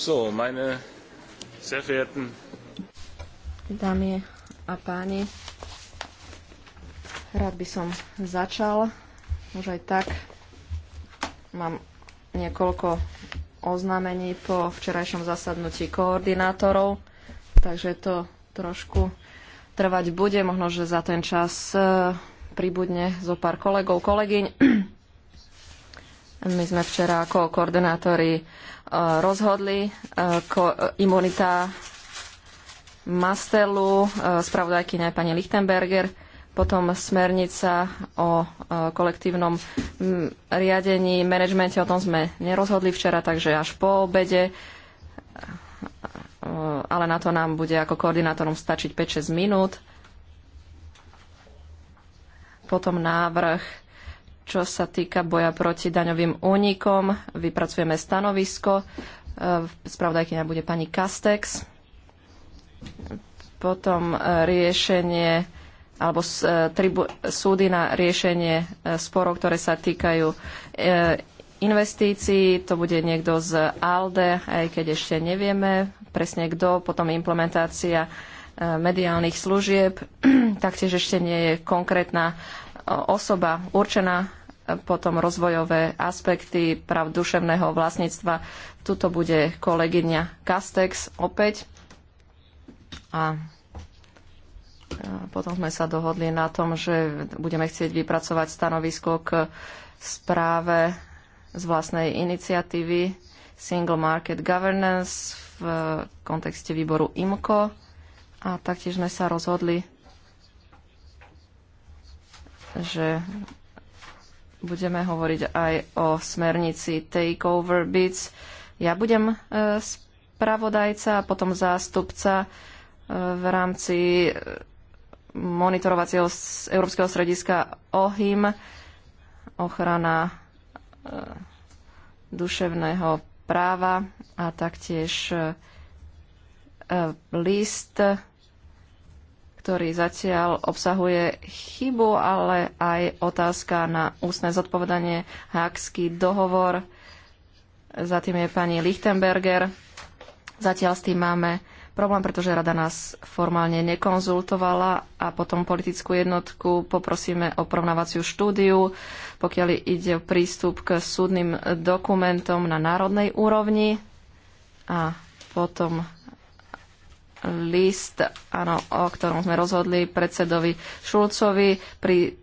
So, meine sehr verehrten Dámy a páni, rád by som začal. Už aj tak mám niekoľko oznámení po včerajšom zasadnutí koordinátorov, takže to trošku trvať bude. Možno, že za ten čas eh, pribudne zo pár kolegov, kolegyň. My sme včera ako koordinátori e, rozhodli, e, e, imunita Mastelu, spravodajkyňa pani Lichtenberger, potom smernica o kolektívnom riadení, manažmente, o tom sme nerozhodli včera, takže až po obede, ale na to nám bude ako koordinátorom stačiť 5-6 minút. Potom návrh čo sa týka boja proti daňovým únikom, vypracujeme stanovisko. E, spravodajkyňa bude pani Kastex. Potom e, riešenie alebo e, súdy na riešenie sporov, ktoré sa týkajú investícií. To bude niekto z ALDE, aj keď ešte nevieme presne kto. Potom implementácia mediálnych služieb. Taktiež ešte nie je konkrétna osoba určená e, potom rozvojové aspekty práv duševného vlastníctva. Tuto bude kolegyňa Castex opäť. A e, potom sme sa dohodli na tom, že budeme chcieť vypracovať stanovisko k správe z vlastnej iniciatívy Single Market Governance v kontexte výboru IMCO. A taktiež sme sa rozhodli že budeme hovoriť aj o smernici Takeover Bits. Ja budem e, spravodajca a potom zástupca e, v rámci e, monitorovacieho Európskeho strediska OHIM, ochrana duševného práva a taktiež list ktorý zatiaľ obsahuje chybu, ale aj otázka na ústne zodpovedanie Hákský dohovor. Za tým je pani Lichtenberger. Zatiaľ s tým máme problém, pretože rada nás formálne nekonzultovala a potom politickú jednotku poprosíme o porovnávaciu štúdiu, pokiaľ ide o prístup k súdnym dokumentom na národnej úrovni a potom list, áno, o ktorom sme rozhodli predsedovi Šulcovi pri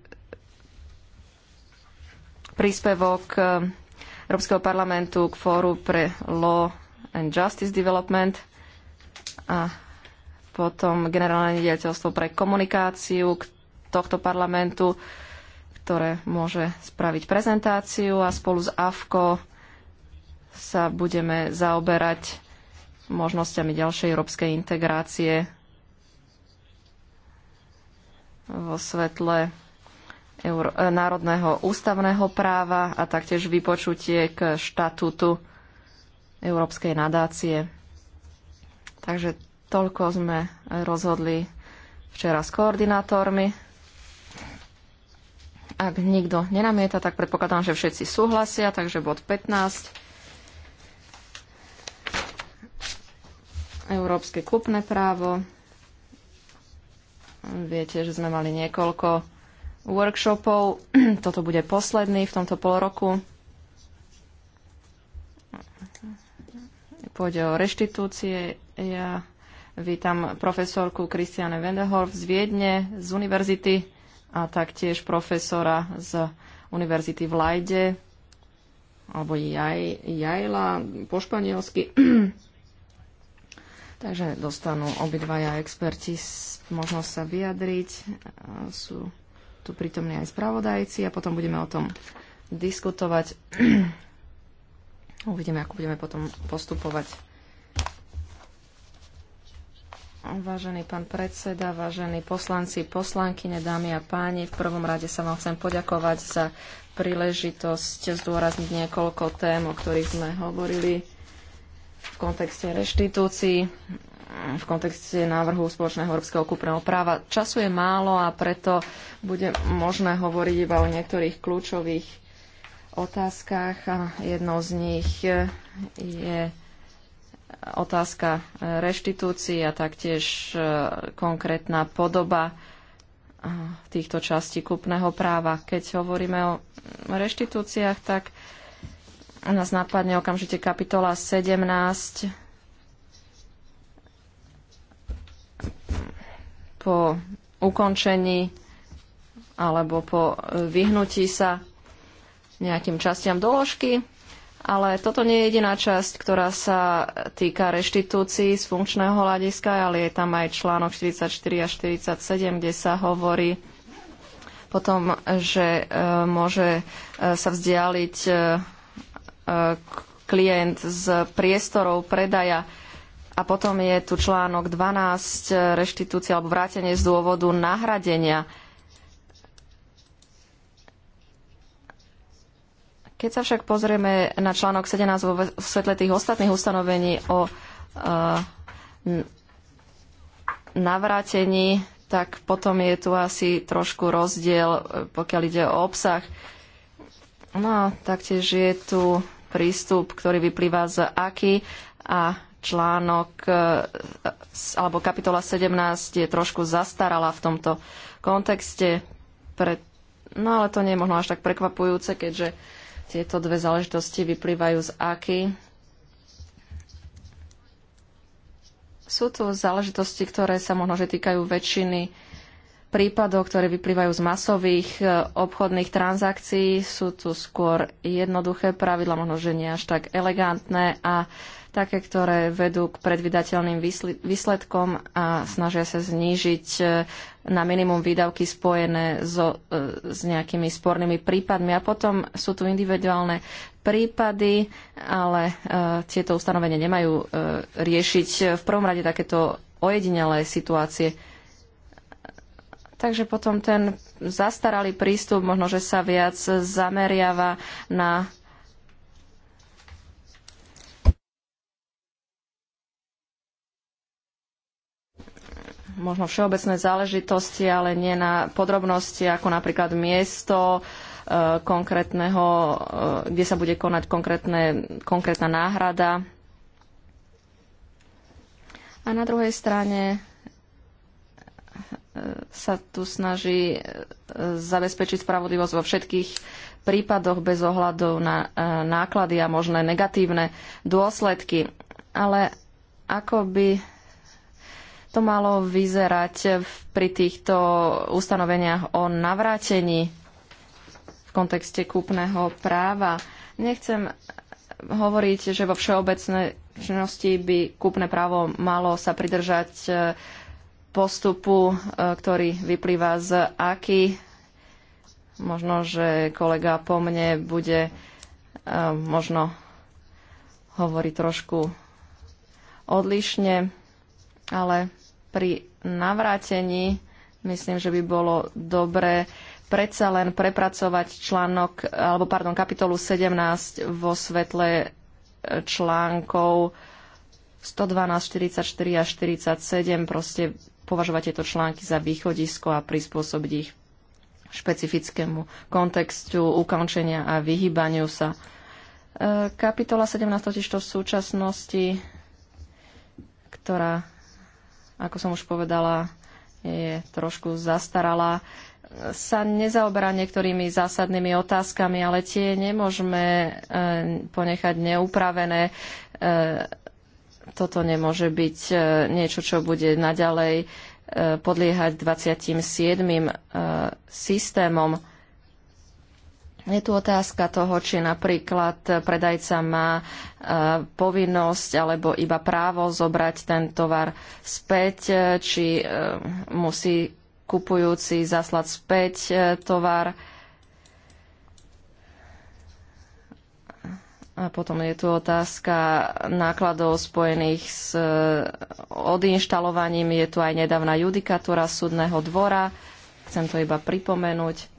príspevok eh, Európskeho parlamentu k fóru pre Law and Justice Development a potom generálne riaditeľstvo pre komunikáciu k tohto parlamentu, ktoré môže spraviť prezentáciu a spolu s AFKO sa budeme zaoberať možnosťami ďalšej európskej integrácie vo svetle Euró- eh, národného ústavného práva a taktiež vypočutie k štatútu Európskej nadácie. Takže toľko sme rozhodli včera s koordinátormi. Ak nikto nenamieta, tak predpokladám, že všetci súhlasia, takže bod 15. Európske kupné právo. Viete, že sme mali niekoľko workshopov. Toto bude posledný v tomto pol roku. Pôjde o reštitúcie. Ja vítam profesorku Kristiane Wendehorf z Viedne, z univerzity a taktiež profesora z univerzity v Lajde alebo Jaj, Jajla po španielsky Takže dostanú obidvaja experti možnosť sa vyjadriť. Sú tu prítomní aj spravodajci a potom budeme o tom diskutovať. Uvidíme, ako budeme potom postupovať. Vážený pán predseda, vážení poslanci, poslankyne, dámy a páni, v prvom rade sa vám chcem poďakovať za príležitosť zdôrazniť niekoľko tém, o ktorých sme hovorili v kontexte reštitúcií, v kontexte návrhu spoločného európskeho kúpneho práva. Času je málo a preto bude možné hovoriť iba o niektorých kľúčových otázkach a jednou z nich je otázka reštitúcií a taktiež e, konkrétna podoba e, týchto častí kupného práva. Keď hovoríme o reštitúciách, tak nás napadne okamžite kapitola 17 po ukončení alebo po vyhnutí sa nejakým častiam doložky. Ale toto nie je jediná časť, ktorá sa týka reštitúcií z funkčného hľadiska, ale je tam aj článok 44 a 47, kde sa hovorí potom, že e, môže e, sa vzdialiť e, E, klient z priestorov predaja. A potom je tu článok 12, e, reštitúcia alebo vrátenie z dôvodu nahradenia. Keď sa však pozrieme na článok 17 vo svetle tých ostatných ustanovení o e, navrátení, tak potom je tu asi trošku rozdiel, pokiaľ ide o obsah. No a taktiež je tu prístup, ktorý vyplýva z AKI a článok e, alebo kapitola 17 je trošku zastarala v tomto kontexte. Pre... No ale to nie je možno až tak prekvapujúce, keďže tieto dve záležitosti vyplývajú z AKI. Sú tu záležitosti, ktoré sa možno že týkajú väčšiny prípadov, ktoré vyplývajú z masových e, obchodných transakcií. Sú tu skôr jednoduché pravidla, možno že nie až tak elegantné a také, ktoré vedú k predvydateľným výsledkom a snažia sa znížiť e, na minimum výdavky spojené so, e, s nejakými spornými prípadmi. A potom sú tu individuálne prípady, ale tieto ustanovenia nemajú riešiť v prvom rade takéto ojedinelé situácie. Takže potom ten zastaralý prístup možno, že sa viac zameriava na možno všeobecné záležitosti, ale nie na podrobnosti, ako napríklad miesto, e, konkrétneho, e, kde sa bude konať konkrétna náhrada. A na druhej strane sa tu snaží e, zabezpečiť spravodlivosť vo všetkých prípadoch bez ohľadu na e, náklady a možné negatívne dôsledky. Ale ako by to malo vyzerať pri týchto ustanoveniach o navrátení v kontexte kúpneho práva? Nechcem hovoriť, že vo všeobecnej činnosti by kúpne právo malo sa pridržať e, postupu, e, ktorý vyplýva z AKI. Možno, že kolega po mne bude e, možno hovoriť trošku odlišne, ale pri navrátení myslím, že by bolo dobré predsa len prepracovať článok, alebo pardon, kapitolu 17 vo svetle e, článkov 112, 44 a 47, proste považovať tieto články za východisko a prispôsobiť ich špecifickému kontextu ukončenia a vyhýbaniu sa. E, kapitola 17 totižto v súčasnosti, ktorá, ako som už povedala, je trošku zastaralá, sa nezaoberá niektorými zásadnými otázkami, ale tie nemôžeme e, ponechať neupravené e, toto nemôže byť e, niečo, čo bude naďalej e, podliehať 27. E, systémom. Je tu otázka toho, či napríklad predajca má povinnosť alebo iba právo zobrať ten tovar späť, či musí kupujúci zaslať späť tovar A potom je tu otázka nákladov spojených s e, odinštalovaním. Je tu aj nedávna judikatúra súdneho dvora. Chcem to iba pripomenúť.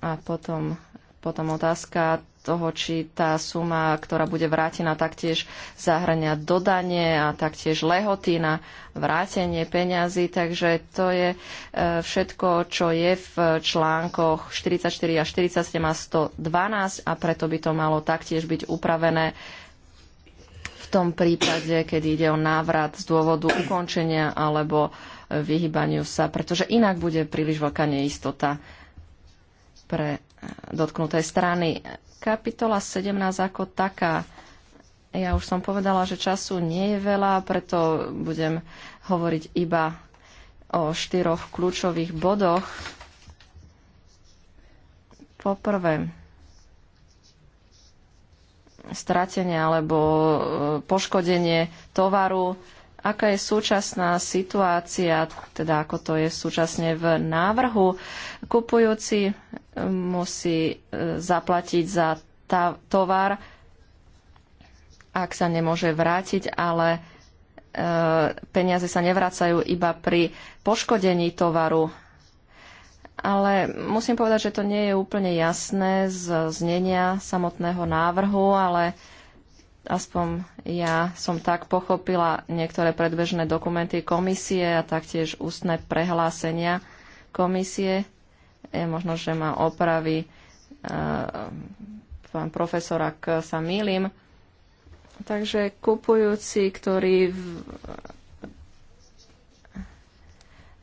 A potom, potom otázka toho, či tá suma, ktorá bude vrátená, taktiež zahrania dodanie a taktiež lehoty na vrátenie peňazí. Takže to je e, všetko, čo je v článkoch 44 a 47 a 112 a preto by to malo taktiež byť upravené v tom prípade, keď ide o návrat z dôvodu ukončenia alebo e, vyhybaniu sa, pretože inak bude príliš veľká neistota pre e, dotknuté strany. Kapitola 17 ako taká. Ja už som povedala, že času nie je veľa, preto budem hovoriť iba o štyroch kľúčových bodoch. Poprvé, stratenie alebo e, poškodenie tovaru aká je súčasná situácia, teda ako to je súčasne v návrhu. Kupujúci eh, musí eh, zaplatiť za tovar, ak sa nemôže vrátiť, ale eh, peniaze sa nevracajú iba pri poškodení tovaru. Ale musím povedať, že to nie je úplne jasné z znenia samotného návrhu, ale uh, aspoň ja som tak pochopila niektoré predbežné dokumenty komisie a taktiež ústne prehlásenia komisie. Je možno, že ma opraví e, pán profesor, ak sa mýlim. Takže kupujúci, ktorý v,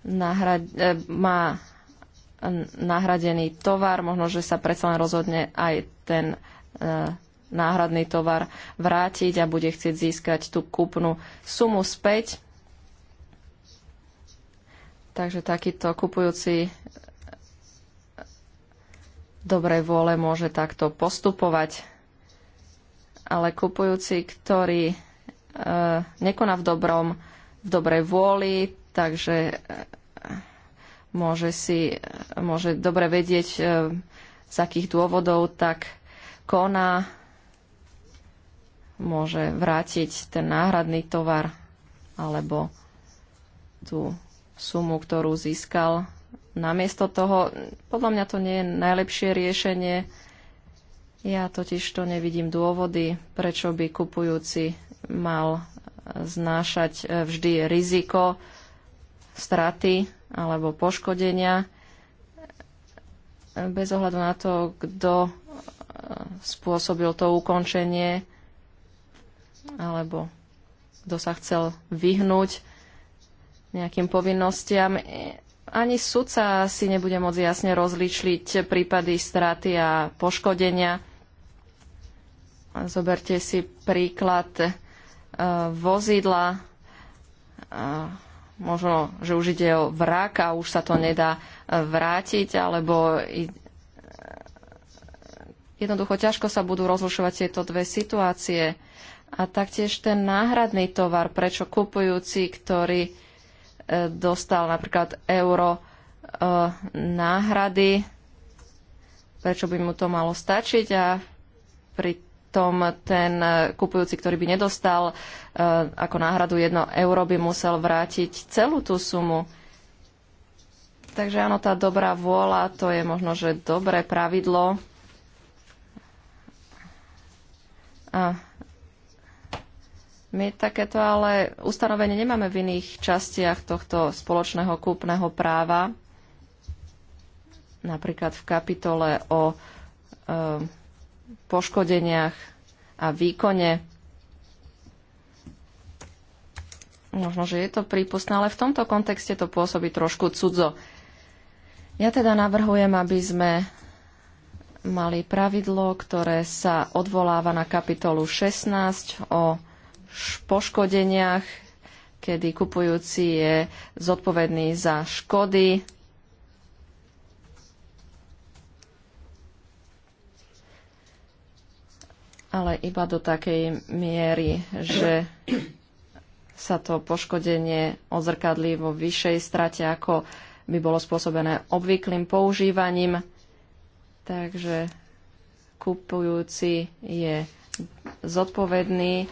nahrad, e, má nahradený tovar, možno, že sa predsa len rozhodne aj ten e, náhradný tovar vrátiť a bude chcieť získať tú kúpnu sumu späť. Takže takýto kupujúci eh, dobrej vôle môže takto postupovať. Ale kupujúci, ktorý e, nekoná v dobrom, v dobrej vôli, takže e, môže si, môže dobre vedieť, e, z akých dôvodov tak koná môže vrátiť ten náhradný tovar alebo tú sumu, ktorú získal. Namiesto toho, podľa mňa to nie je najlepšie riešenie. Ja totiž to nevidím dôvody, prečo by kupujúci mal znášať e, vždy riziko straty alebo poškodenia e, bez ohľadu na to, kto e, spôsobil to ukončenie alebo kto sa chcel vyhnúť nejakým povinnostiam. Ani sudca si nebude môcť jasne rozličliť prípady straty a poškodenia. Zoberte si príklad e, vozidla. E, možno, že už ide o vrak a už sa to nedá e, vrátiť, alebo jednoducho ťažko sa budú rozlišovať tieto dve situácie a taktiež ten náhradný tovar, prečo kupujúci, ktorý e, dostal napríklad euro e, náhrady, prečo by mu to malo stačiť a pri tom ten kupujúci, ktorý by nedostal e, ako náhradu 1 euro, by musel vrátiť celú tú sumu. Takže áno, tá dobrá vôľa, to je možno, že dobré pravidlo. A my takéto ale ustanovenie nemáme v iných častiach tohto spoločného kúpneho práva, napríklad v kapitole o e, poškodeniach a výkone. Možno, že je to prípustné, ale v tomto kontexte to pôsobí trošku cudzo. Ja teda navrhujem, aby sme mali pravidlo, ktoré sa odvoláva na kapitolu 16 o poškodeniach, kedy kupujúci je zodpovedný za škody. ale iba do takej miery, že sa to poškodenie odzrkadlí vo vyššej strate, ako by bolo spôsobené obvyklým používaním. Takže kupujúci je zodpovedný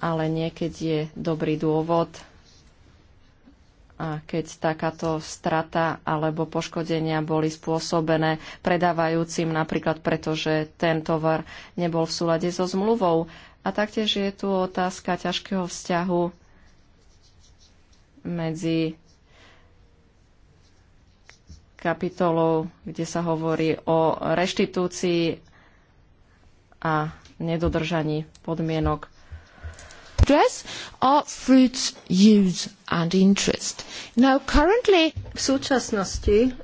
ale niekedy je dobrý dôvod a keď takáto strata alebo poškodenia boli spôsobené predávajúcim napríklad preto, že ten tovar nebol v súlade so zmluvou. A taktiež je tu otázka ťažkého vzťahu medzi kapitolou, kde sa hovorí o reštitúcii a nedodržaní podmienok address are fruits use and interest. Now currently v súčasnosti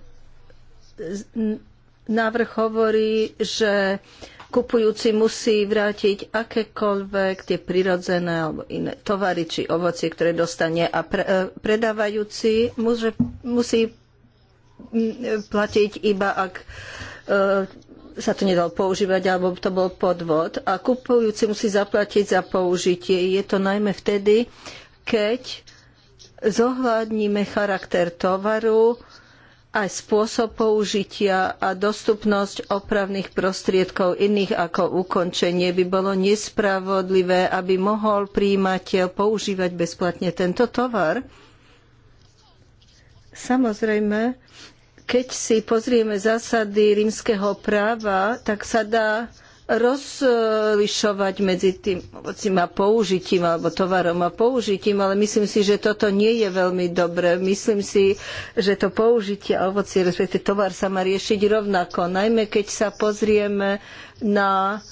návrh hovorí, že kupujúci musí vrátiť akékoľvek tie prirodzené alebo iné tovary či ovocie, ktoré dostane a pre, e, predávajúci môže, musí platiť iba ak e, sa to nedalo používať, alebo to bol podvod. A kupujúci musí zaplatiť za použitie. Je to najmä vtedy, keď zohľadníme charakter tovaru, aj spôsob použitia a dostupnosť opravných prostriedkov iných ako ukončenie by bolo nespravodlivé, aby mohol príjimateľ používať bezplatne tento tovar. Samozrejme, keď si pozrieme zásady rímskeho práva, tak sa dá rozlišovať medzi tým ovocím a použitím alebo tovarom a použitím, ale myslím si, že toto nie je veľmi dobré. Myslím si, že to použitie a ovoci, respektíve tovar sa má riešiť rovnako. Najmä keď sa pozrieme na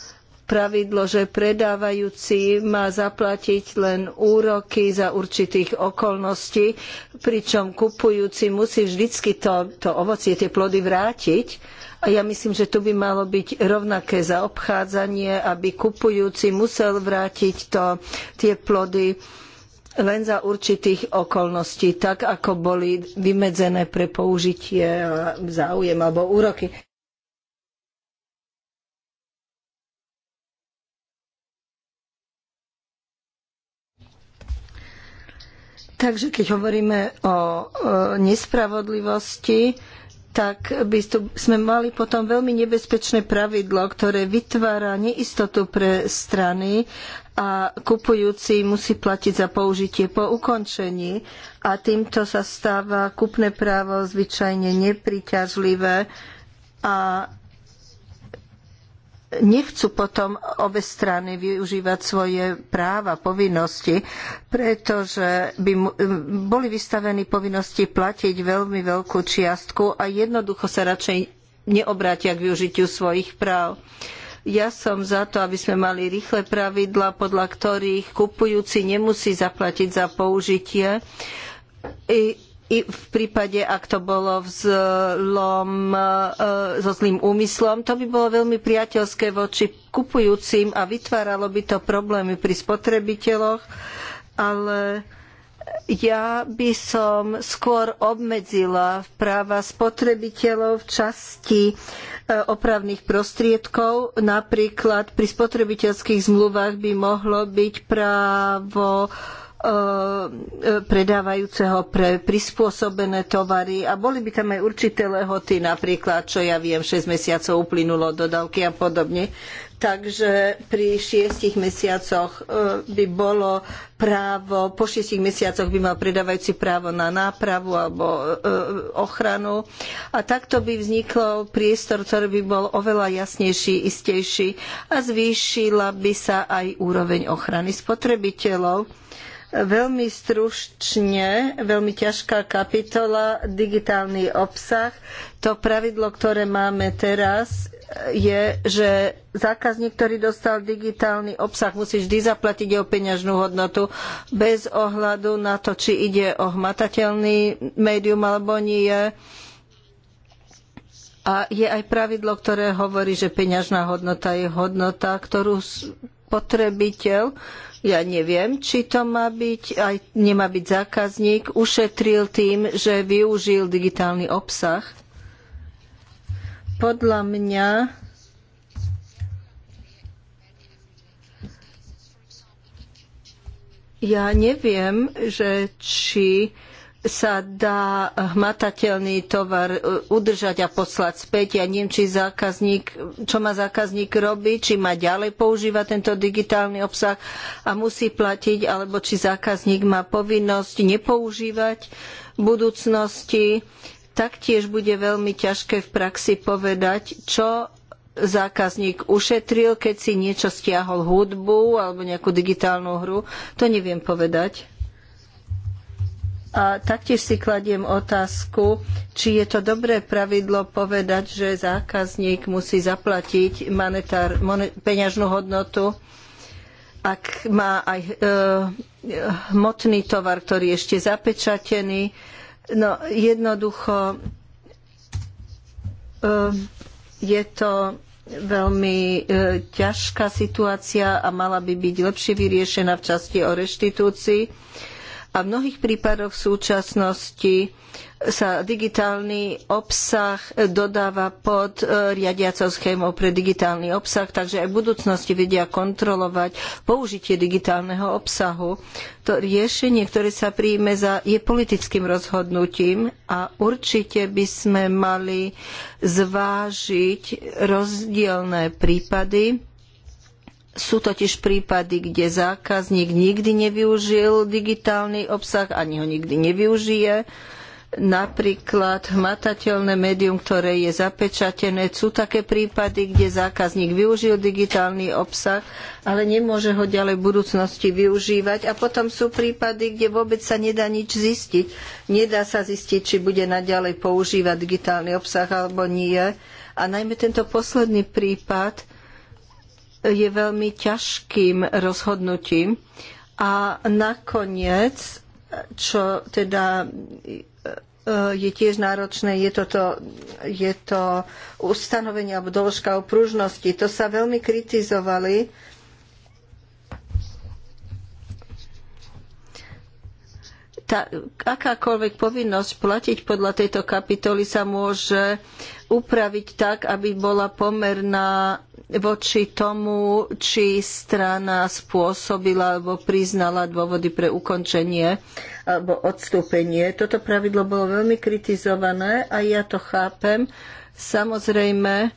pravidlo, že predávajúci má zaplatiť len úroky za určitých okolností, pričom kupujúci musí vždycky to, to ovocie, tie plody vrátiť. A ja myslím, že tu by malo byť rovnaké zaobchádzanie, aby kupujúci musel vrátiť to, tie plody len za určitých okolností, tak ako boli vymedzené pre použitie a záujem alebo úroky. Takže keď hovoríme o nespravodlivosti, tak by sme mali potom veľmi nebezpečné pravidlo, ktoré vytvára neistotu pre strany a kupujúci musí platiť za použitie po ukončení a týmto sa stáva kupné právo zvyčajne nepriťažlivé a nechcú potom obe strany využívať svoje práva, povinnosti, pretože by boli vystavení povinnosti platiť veľmi veľkú čiastku a jednoducho sa radšej neobrátia k využitiu svojich práv. Ja som za to, aby sme mali rýchle pravidlá, podľa ktorých kupujúci nemusí zaplatiť za použitie. I i v prípade, ak to bolo v zlom, e, so zlým úmyslom, to by bolo veľmi priateľské voči kupujúcim a vytváralo by to problémy pri spotrebiteľoch, ale ja by som skôr obmedzila práva spotrebiteľov v časti e, opravných prostriedkov. Napríklad pri spotrebiteľských zmluvách by mohlo byť právo E, e, predávajúceho pre prispôsobené tovary a boli by tam aj určité lehoty, napríklad, čo ja viem, 6 mesiacov uplynulo dodávky a podobne. Takže pri šiestich mesiacoch e, by bolo právo, po šiestich mesiacoch by mal predávajúci právo na nápravu alebo ochranu. A takto by vznikol priestor, ktorý by bol oveľa jasnejší, istejší a zvýšila by sa aj úroveň ochrany spotrebiteľov Veľmi stručne, veľmi ťažká kapitola, digitálny obsah. To pravidlo, ktoré máme teraz, je, že zákazník, ktorý dostal digitálny obsah, musí vždy zaplatiť jeho peňažnú hodnotu bez ohľadu na to, či ide o hmatateľný médium alebo nie. A je aj pravidlo, ktoré hovorí, že peňažná hodnota je hodnota, ktorú spotrebiteľ ja neviem, či to má byť, aj nemá byť zákazník, ušetril tým, že využil digitálny obsah. Podľa mňa ja neviem, že či sa dá hmatateľný tovar e, udržať a poslať späť. Ja neviem, či zákazník, čo má zákazník robiť, či má ďalej používať tento digitálny obsah a musí platiť, alebo či zákazník má povinnosť nepoužívať v budúcnosti. Taktiež bude veľmi ťažké v praxi povedať, čo zákazník ušetril, keď si niečo stiahol hudbu alebo nejakú digitálnu hru. To neviem povedať. A taktiež si kladiem otázku, či je to dobré pravidlo povedať, že zákazník musí zaplatiť monetár, monet, peňažnú hodnotu, ak má aj e, hmotný tovar, ktorý je ešte zapečatený. No jednoducho e, je to veľmi e, ťažká situácia a mala by byť lepšie vyriešená v časti o reštitúcii a v mnohých prípadoch v súčasnosti sa digitálny obsah dodáva pod e, riadiacou schémou pre digitálny obsah, takže aj v budúcnosti vedia kontrolovať použitie digitálneho obsahu. To riešenie, ktoré sa príjme, za, je politickým rozhodnutím a určite by sme mali zvážiť rozdielne prípady sú totiž prípady, kde zákazník nikdy nevyužil digitálny obsah, ani ho nikdy nevyužije. Napríklad hmatateľné médium, ktoré je zapečatené, sú také prípady, kde zákazník využil digitálny obsah, ale nemôže ho ďalej v budúcnosti využívať. A potom sú prípady, kde vôbec sa nedá nič zistiť. Nedá sa zistiť, či bude naďalej používať digitálny obsah alebo nie. A najmä tento posledný prípad, je veľmi ťažkým rozhodnutím. A nakoniec, čo teda e, je tiež náročné, je, toto, je to ustanovenie alebo doložka o pružnosti. To sa veľmi kritizovali. Tá, akákoľvek povinnosť platiť podľa tejto kapitoly sa môže upraviť tak, aby bola pomerná voči tomu, či strana spôsobila alebo priznala dôvody pre ukončenie alebo odstúpenie. Toto pravidlo bolo veľmi kritizované a ja to chápem. Samozrejme,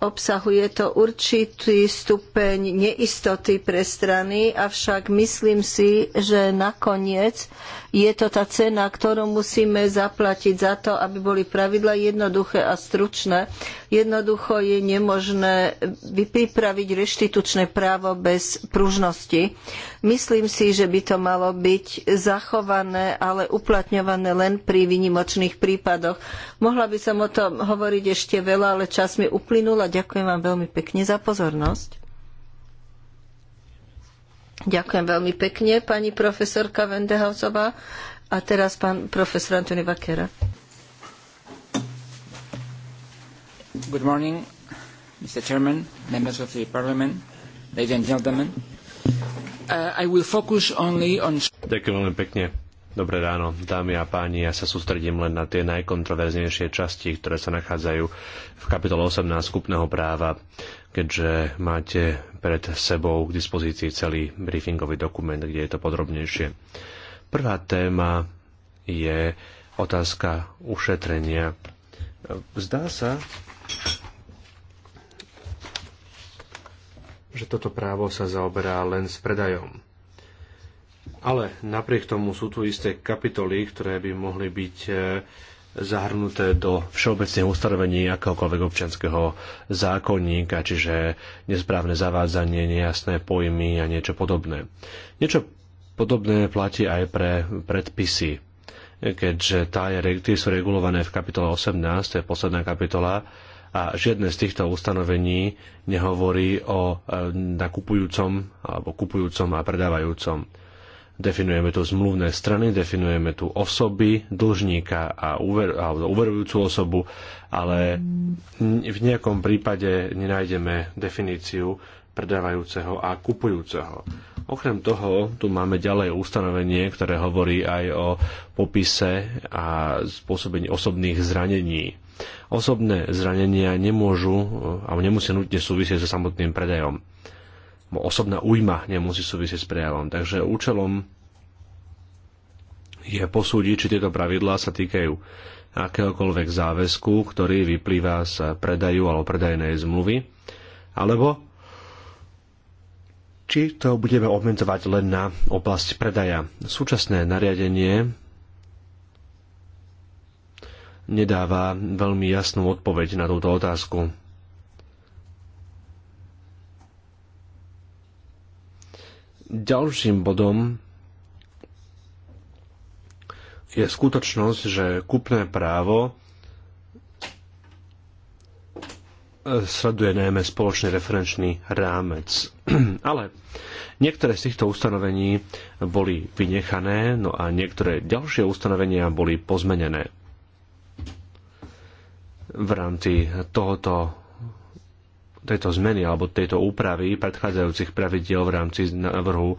obsahuje to určitý stupeň neistoty pre strany, avšak myslím si, že nakoniec uh, je to tá cena, ktorú musíme zaplatiť za to, aby boli pravidla jednoduché a stručné. Jednoducho je nemožné pripraviť reštitučné právo bez pružnosti. Myslím si, že by to malo byť zachované, ale uplatňované len pri vynimočných prípadoch. Mohla by som o tom hovoriť ešte veľa, ale čas mi uplynul a ďakujem vám veľmi pekne za pozornosť. Ďakujem veľmi pekne, pani profesorka Vendehausová. A teraz pán profesor Antony Vakera. Good morning, Mr. Chairman, members of the Parliament, ladies and gentlemen. Uh, I will focus only on... Ďakujem veľmi pekne. Dobré ráno, dámy a páni, ja sa sústredím len na tie najkontroverznejšie časti, ktoré sa nachádzajú v kapitole 18 skupného práva, keďže máte pred sebou k dispozícii celý briefingový dokument, kde je to podrobnejšie. Prvá téma je otázka ušetrenia. Zdá sa, že toto právo sa zaoberá len s predajom ale napriek tomu sú tu isté kapitoly, ktoré by mohli byť e, zahrnuté do všeobecných ustanovení akéhokoľvek občianského zákonníka, čiže nesprávne zavádzanie, nejasné pojmy a niečo podobné. Niečo podobné platí aj pre predpisy, keďže tie sú regulované v kapitole 18, to je posledná kapitola, a žiadne z týchto ustanovení nehovorí o e, nakupujúcom alebo kupujúcom a predávajúcom. Definujeme tu zmluvné strany, definujeme tu osoby, dlžníka a uver, alebo uverujúcu osobu, ale v nejakom prípade nenájdeme definíciu predávajúceho a kupujúceho. Okrem toho, tu máme ďalej ustanovenie, ktoré hovorí aj o popise a spôsobení osobných zranení. Osobné zranenia nemôžu alebo nemusia nutne súvisieť so samotným predajom osobná újma nemusí súvisieť s prejavom. Takže účelom je posúdiť, či tieto pravidlá sa týkajú akéhokoľvek záväzku, ktorý vyplýva z predaju alebo predajnej zmluvy, alebo či to budeme obmedzovať len na oblasť predaja. Súčasné nariadenie nedáva veľmi jasnú odpoveď na túto otázku. Ďalším bodom je skutočnosť, že kupné právo sleduje najmä spoločný referenčný rámec. Ale niektoré z týchto ustanovení boli vynechané, no a niektoré ďalšie ustanovenia boli pozmenené. V rámci tohoto tejto zmeny alebo tejto úpravy predchádzajúcich pravidiel v rámci návrhu e,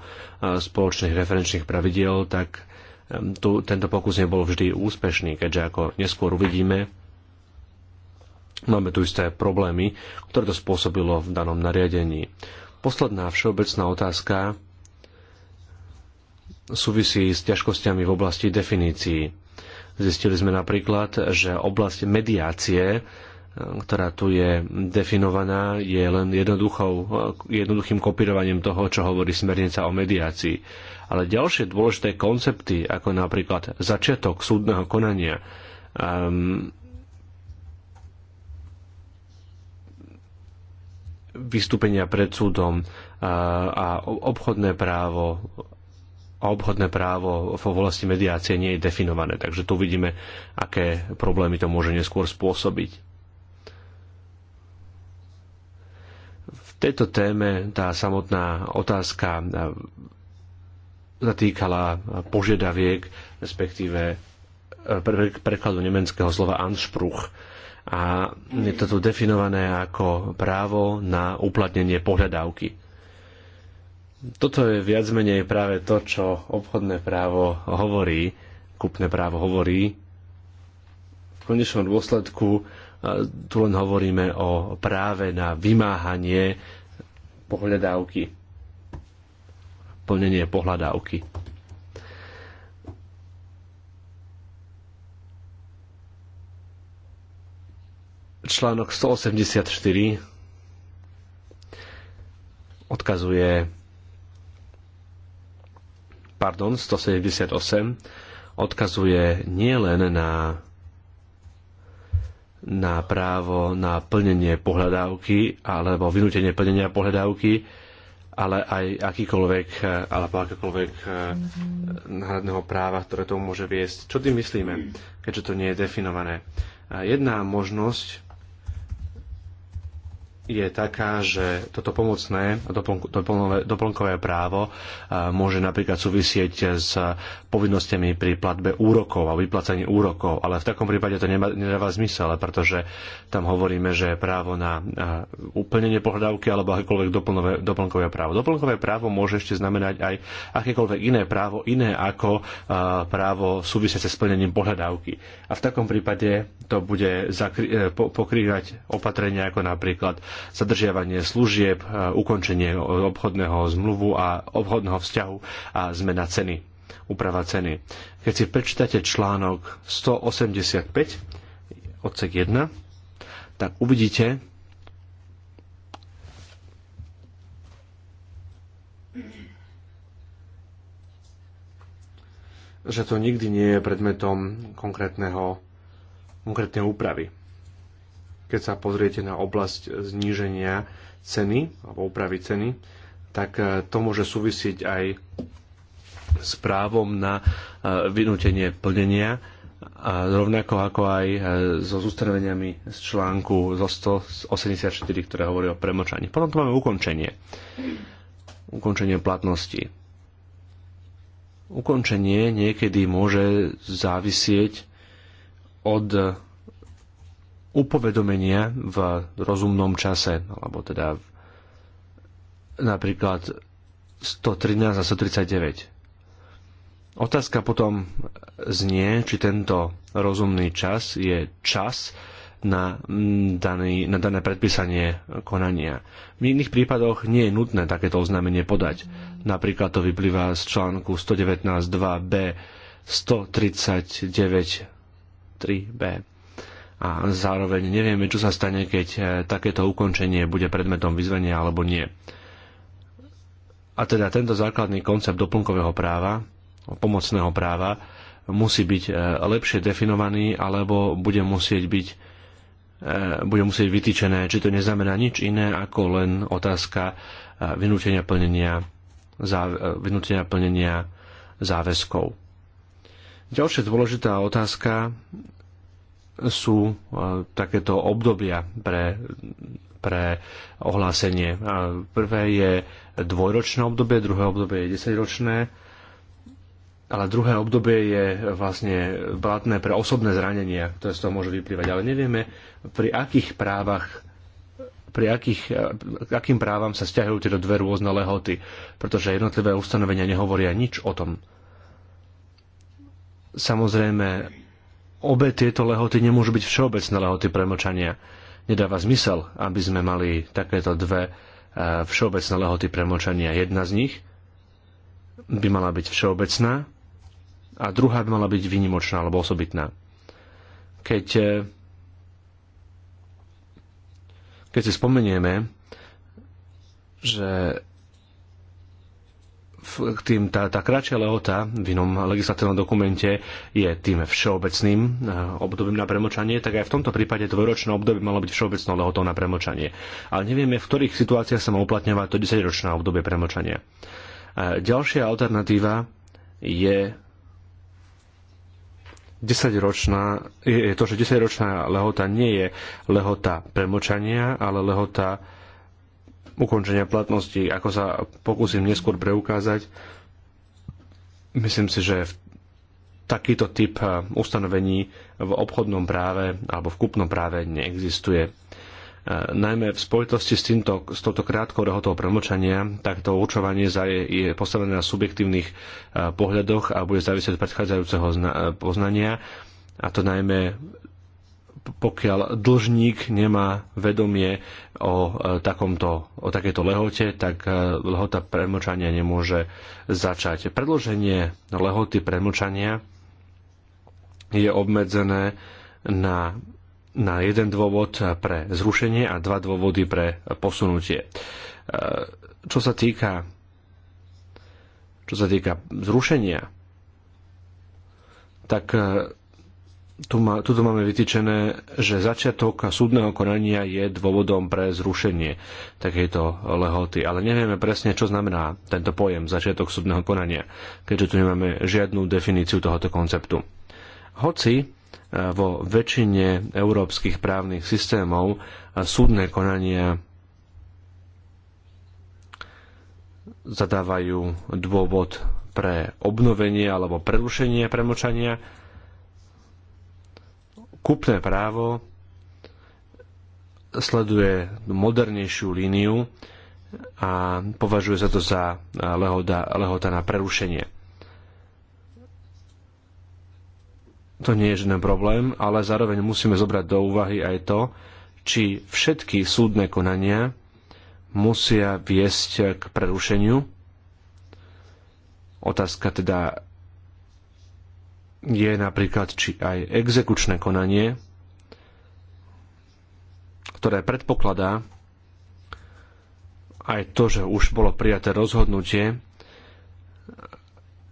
spoločných referenčných pravidiel, tak e, tu, tento pokus nebol vždy úspešný, keďže ako neskôr uvidíme, máme tu isté problémy, ktoré to spôsobilo v danom nariadení. Posledná všeobecná otázka súvisí s ťažkosťami v oblasti definícií. Zistili sme napríklad, že oblasť mediácie ktorá tu je definovaná, je len jednoduchým kopírovaním toho, čo hovorí smernica o mediácii. Ale ďalšie dôležité koncepty, ako napríklad začiatok súdneho konania, um, vystúpenia pred súdom a, a obchodné právo a obchodné právo v oblasti mediácie nie je definované. Takže tu vidíme, aké problémy to môže neskôr spôsobiť. tejto téme tá samotná otázka e, zatýkala požiadaviek, respektíve e, prekladu nemeckého slova Anspruch. A je to tu definované ako právo na uplatnenie pohľadávky. Toto je viac menej práve to, čo obchodné právo hovorí, kupné právo hovorí. V konečnom dôsledku tu len hovoríme o práve na vymáhanie pohľadávky. Plnenie pohľadávky. Článok 184 odkazuje pardon, 178 odkazuje nielen na na právo na plnenie pohľadávky alebo vynútenie plnenia pohľadávky, ale aj akýkoľvek eh, alebo akékoľvek eh, mhm. náhradného práva, ktoré tomu môže viesť. Čo tým myslíme, keďže to nie je definované? Eh, jedna možnosť je taká, že toto pomocné doplnkové právo môže napríklad súvisieť s povinnosťami pri platbe úrokov a vyplacaní úrokov, ale v takom prípade to nedáva zmysel, pretože tam hovoríme, že právo na úplnenie pohľadávky alebo akékoľvek doplnkové právo. Doplnkové právo môže ešte znamenať aj akékoľvek iné právo, iné ako právo súvisiace s plnením pohľadávky. A v takom prípade to bude e, pokrývať opatrenia ako napríklad zadržiavanie služieb, e, ukončenie obchodného zmluvu a obchodného vzťahu a zmena ceny, úprava ceny. Keď si prečítate článok 185, odsek 1, tak uvidíte, že to nikdy nie je predmetom konkrétneho, konkrétnej úpravy keď sa pozriete na oblasť zníženia ceny alebo úpravy ceny, tak e, to môže súvisieť aj s právom na e, vynútenie plnenia a rovnako ako aj e, so zústreveniami z článku zo 184, ktoré hovorí o premočaní. Potom tu máme ukončenie. Ukončenie platnosti. Ukončenie niekedy môže závisieť od upovedomenia v rozumnom čase, alebo teda napríklad 113 a 139. Otázka potom znie, či tento rozumný čas je čas na, daný, na dané predpísanie konania. V iných prípadoch nie je nutné takéto oznámenie podať. Napríklad to vyplýva z článku 119.2b 139.3b a zároveň nevieme, čo sa stane, keď e, takéto ukončenie bude predmetom vyzvania alebo nie. A teda tento základný koncept doplnkového práva, pomocného práva, musí byť e, lepšie definovaný alebo bude musieť byť e, bude musieť vytýčené, či to neznamená nič iné ako len otázka vynútenia plnenia, vynútenia plnenia záväzkov. Ďalšia dôležitá otázka sú e, takéto obdobia pre, pre ohlásenie. Prvé je dvojročné obdobie, druhé obdobie je desaťročné, ale druhé obdobie je vlastne platné pre osobné zranenia, ktoré z toho môže vyplývať. Ale nevieme, pri akých právach pri akých, e, akým právam sa stiahujú tieto dve rôzne lehoty, pretože jednotlivé ustanovenia nehovoria nič o tom. Samozrejme, obe tieto lehoty nemôžu byť všeobecné lehoty premlčania. Nedáva zmysel, aby sme mali takéto dve e, všeobecné lehoty premlčania. Jedna z nich by mala byť všeobecná a druhá by mala byť výnimočná alebo osobitná. Keď, e, keď si spomenieme, že tým, tá, tá kratšia lehota v inom legislatívnom dokumente je tým všeobecným eh, obdobím na premočanie, tak aj v tomto prípade dvojročné obdobie malo byť všeobecnou lehotou na premočanie. Ale nevieme, v ktorých situáciách sa má uplatňovať to 10-ročné obdobie premočania. Ďalšia alternatíva je 10-ročná, je to, že 10-ročná lehota nie je lehota premočania, ale lehota ukončenia platnosti, ako sa pokúsim neskôr preukázať. Myslím si, že takýto typ eh, ustanovení v obchodnom práve alebo v kupnom práve neexistuje. Eh, najmä v spojitosti s, týmto, s touto krátkou rehotou premočania, tak to určovanie je postavené na subjektívnych eh, pohľadoch a bude závisieť od predchádzajúceho poznania, a to najmä pokiaľ dlžník nemá vedomie o, e, takomto, o takejto lehote, tak e, lehota premlčania nemôže začať. Predloženie lehoty premlčania je obmedzené na, na jeden dôvod pre zrušenie a dva dôvody pre posunutie. E, čo sa týka, čo sa týka zrušenia, tak tu má, tuto máme vytýčené, že začiatok súdneho konania je dôvodom pre zrušenie takejto lehoty, ale nevieme presne, čo znamená tento pojem začiatok súdneho konania, keďže tu nemáme žiadnu definíciu tohoto konceptu. Hoci e, vo väčšine európskych právnych systémov e, súdne konania zadávajú dôvod pre obnovenie alebo prerušenie premočania, Kupné právo sleduje modernejšiu líniu a považuje sa to za lehoda, lehota na prerušenie. To nie je žiaden problém, ale zároveň musíme zobrať do úvahy aj to, či všetky súdne konania musia viesť k prerušeniu. Otázka teda je napríklad či aj exekučné konanie, ktoré predpokladá aj to, že už bolo prijaté rozhodnutie,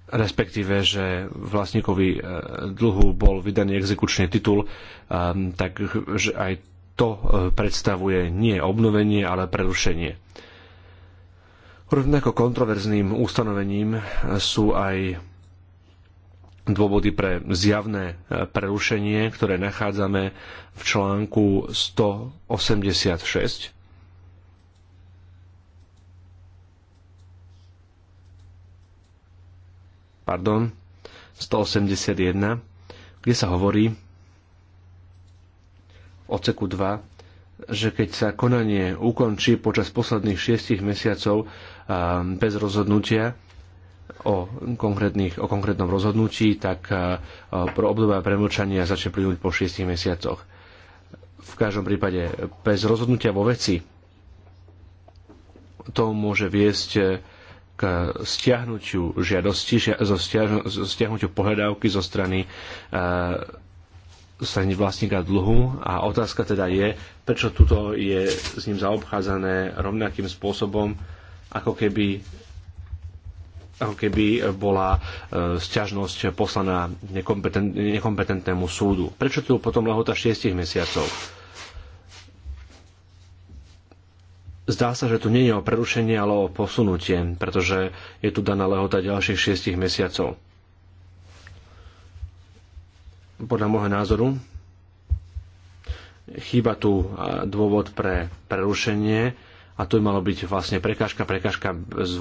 respektíve, že vlastníkovi e, dlhu bol vydaný exekučný titul, e, tak že aj to e, predstavuje nie obnovenie, ale prerušenie. Rovnako kontroverzným ustanovením sú aj dôvody pre zjavné e, prerušenie, ktoré nachádzame v článku 186. Pardon, 181, kde sa hovorí v odseku 2, že keď sa konanie ukončí počas posledných 6 mesiacov bez rozhodnutia, o, konkrétnych, o konkrétnom rozhodnutí, tak e, pro obdobia premlčania začne plynúť po 6 mesiacoch. V každom prípade bez rozhodnutia vo veci to môže viesť e, k stiahnutiu žiadosti, zo stiahnutiu pohľadávky zo strany e, strany vlastníka dlhu a otázka teda je, prečo tuto je s ním zaobchádzané rovnakým spôsobom, ako keby ako keby bola e, sťažnosť poslaná nekompetent, nekompetentnému súdu. Prečo tu potom lehota 6 mesiacov? Zdá sa, že tu nie je o prerušenie, ale o posunutie, pretože je tu daná lehota ďalších 6 mesiacov. Podľa môjho názoru chýba tu e, dôvod pre prerušenie, a to by malo byť vlastne prekážka, prekážka bez,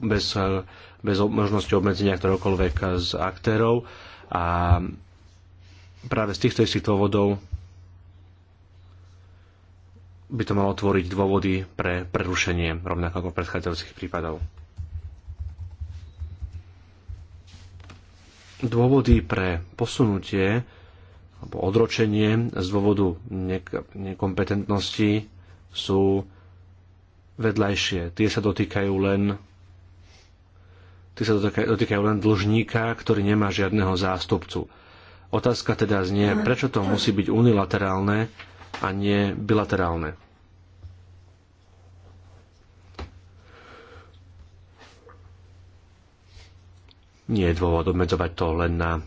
bez, bez možnosti obmedzenia ktoréhokoľvek z aktérov a práve z týchto istých dôvodov by to malo otvoriť dôvody pre prerušenie, rovnako ako predchádzajúcich prípadov. Dôvody pre posunutie alebo odročenie z dôvodu nekompetentnosti sú vedľajšie. Tie sa dotýkajú len tie sa dotýkajú len dlžníka, ktorý nemá žiadneho zástupcu. Otázka teda znie, prečo to musí byť unilaterálne a nie bilaterálne. Nie je dôvod obmedzovať to len na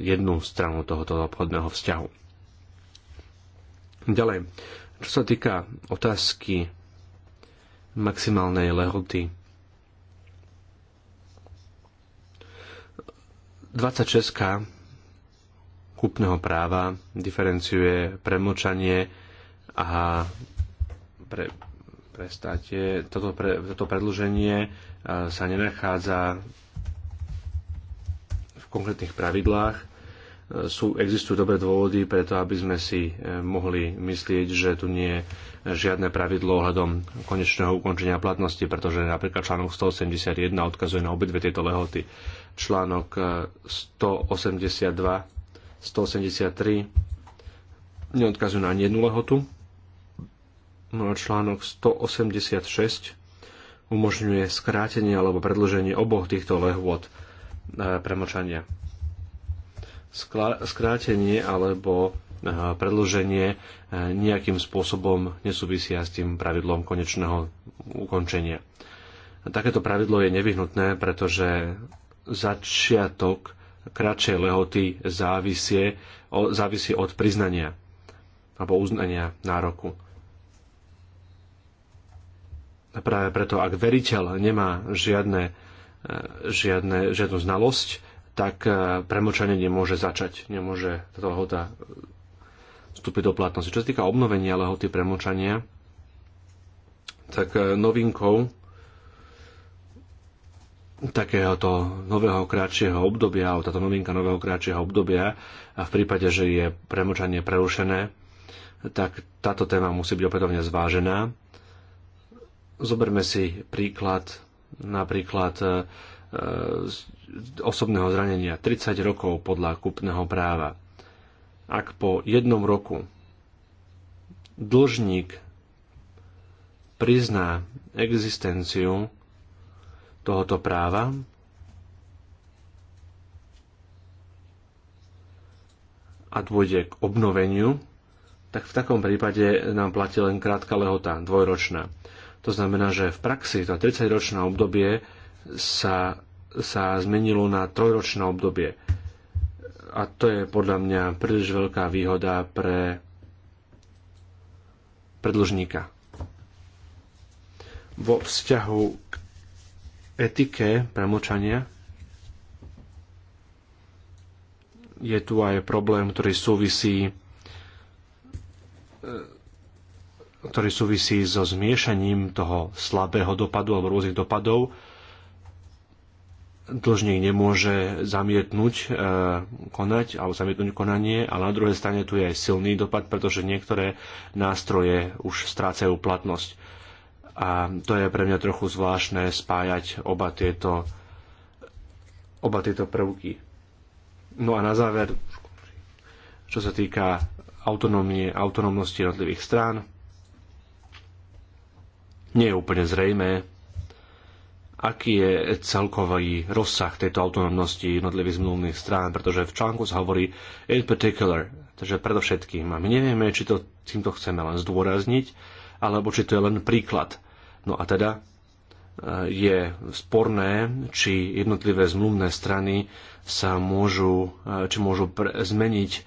jednu stranu tohoto obchodného vzťahu. Ďalej, čo sa týka otázky maximálnej lehoty 26 kúpneho práva diferenciuje premočanie a pre, prestátie. Toto, pre, toto predlženie sa nenachádza v konkrétnych pravidlách. Sú, existujú dobré dôvody preto, aby sme si e, mohli myslieť, že tu nie je žiadne pravidlo ohľadom konečného ukončenia platnosti, pretože napríklad článok 181 odkazuje na obidve tieto lehoty. Článok 182, eh, 183 neodkazuje na jednu lehotu. No a článok 186 umožňuje skrátenie alebo predloženie oboch týchto lehôd eh, premočania. Skrátenie alebo predlženie e, nejakým spôsobom nesúvisia s tým pravidlom konečného ukončenia. Takéto pravidlo je nevyhnutné, pretože začiatok kratšej lehoty závisie, závisí od priznania alebo uznania nároku. A práve preto, ak veriteľ nemá žiadne, e, žiadne, žiadnu znalosť, tak e, premočanie nemôže začať, nemôže táto lehota vstúpi do platnosti. Čo sa týka obnovenia lehoty premočania, tak e, novinkou takéhoto nového kratšieho obdobia, alebo táto novinka nového kratšieho obdobia a v prípade, že je premočanie prerušené, tak táto téma musí byť opätovne zvážená. Zoberme si príklad napríklad e, e osobného zranenia 30 rokov podľa kupného práva ak po jednom roku dlžník prizná existenciu tohoto práva, a dôjde k obnoveniu, tak v takom prípade nám platí len krátka lehota, dvojročná. To znamená, že v praxi to 30-ročné obdobie sa, sa zmenilo na trojročné obdobie a to je podľa mňa príliš veľká výhoda pre predlžníka. Vo vzťahu k etike premočania je tu aj problém, ktorý súvisí e, ktorý súvisí so zmiešaním toho slabého dopadu alebo rôznych dopadov dlžník nemôže zamietnúť e, konať alebo zamietnúť konanie, ale na druhej strane tu je aj silný dopad, pretože niektoré nástroje už strácajú platnosť. A to je pre mňa trochu zvláštne spájať oba tieto, oba tieto prvky. No a na záver, čo sa týka autonómie, autonómnosti jednotlivých strán, nie je úplne zrejmé, aký je celkový rozsah tejto autonómnosti jednotlivých zmluvných strán, pretože v článku sa hovorí in particular, takže predovšetkým. A my nevieme, či to týmto chceme len zdôrazniť, alebo či to je len príklad. No a teda e, je sporné, či jednotlivé zmluvné strany sa môžu, e, či môžu pre, zmeniť e,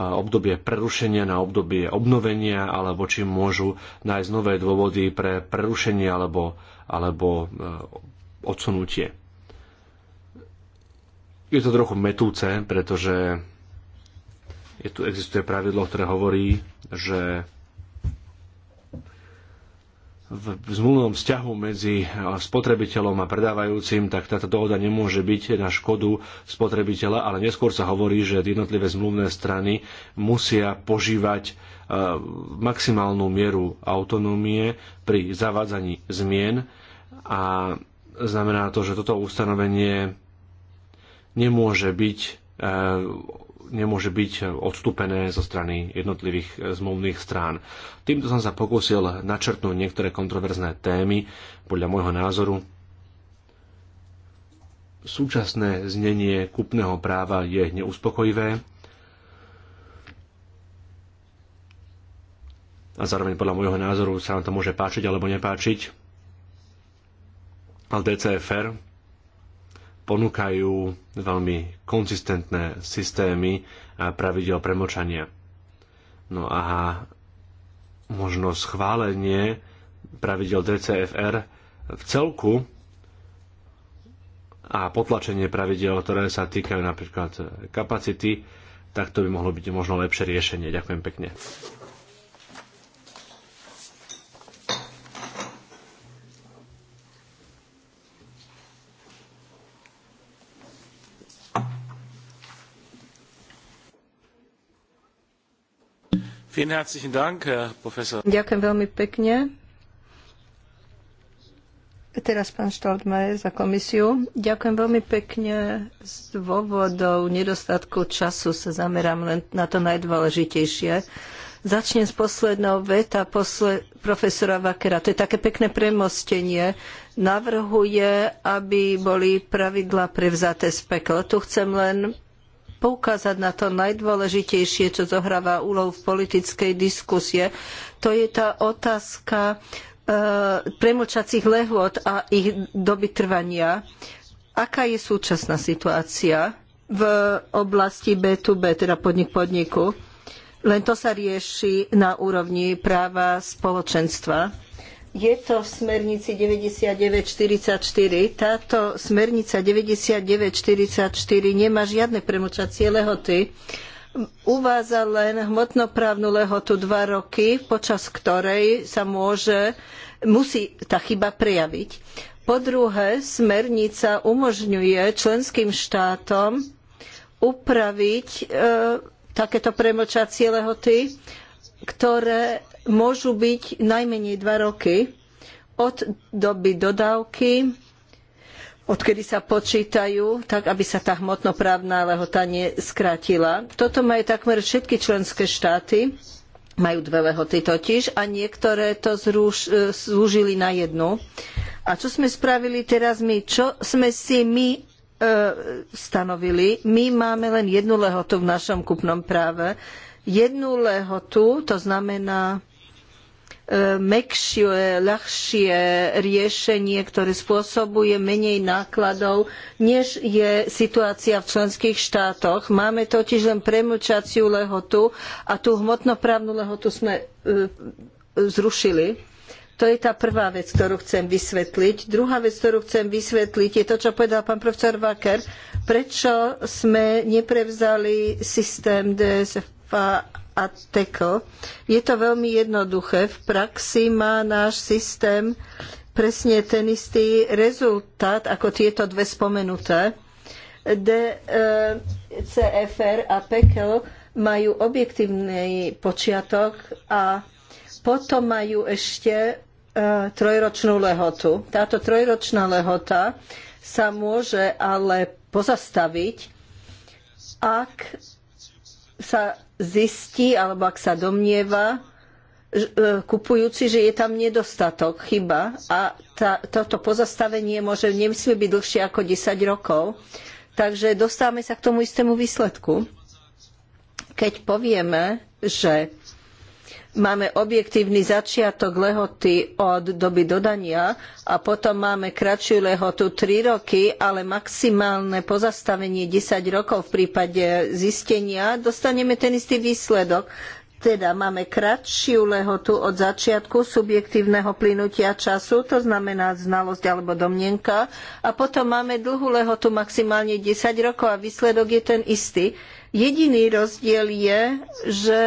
obdobie prerušenia na obdobie obnovenia, alebo či môžu nájsť nové dôvody pre prerušenie alebo, alebo odsunutie. Je to trochu metúce, pretože je tu existuje pravidlo, ktoré hovorí, že v zmluvnom vzťahu medzi eh, spotrebiteľom a predávajúcim, tak táto dohoda nemôže byť na škodu spotrebiteľa, ale neskôr sa hovorí, že jednotlivé zmluvné strany musia požívať eh, maximálnu mieru autonómie pri zavádzaní zmien a Znamená to, že toto ustanovenie nemôže byť, e, nemôže byť odstúpené zo strany jednotlivých e, zmluvných strán. Týmto som sa pokúsil načrtnúť niektoré kontroverzné témy, podľa môjho názoru. Súčasné znenie kupného práva je neuspokojivé a zároveň podľa môjho názoru sa vám to môže páčiť alebo nepáčiť DCFR ponúkajú veľmi konzistentné systémy a pravidel premočania. No a možno schválenie pravidel DCFR v celku a potlačenie pravidel, ktoré sa týkajú napríklad kapacity, tak to by mohlo byť možno lepšie riešenie. Ďakujem pekne. Ďakujem veľmi pekne. Teraz pán Štaldmajer za komisiu. Ďakujem veľmi pekne. Z dôvodov nedostatku času sa zamerám len na to najdôležitejšie. Začnem s poslednou veta posle, profesora Vakera. To je také pekné premostenie. Navrhuje, aby boli pravidlá prevzaté z pekla. Tu chcem len poukázať na to najdôležitejšie, čo zohráva úlohu v politickej diskusie. To je tá otázka e, premlčacích lehôd a ich doby trvania. Aká je súčasná situácia v oblasti B2B, teda podnik podniku? Len to sa rieši na úrovni práva spoločenstva je to v smernici 9944. Táto smernica 9944 nemá žiadne premočacie lehoty. Uváza len hmotnoprávnu lehotu 2 roky, počas ktorej sa môže, musí tá chyba prejaviť. Po druhé, smernica umožňuje členským štátom upraviť e, takéto premočacie lehoty, ktoré môžu byť najmenej dva roky od doby dodávky, odkedy sa počítajú, tak aby sa tá hmotnoprávna lehota neskrátila. Toto majú takmer všetky členské štáty, majú dve lehoty totiž a niektoré to e, zúžili na jednu. A čo sme spravili teraz my? Čo sme si my e, stanovili. My máme len jednu lehotu v našom kupnom práve. Jednu lehotu, to znamená E, mekšie, ľahšie riešenie, ktoré spôsobuje menej nákladov, než je situácia v členských štátoch. Máme totiž len premlčaciu lehotu a tú hmotnoprávnu lehotu sme e, zrušili. To je tá prvá vec, ktorú chcem vysvetliť. Druhá vec, ktorú chcem vysvetliť, je to, čo povedal pán profesor Wacker. Prečo sme neprevzali systém DSFA a tekl. Je to veľmi jednoduché. V praxi má náš systém presne ten istý rezultát ako tieto dve spomenuté. DCFR e, a PEKL majú objektívny počiatok a potom majú ešte e, trojročnú lehotu. Táto trojročná lehota sa môže ale pozastaviť, ak sa zistí, alebo ak sa domnieva e, kupujúci, že je tam nedostatok, chyba a tá, toto pozastavenie môže, nemusí byť dlhšie ako 10 rokov. Takže dostávame sa k tomu istému výsledku. Keď povieme, že máme objektívny začiatok lehoty od doby dodania a potom máme kratšiu lehotu 3 roky, ale maximálne pozastavenie 10 rokov v prípade zistenia, dostaneme ten istý výsledok. Teda máme kratšiu lehotu od začiatku subjektívneho plynutia času, to znamená znalosť alebo domnienka, a potom máme dlhú lehotu maximálne 10 rokov a výsledok je ten istý. Jediný rozdiel je, že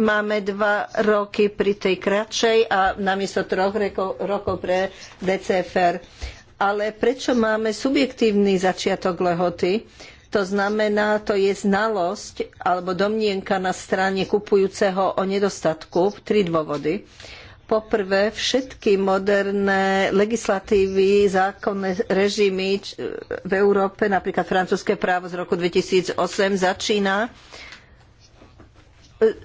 máme dva roky pri tej kratšej a namiesto troch rokov, rokov pre DCFR. Ale prečo máme subjektívny začiatok lehoty? To znamená, to je znalosť alebo domnienka na strane kupujúceho o nedostatku. Tri dôvody. Poprvé, všetky moderné legislatívy, zákonné režimy v Európe, napríklad francúzske právo z roku 2008, začína e,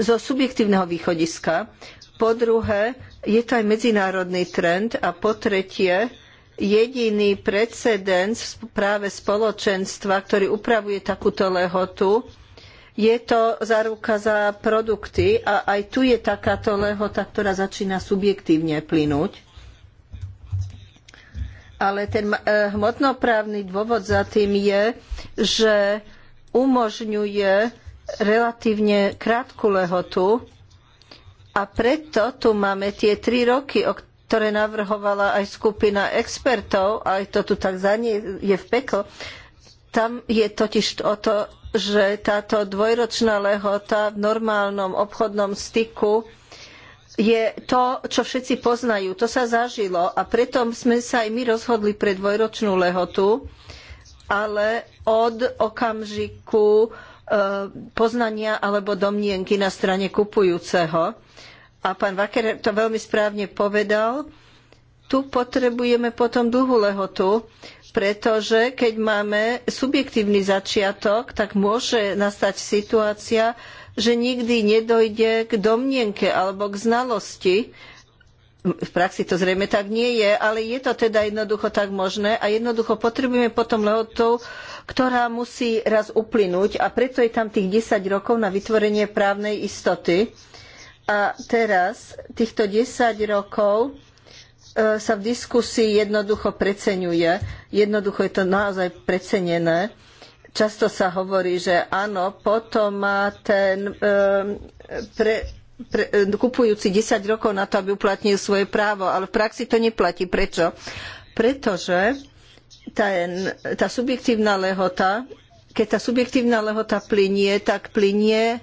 zo subjektívneho východiska. Po druhé, je to aj medzinárodný trend. A po tretie, jediný precedens práve spoločenstva, ktorý upravuje takúto lehotu, je to záruka za produkty a aj tu je takáto lehota, ktorá začína subjektívne plynúť. Ale ten eh, hmotnoprávny dôvod za tým je, že umožňuje relatívne krátku lehotu a preto tu máme tie tri roky, o ktoré navrhovala aj skupina expertov, aj to tu tak za nie je v peklo. Tam je totiž o to že táto dvojročná lehota v normálnom obchodnom styku je to, čo všetci poznajú. To sa zažilo a preto sme sa aj my rozhodli pre dvojročnú lehotu, ale od okamžiku e, poznania alebo domnienky na strane kupujúceho. A pán Vaker to veľmi správne povedal. Tu potrebujeme potom dlhú lehotu, pretože keď máme subjektívny začiatok, tak môže nastať situácia, že nikdy nedojde k domnienke alebo k znalosti. V praxi to zrejme tak nie je, ale je to teda jednoducho tak možné a jednoducho potrebujeme potom lehotu, ktorá musí raz uplynúť a preto je tam tých 10 rokov na vytvorenie právnej istoty. A teraz týchto 10 rokov E, sa v diskusii jednoducho preceňuje. Jednoducho je to naozaj precenené. Často sa hovorí, že áno, potom má ten e, pre, pre, e, kupujúci 10 rokov na to, aby uplatnil svoje právo, ale v praxi to neplatí. Prečo? Pretože tá, tá subjektívna lehota, keď tá subjektívna lehota plinie, tak plinie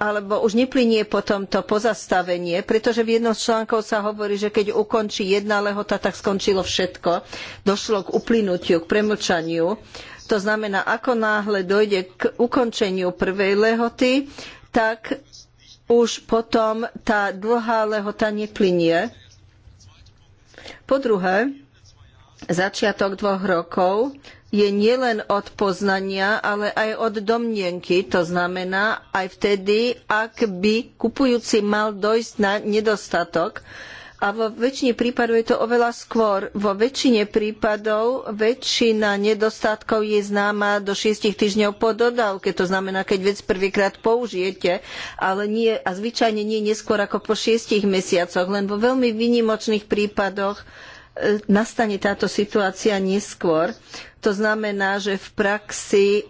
alebo už neplynie potom to pozastavenie, pretože v jednom z článkov sa hovorí, že keď ukončí jedna lehota, tak skončilo všetko. Došlo k uplynutiu, k premlčaniu. To znamená, ako náhle dojde k ukončeniu prvej lehoty, tak už potom tá dlhá lehota neplynie. Po druhé, začiatok dvoch rokov je nielen od poznania, ale aj od domnienky. To znamená aj vtedy, ak by kupujúci mal dojsť na nedostatok. A vo väčšine prípadov je to oveľa skôr. Vo väčšine prípadov väčšina nedostatkov je známa do 6 týždňov po dodávke. To znamená, keď vec prvýkrát použijete, ale nie, a zvyčajne nie neskôr ako po 6 mesiacoch. Len vo veľmi výnimočných prípadoch e, nastane táto situácia neskôr. To znamená, že v praxi e,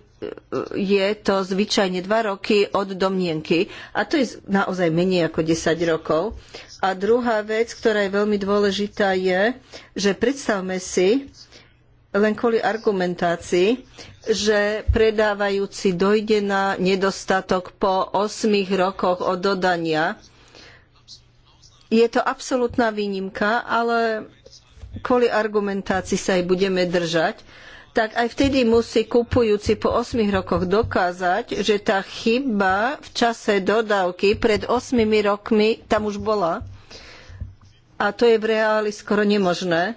je to zvyčajne 2 roky od domnienky. A to je naozaj menej ako 10 rokov. A druhá vec, ktorá je veľmi dôležitá, je, že predstavme si, len kvôli argumentácii, že predávajúci dojde na nedostatok po 8 rokoch od dodania. Je to absolútna výnimka, ale kvôli argumentácii sa aj budeme držať tak aj vtedy musí kupujúci po 8 rokoch dokázať, že tá chyba v čase dodávky pred 8 rokmi tam už bola. A to je v reáli skoro nemožné.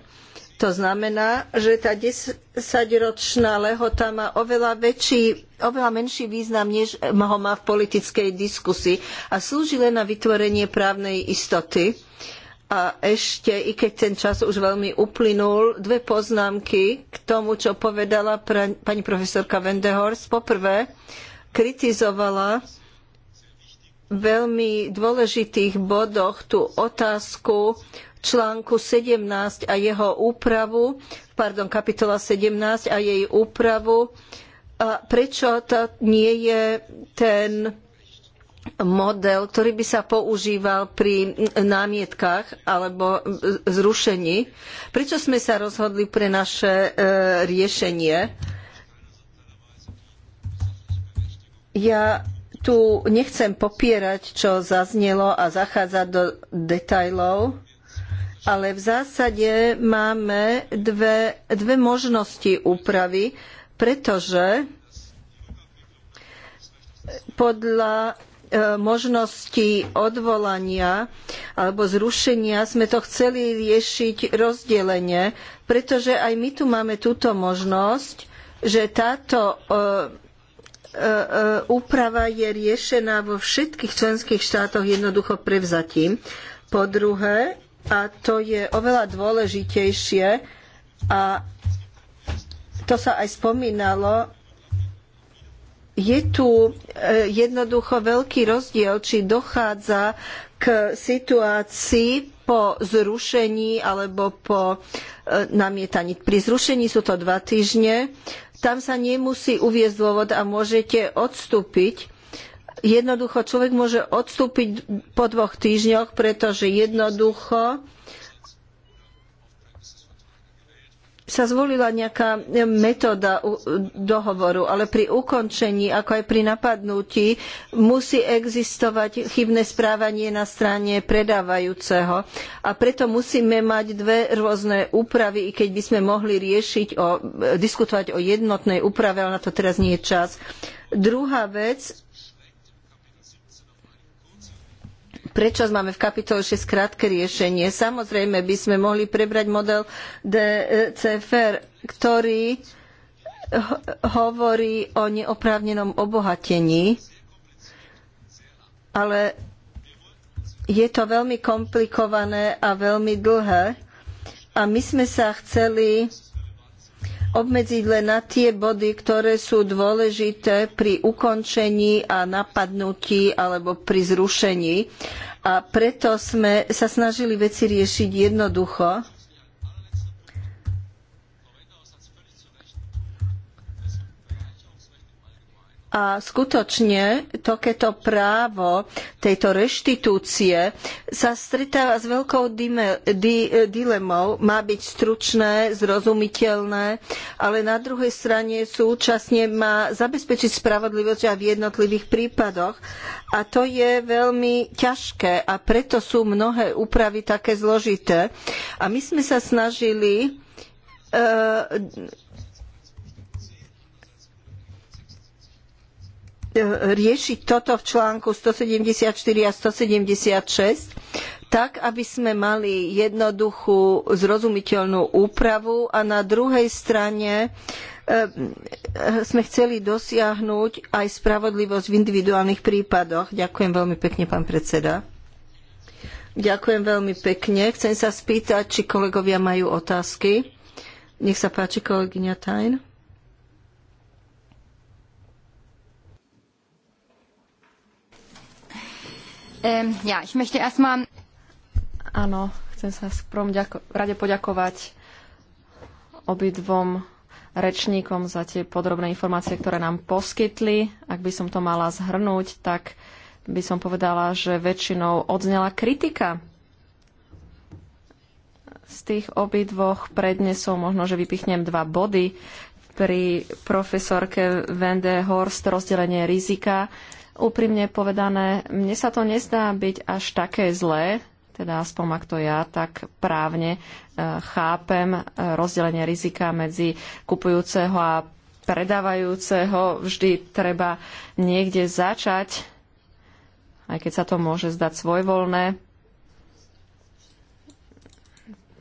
To znamená, že tá desaťročná lehota má oveľa, väčší, oveľa menší význam, než ho má v politickej diskusii a slúži len na vytvorenie právnej istoty. Uh, a ešte, i keď ten čas už veľmi uplynul, dve poznámky k tomu, čo povedala pra, pani profesorka Vendehorst, Poprvé, kritizovala veľmi dôležitých bodoch tú otázku článku 17 a jeho úpravu, pardon, kapitola 17 a jej úpravu, a prečo to nie je ten model, ktorý by sa používal pri námietkách alebo zrušení. Prečo sme sa rozhodli pre naše e, riešenie? Ja tu nechcem popierať, čo zaznelo a zachádzať do detailov, ale v zásade máme dve, dve možnosti úpravy, pretože podľa E, možnosti odvolania alebo zrušenia sme to chceli riešiť rozdelenie, pretože aj my tu máme túto možnosť, že táto e, e, úprava je riešená vo všetkých členských štátoch jednoducho prevzatím. Po druhé, a to je oveľa dôležitejšie, a to sa aj spomínalo, je tu e, jednoducho veľký rozdiel, či dochádza k situácii po zrušení alebo po e, namietaní. Pri zrušení sú to dva týždne. Tam sa nemusí uviezť dôvod a môžete odstúpiť. Jednoducho človek môže odstúpiť po dvoch týždňoch, pretože jednoducho sa zvolila nejaká e, metóda e, dohovoru, ale pri ukončení, ako aj pri napadnutí, musí existovať chybné správanie na strane predávajúceho. A preto musíme mať dve rôzne úpravy, i keď by sme mohli riešiť o, e, diskutovať o jednotnej úprave, ale na to teraz nie je čas. Druhá vec, prečo máme v kapitole 6 krátke riešenie. Samozrejme by sme mohli prebrať model DCFR, ktorý hovorí o neoprávnenom obohatení, ale je to veľmi komplikované a veľmi dlhé a my sme sa chceli obmedziť len na tie body, ktoré sú dôležité pri ukončení a napadnutí alebo pri zrušení. A preto sme sa snažili veci riešiť jednoducho A skutočne takéto právo tejto reštitúcie sa stretáva s veľkou dime, di, dilemou. Má byť stručné, zrozumiteľné, ale na druhej strane súčasne má zabezpečiť spravodlivosť aj v jednotlivých prípadoch. A to je veľmi ťažké a preto sú mnohé úpravy také zložité. A my sme sa snažili e, riešiť toto v článku 174 a 176 tak, aby sme mali jednoduchú, zrozumiteľnú úpravu a na druhej strane eh, sme chceli dosiahnuť aj spravodlivosť v individuálnych prípadoch. Ďakujem veľmi pekne, pán predseda. Ďakujem veľmi pekne. Chcem sa spýtať, či kolegovia majú otázky. Nech sa páči, kolegyňa Tajn. Um, ja, ich möchte erstmal... Áno, chcem sa v prvom rade poďakovať obidvom rečníkom za tie podrobné informácie, ktoré nám poskytli. Ak by som to mala zhrnúť, tak by som povedala, že väčšinou odznela kritika z tých obidvoch prednesov možno, že vypichnem dva body pri profesorke Vende Horst rozdelenie rizika Úprimne povedané, mne sa to nezdá byť až také zlé, teda aspoň ak to ja tak právne e, chápem e, rozdelenie rizika medzi kupujúceho a predávajúceho. Vždy treba niekde začať, aj keď sa to môže zdať svojvoľné.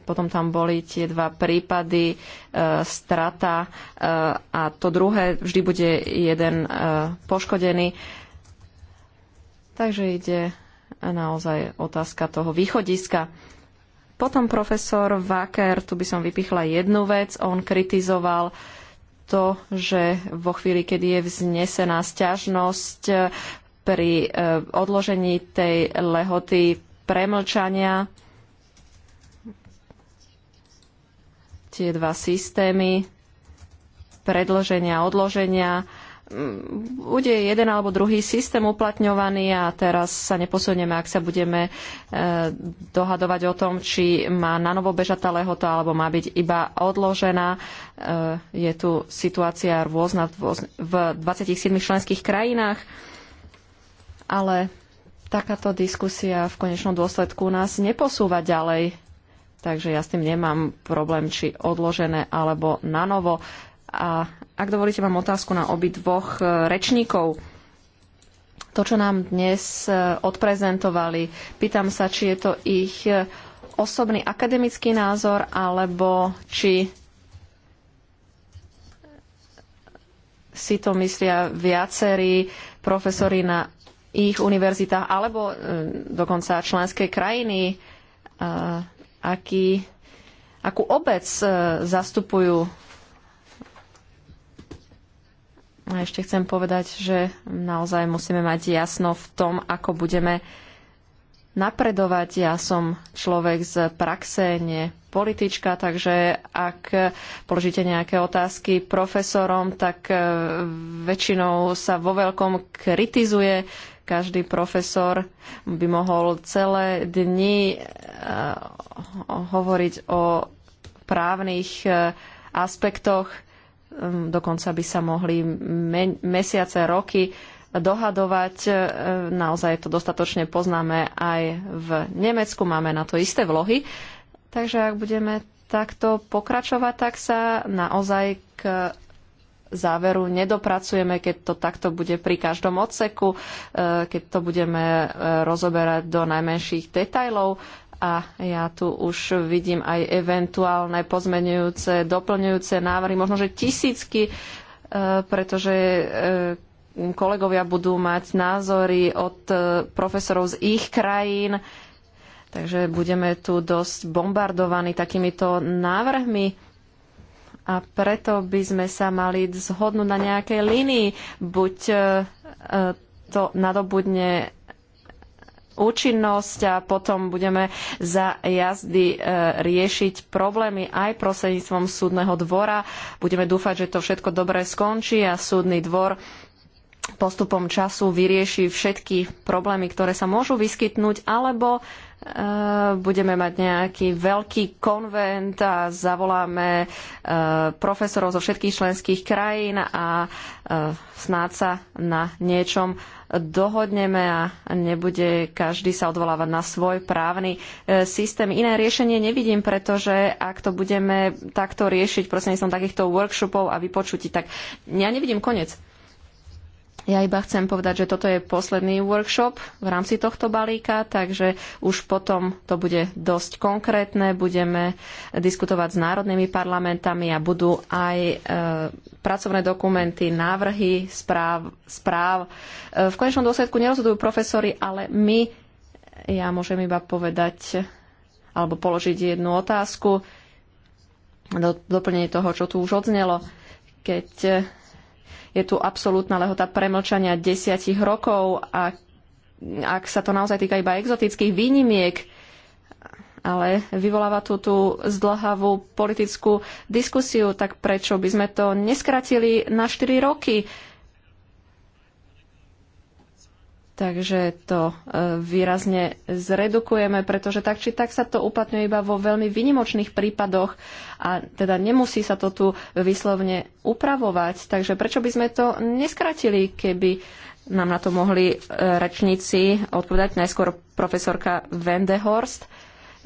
Potom tam boli tie dva prípady, e, strata e, a to druhé vždy bude jeden e, poškodený. E, Takže ide naozaj otázka toho východiska. Potom profesor Vaker, tu by som vypichla jednu vec, on kritizoval to, že vo chvíli, kedy je vznesená stiažnosť pri e, odložení tej lehoty premlčania, tie dva systémy predloženia a odloženia bude jeden alebo druhý systém uplatňovaný a teraz sa neposunieme, ak sa budeme e, dohadovať o tom, či má na novo bežať tá lehota alebo má byť iba odložená. E, je tu situácia rôzna v 27 členských krajinách, ale takáto diskusia v konečnom dôsledku nás neposúva ďalej. Takže ja s tým nemám problém, či odložené alebo na novo. A ak dovolíte, mám otázku na obi dvoch e, rečníkov. To, čo nám dnes e, odprezentovali, pýtam sa, či je to ich e, osobný akademický názor, alebo či si to myslia viacerí profesori na ich univerzitách, alebo dokonca členské krajiny, aký, akú obec zastupujú a ešte chcem povedať, že naozaj musíme mať jasno v tom, ako budeme napredovať. Ja som človek z praxe, nie politička, takže ak položíte nejaké otázky profesorom, tak e, väčšinou sa vo veľkom kritizuje. Každý profesor by mohol celé dni e, hovoriť o právnych e, aspektoch Ehm, dokonca by sa mohli mesiace, roky dohadovať. Ehm, naozaj to dostatočne poznáme aj v Nemecku, máme na to isté vlohy. Takže ak budeme takto pokračovať, tak sa naozaj k záveru nedopracujeme, keď to takto bude pri každom odseku, ehm, keď to budeme rozoberať do najmenších detajlov a ja tu už vidím aj eventuálne pozmenujúce, doplňujúce návrhy, možno že tisícky, e, pretože e, kolegovia budú mať názory od e, profesorov z ich krajín, takže budeme tu dosť bombardovaní takýmito návrhmi. A preto by sme sa mali zhodnúť na nejakej línii. Buď to nadobudne účinnosť a potom budeme za jazdy e, riešiť problémy aj prostredníctvom súdneho dvora. Budeme dúfať, že to všetko dobre skončí a súdny dvor postupom času vyrieši všetky problémy, ktoré sa môžu vyskytnúť, alebo Eh, budeme mať nejaký veľký konvent a zavoláme eh, profesorov zo všetkých členských krajín a eh, snáď sa na niečom dohodneme a nebude každý sa odvolávať na svoj právny systém. Iné riešenie nevidím, pretože ak to budeme takto riešiť prostredníctvom takýchto workshopov a vypočutí, tak ja nevidím koniec. Ja iba chcem povedať, že toto je posledný workshop v rámci tohto balíka, takže už potom to bude dosť konkrétne. Budeme diskutovať s národnými parlamentami a budú aj e, pracovné dokumenty, návrhy správ. správ. E, v konečnom dôsledku nerozhodujú profesory, ale my, ja môžem iba povedať alebo položiť jednu otázku do doplnenie toho, čo tu už odznelo. Keď e, je tu absolútna lehota premlčania desiatich rokov a ak sa to naozaj týka iba exotických výnimiek, ale vyvoláva tú, tú zdlhavú politickú diskusiu, tak prečo by sme to neskratili na 4 roky? Takže to e, výrazne zredukujeme, pretože tak či tak sa to uplatňuje iba vo veľmi vynimočných prípadoch a teda nemusí sa to tu vyslovne upravovať. Takže prečo by sme to neskratili, keby nám na to mohli e, rečníci odpovedať najskôr profesorka Vendehorst.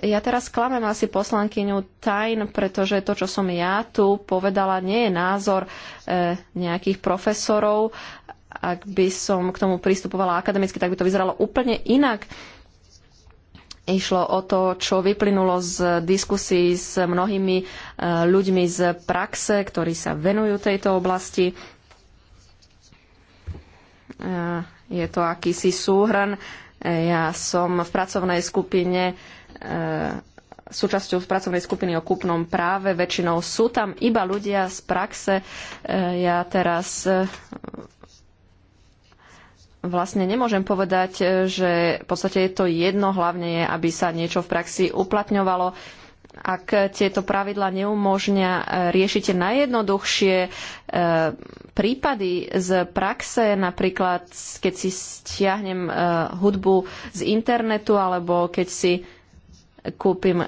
Ja teraz klamem asi poslankyňu Tajn, pretože to, čo som ja tu povedala, nie je názor e, nejakých profesorov ak by som k tomu pristupovala akademicky, tak by to vyzeralo úplne inak. Išlo o to, čo vyplynulo z diskusí s mnohými e, ľuďmi z praxe, ktorí sa venujú tejto oblasti. E, je to akýsi súhrn. E, ja som v pracovnej skupine súčasťou pracovnej skupiny o kúpnom práve. Väčšinou sú tam iba ľudia z praxe. Ja teraz vlastne nemôžem povedať, e, že v podstate je to jedno, hlavne je, aby sa niečo v praxi uplatňovalo. Ak tieto pravidla neumožňa, e, riešite najjednoduchšie e, prípady z praxe, napríklad keď si stiahnem hudbu z internetu alebo keď si kúpim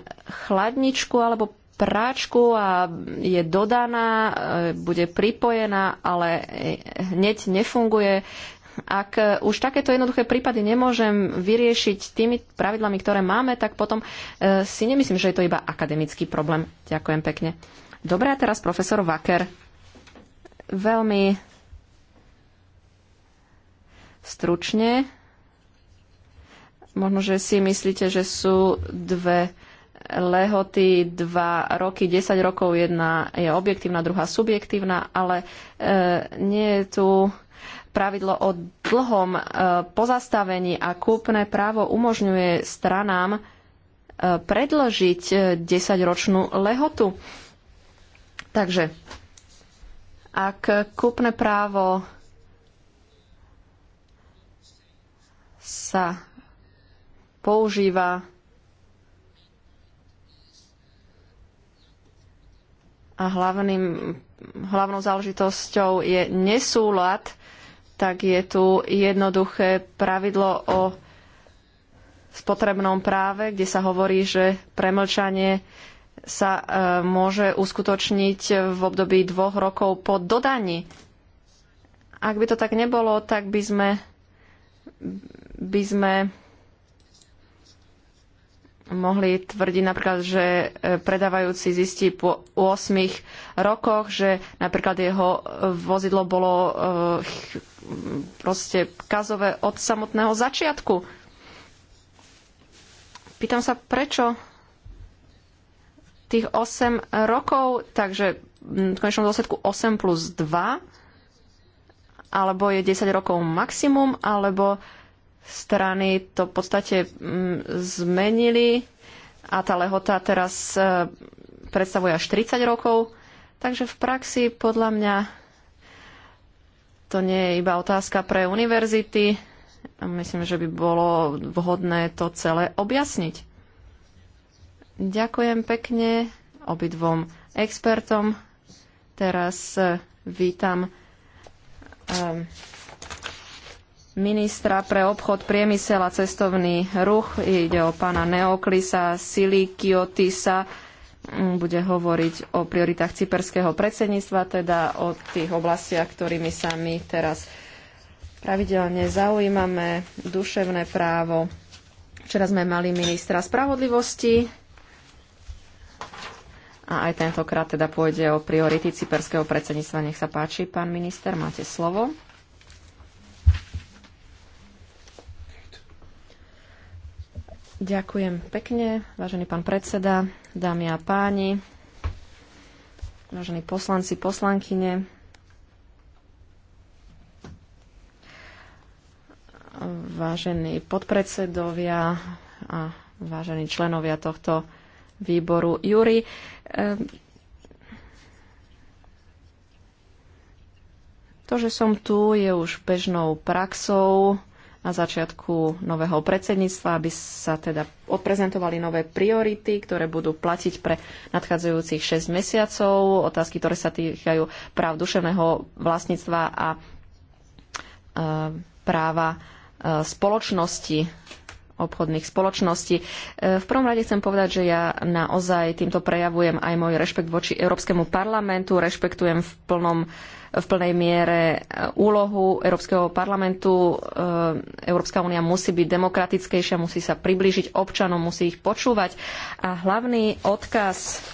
chladničku alebo práčku a je dodaná, bude pripojená, ale hneď nefunguje. Ak eh, už takéto jednoduché prípady nemôžem vyriešiť tými pravidlami, ktoré máme, tak potom eh, si nemyslím, že je to iba akademický problém. Ďakujem pekne. Dobre, a teraz profesor Vaker. Veľmi stručne. Možno, že si myslíte, že sú dve lehoty, dva roky, 10 rokov, jedna je objektívna, druhá subjektívna, ale e, nie je tu Pravidlo o dlhom e, pozastavení a kúpne právo umožňuje stranám e, predložiť 10-ročnú e, lehotu. Takže ak kúpne právo sa používa a hlavným, hlavnou záležitosťou je nesúlad tak je tu jednoduché pravidlo o spotrebnom práve, kde sa hovorí, že premlčanie sa e, môže uskutočniť v období dvoch rokov po dodaní. Ak by to tak nebolo, tak by sme, by sme mohli tvrdiť napríklad, že e, predávajúci zistí po 8 rokoch, že napríklad jeho e, vozidlo bolo e, proste kazové od samotného začiatku. Pýtam sa, prečo tých 8 rokov, takže v konečnom dôsledku 8 plus 2, alebo je 10 rokov maximum, alebo strany to v podstate mm, zmenili a tá lehota teraz e, predstavuje až 30 rokov. Takže v praxi podľa mňa to nie je iba otázka pre univerzity. Myslím, že by bolo vhodné to celé objasniť. Ďakujem pekne obidvom expertom. Teraz e, vítam um, ministra pre obchod, priemysel a cestovný ruch. Ide o pána Neoklisa Silikiotisa. Mm, bude hovoriť o prioritách cyperského predsedníctva, teda o tých oblastiach, ktorými sa my teraz pravidelne zaujímame. Duševné právo. Včera sme mali ministra spravodlivosti a aj tentokrát teda pôjde o priority cyperského predsedníctva. Nech sa páči, pán minister, máte slovo. Ďakujem pekne, vážený pán predseda, dámy a páni, vážení poslanci, poslankyne. Vážení podpredsedovia a vážení členovia tohto výboru Júri. Ehm, to, že som tu, je už bežnou praxou na začiatku nového predsedníctva, aby sa teda odprezentovali nové priority, ktoré budú platiť pre nadchádzajúcich 6 mesiacov, otázky, ktoré sa týkajú práv duševného vlastníctva a e, práva e, spoločnosti obchodných spoločností. E, v prvom rade chcem povedať, že ja naozaj týmto prejavujem aj môj rešpekt voči Európskemu parlamentu, rešpektujem v, plnom, v plnej miere e, úlohu Európskeho parlamentu. E, Európska únia musí byť demokratickejšia, musí sa priblížiť občanom, musí ich počúvať. A hlavný odkaz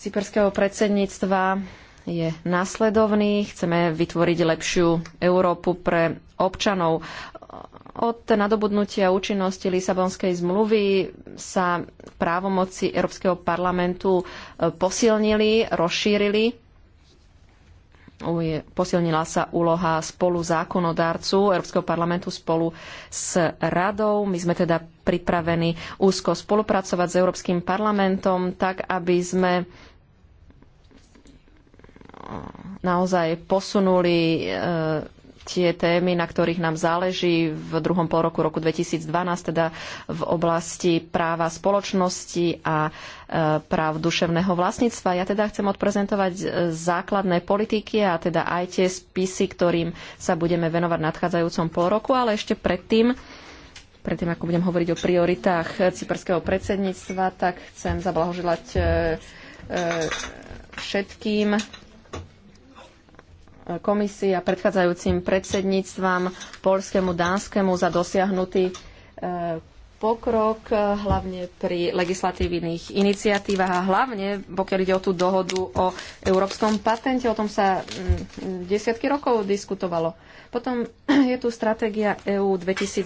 cyperského predsedníctva je nasledovný. Chceme vytvoriť lepšiu Európu pre občanov. Od nadobudnutia účinnosti Lisabonskej zmluvy sa právomoci Európskeho parlamentu e, posilnili, rozšírili posilnila sa úloha spolu zákonodárcu Európskeho parlamentu spolu s radou. My sme teda pripravení úzko spolupracovať s Európskym parlamentom, tak aby sme e, naozaj posunuli e, tie témy, na ktorých nám záleží v druhom pol roku 2012, teda v oblasti práva spoločnosti a e, práv duševného vlastníctva. Ja teda chcem odprezentovať e, základné politiky a teda aj tie spisy, ktorým sa budeme venovať v nadchádzajúcom roku, ale ešte predtým predtým, ako budem hovoriť o prioritách cyperského predsedníctva, tak chcem zablahoželať e, všetkým komisii a predchádzajúcim predsedníctvam polskému, dánskemu za dosiahnutý e, pokrok, e, hlavne pri legislatívnych iniciatívach a hlavne, pokiaľ ide o tú dohodu o európskom patente, o tom sa mm, desiatky rokov diskutovalo. Potom je tu stratégia EU 2020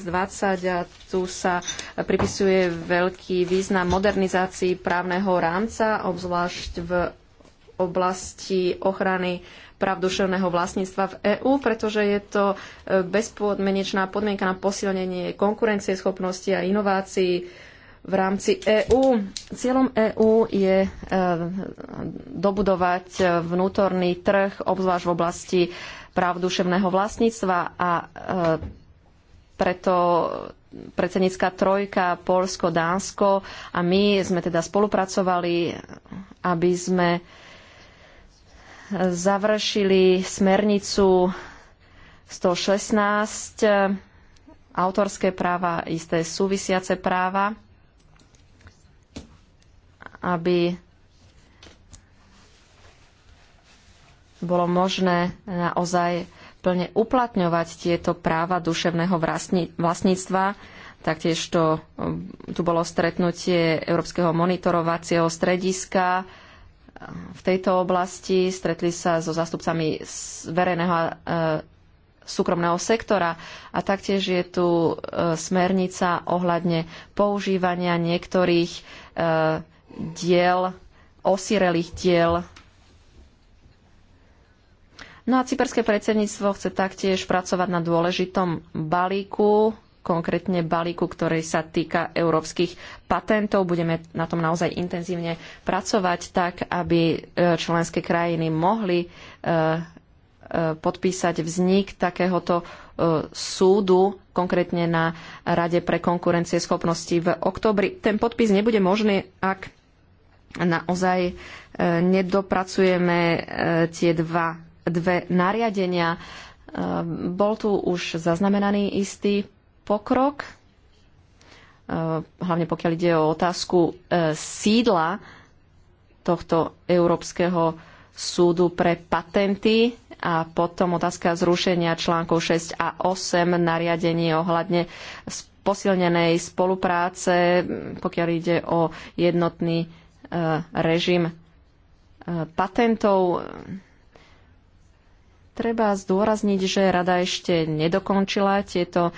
a tu sa pripisuje veľký význam modernizácii právneho rámca, obzvlášť v oblasti ochrany práv duševného vlastníctva v EÚ, pretože je to e, bezpodmenečná podmienka na posilnenie konkurencieschopnosti a inovácií v rámci EÚ. Cieľom EÚ je e, dobudovať e, vnútorný trh, obzvlášť v oblasti práv duševného vlastníctva a preto predsednická trojka, Polsko, Dánsko a my sme teda spolupracovali, aby sme završili smernicu 116, autorské práva, isté súvisiace práva, aby bolo možné naozaj plne uplatňovať tieto práva duševného vlastníctva. Taktiež to, tu bolo stretnutie Európskeho monitorovacieho strediska, v tejto oblasti, stretli sa so zástupcami verejného a e, súkromného sektora a taktiež je tu e, smernica ohľadne používania niektorých e, diel, osirelých diel. No a cyperské predsedníctvo chce taktiež pracovať na dôležitom balíku konkrétne balíku, ktorý sa týka európskych patentov. Budeme na tom naozaj intenzívne pracovať tak, aby e, členské krajiny mohli e, e, podpísať vznik takéhoto súdu, konkrétne na Rade pre konkurencie schopnosti v oktobri. Ten podpis nebude možný, ak naozaj nedopracujeme tie dva, dve nariadenia. Bol tu už zaznamenaný istý pokrok, e, hlavne pokiaľ ide o otázku e, sídla tohto Európskeho súdu pre patenty a potom otázka zrušenia článkov 6 a 8 nariadení ohľadne posilnenej spolupráce, pokiaľ ide o jednotný e, režim patentov. Treba zdôrazniť, že rada ešte nedokončila tieto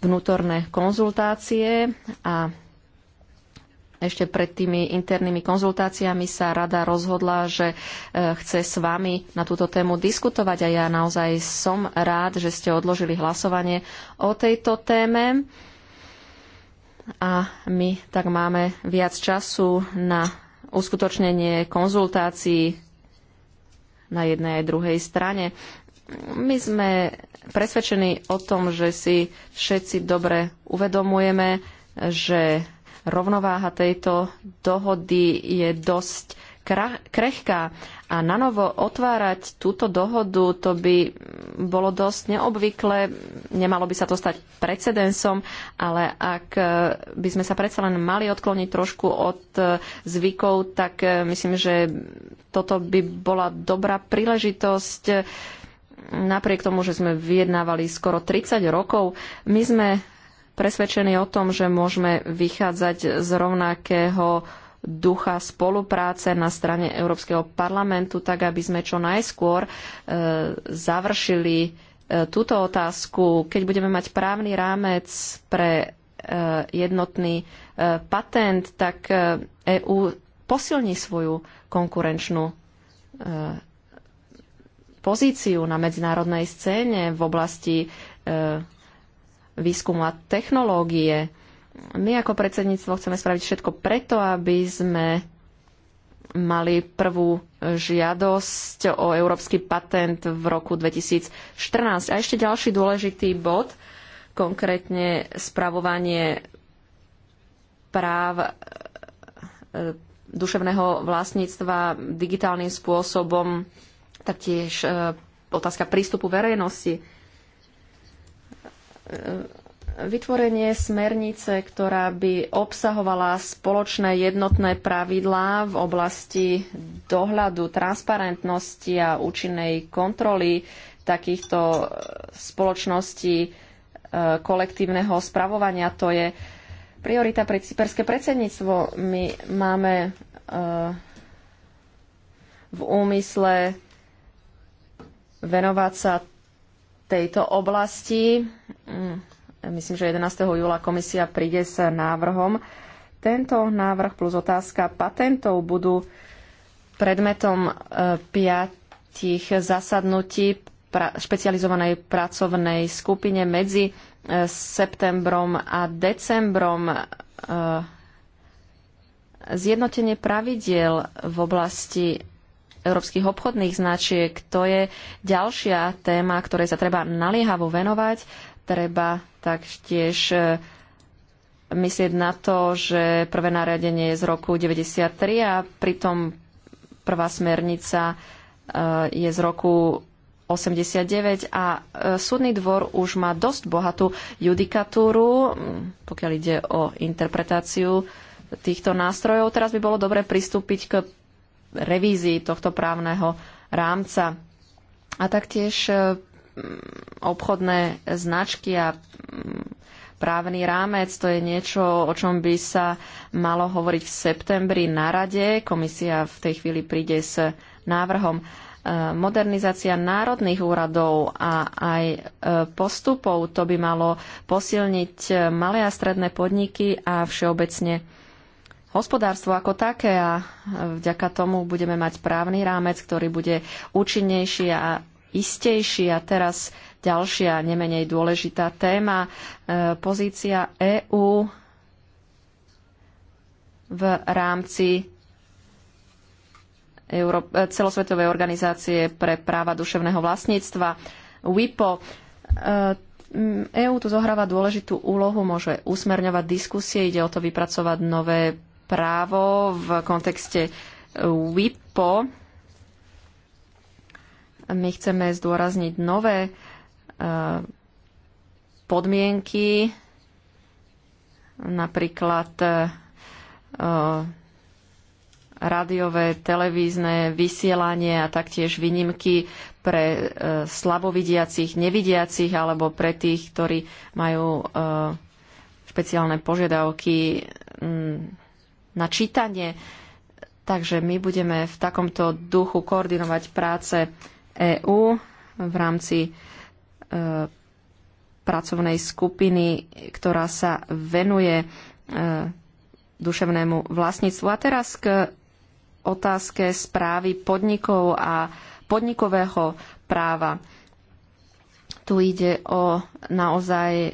vnútorné konzultácie a ešte pred tými internými konzultáciami sa rada rozhodla, že e, chce s vami na túto tému diskutovať a ja naozaj som rád, že ste odložili hlasovanie o tejto téme a my tak máme viac času na uskutočnenie konzultácií na jednej aj druhej strane. My sme presvedčení o tom, že si všetci dobre uvedomujeme, že rovnováha tejto dohody je dosť krehká a na novo otvárať túto dohodu, to by bolo dosť neobvyklé, nemalo by sa to stať precedensom, ale ak e, by sme sa predsa len mali odkloniť trošku od e, zvykov, tak e, myslím, že toto by bola dobrá príležitosť napriek tomu, že sme vyjednávali skoro 30 rokov, my sme presvedčení o tom, že môžeme vychádzať z rovnakého ducha spolupráce na strane Európskeho parlamentu, tak aby sme čo najskôr e, završili e, túto otázku. Keď budeme mať právny rámec pre e, jednotný patent, tak EÚ posilní svoju konkurenčnú pozíciu na medzinárodnej scéne v oblasti e, výskumu a technológie. My ako predsedníctvo chceme spraviť všetko preto, aby sme mali prvú žiadosť o európsky patent v roku 2014. A ešte ďalší dôležitý bod, konkrétne spravovanie práv e, duševného vlastníctva digitálnym spôsobom Taktiež e, otázka prístupu verejnosti. E, vytvorenie smernice, ktorá by obsahovala spoločné jednotné pravidlá v oblasti dohľadu, transparentnosti a účinnej kontroly takýchto e, spoločností kolektívneho spravovania. To je priorita pre cyperské predsedníctvo. My máme v úmysle venovať sa tejto oblasti. Mm, myslím, že 11. júla komisia príde s návrhom. Tento návrh plus otázka patentov budú predmetom e, piatich zasadnutí špecializovanej pracovnej skupine medzi e, septembrom a decembrom e, zjednotenie pravidiel v oblasti európskych obchodných značiek. To je ďalšia téma, ktorej sa treba naliehavo venovať. Treba taktiež e, myslieť na to, že prvé nariadenie je z roku 93 a pritom prvá smernica e, je z roku 89 a e, súdny dvor už má dosť bohatú judikatúru, mm, pokiaľ ide o interpretáciu týchto nástrojov. Teraz by bolo dobre pristúpiť k revízii tohto právneho rámca. A taktiež e, obchodné značky a právny rámec, to je niečo, o čom by sa malo hovoriť v septembri na rade. Komisia v tej chvíli príde s návrhom e, modernizácia národných úradov a aj e, postupov, to by malo posilniť malé a stredné podniky a všeobecne hospodárstvo ako také a vďaka tomu budeme mať právny rámec, ktorý bude účinnejší a istejší. A teraz ďalšia nemenej dôležitá téma, e, pozícia EÚ v rámci Euró- e, celosvetovej organizácie pre práva duševného vlastníctva WIPO. EÚ e tu zohráva dôležitú úlohu, môže usmerňovať diskusie, ide o to vypracovať nové právo v kontexte WIPO. My chceme zdôrazniť nové e, podmienky, napríklad e, rádiové, televízne vysielanie a taktiež výnimky pre e, slabovidiacich, nevidiacich alebo pre tých, ktorí majú špeciálne požiadavky na čítanie. Takže my budeme v takomto duchu koordinovať práce EÚ v rámci e, pracovnej skupiny, ktorá sa venuje e, duševnému vlastníctvu. A teraz k otázke správy podnikov a podnikového práva. Tu ide o naozaj e,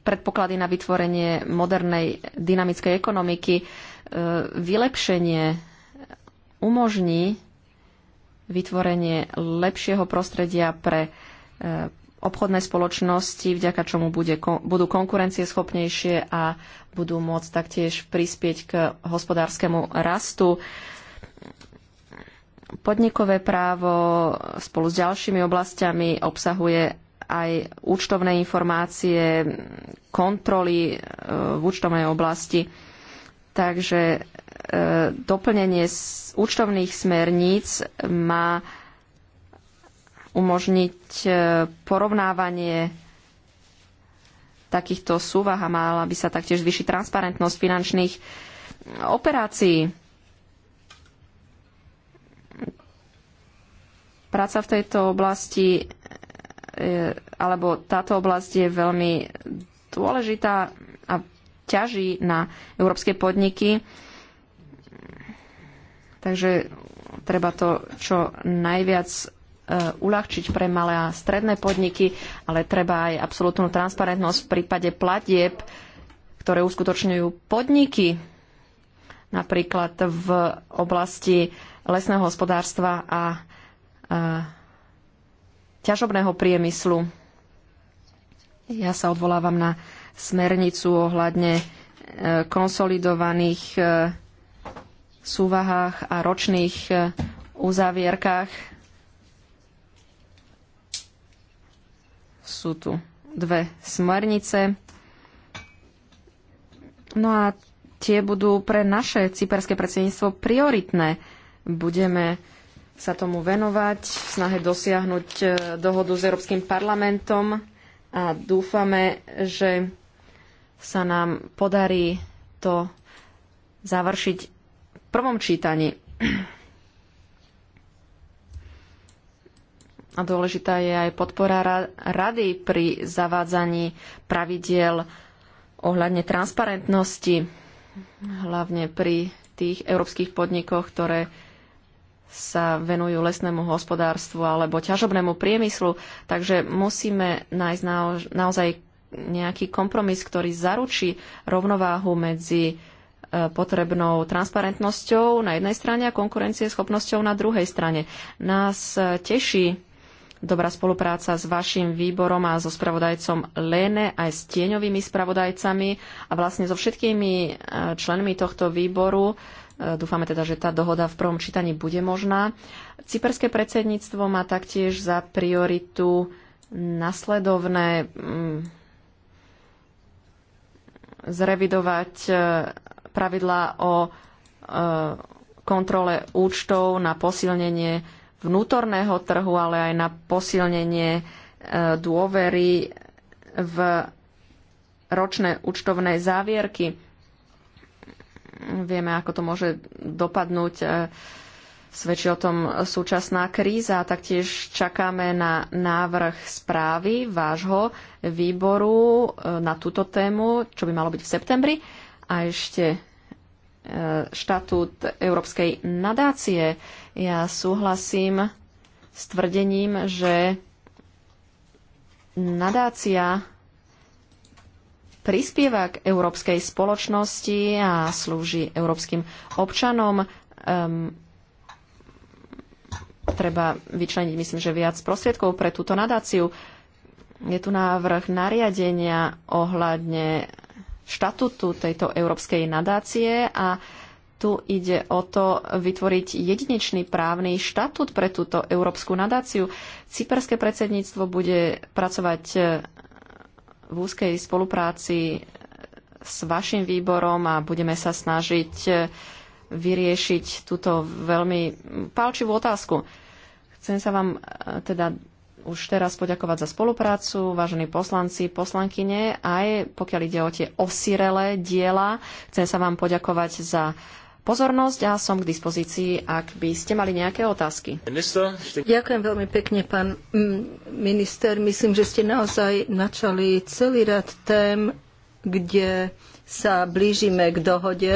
predpoklady na vytvorenie modernej dynamickej ekonomiky, e, vylepšenie umožní vytvorenie lepšieho prostredia pre e, obchodné spoločnosti, vďaka čomu bude, budú konkurencieschopnejšie a budú môcť taktiež prispieť k hospodárskemu rastu. Podnikové právo spolu s ďalšími oblastiami obsahuje aj účtovné informácie, kontroly e, v účtovnej oblasti. Takže e, doplnenie účtovných smerníc má umožniť e, porovnávanie takýchto súvah a mala by sa taktiež zvýšiť transparentnosť finančných operácií. Práca v tejto oblasti E, alebo táto oblasť je veľmi dôležitá a ťaží na európske podniky. Takže treba to čo najviac e, uľahčiť pre malé a stredné podniky, ale treba aj absolútnu transparentnosť v prípade platieb, ktoré uskutočňujú podniky, napríklad v oblasti lesného hospodárstva a e, ťažobného priemyslu. Ja sa odvolávam na smernicu ohľadne e, konsolidovaných e, súvahách a ročných e, uzavierkách. Sú tu dve smernice. No a tie budú pre naše cyperské predsedníctvo prioritné. Budeme sa tomu venovať v snahe dosiahnuť e, dohodu s Európskym parlamentom a dúfame, že sa nám podarí to završiť v prvom čítaní. A dôležitá je aj podpora rady pri zavádzaní pravidiel ohľadne transparentnosti, hlavne pri tých európskych podnikoch, ktoré sa venujú lesnému hospodárstvu alebo ťažobnému priemyslu. Takže musíme nájsť naozaj nejaký kompromis, ktorý zaručí rovnováhu medzi e, potrebnou transparentnosťou na jednej strane a konkurencieschopnosťou na druhej strane. Nás e, teší dobrá spolupráca s vašim výborom a so spravodajcom Lene aj s tieňovými spravodajcami a vlastne so všetkými e, členmi tohto výboru E, dúfame teda, že tá dohoda v prvom čítaní bude možná. Cyperské predsedníctvo má taktiež za prioritu nasledovné mm, zrevidovať e, pravidlá o e, kontrole účtov na posilnenie vnútorného trhu, ale aj na posilnenie dôvery v ročné účtovné závierky. Vieme, ako to môže dopadnúť. E, svedčí o tom súčasná kríza. Taktiež čakáme na návrh správy vášho výboru e, na túto tému, čo by malo byť v septembri. A ešte e, štatút Európskej nadácie. Ja súhlasím s tvrdením, že nadácia prispieva k európskej spoločnosti a slúži európskym občanom. Um, treba vyčleniť, myslím, že viac prostriedkov pre túto nadáciu. Je tu návrh nariadenia ohľadne štatútu tejto európskej nadácie a tu ide o to vytvoriť jedinečný právny štatút pre túto európsku nadáciu. Cyperské predsedníctvo bude pracovať v úzkej spolupráci s vašim výborom a budeme sa snažiť eh, vyriešiť túto veľmi palčivú otázku. Chcem sa vám eh, teda už teraz poďakovať za spoluprácu, vážení poslanci, poslankyne, aj pokiaľ ide o tie osirelé diela. Chcem sa vám poďakovať za pozornosť a som k dispozícii, ak by ste mali nejaké otázky. Ďakujem veľmi pekne, pán minister. Myslím, že ste naozaj načali celý rad tém, kde sa blížime k dohode,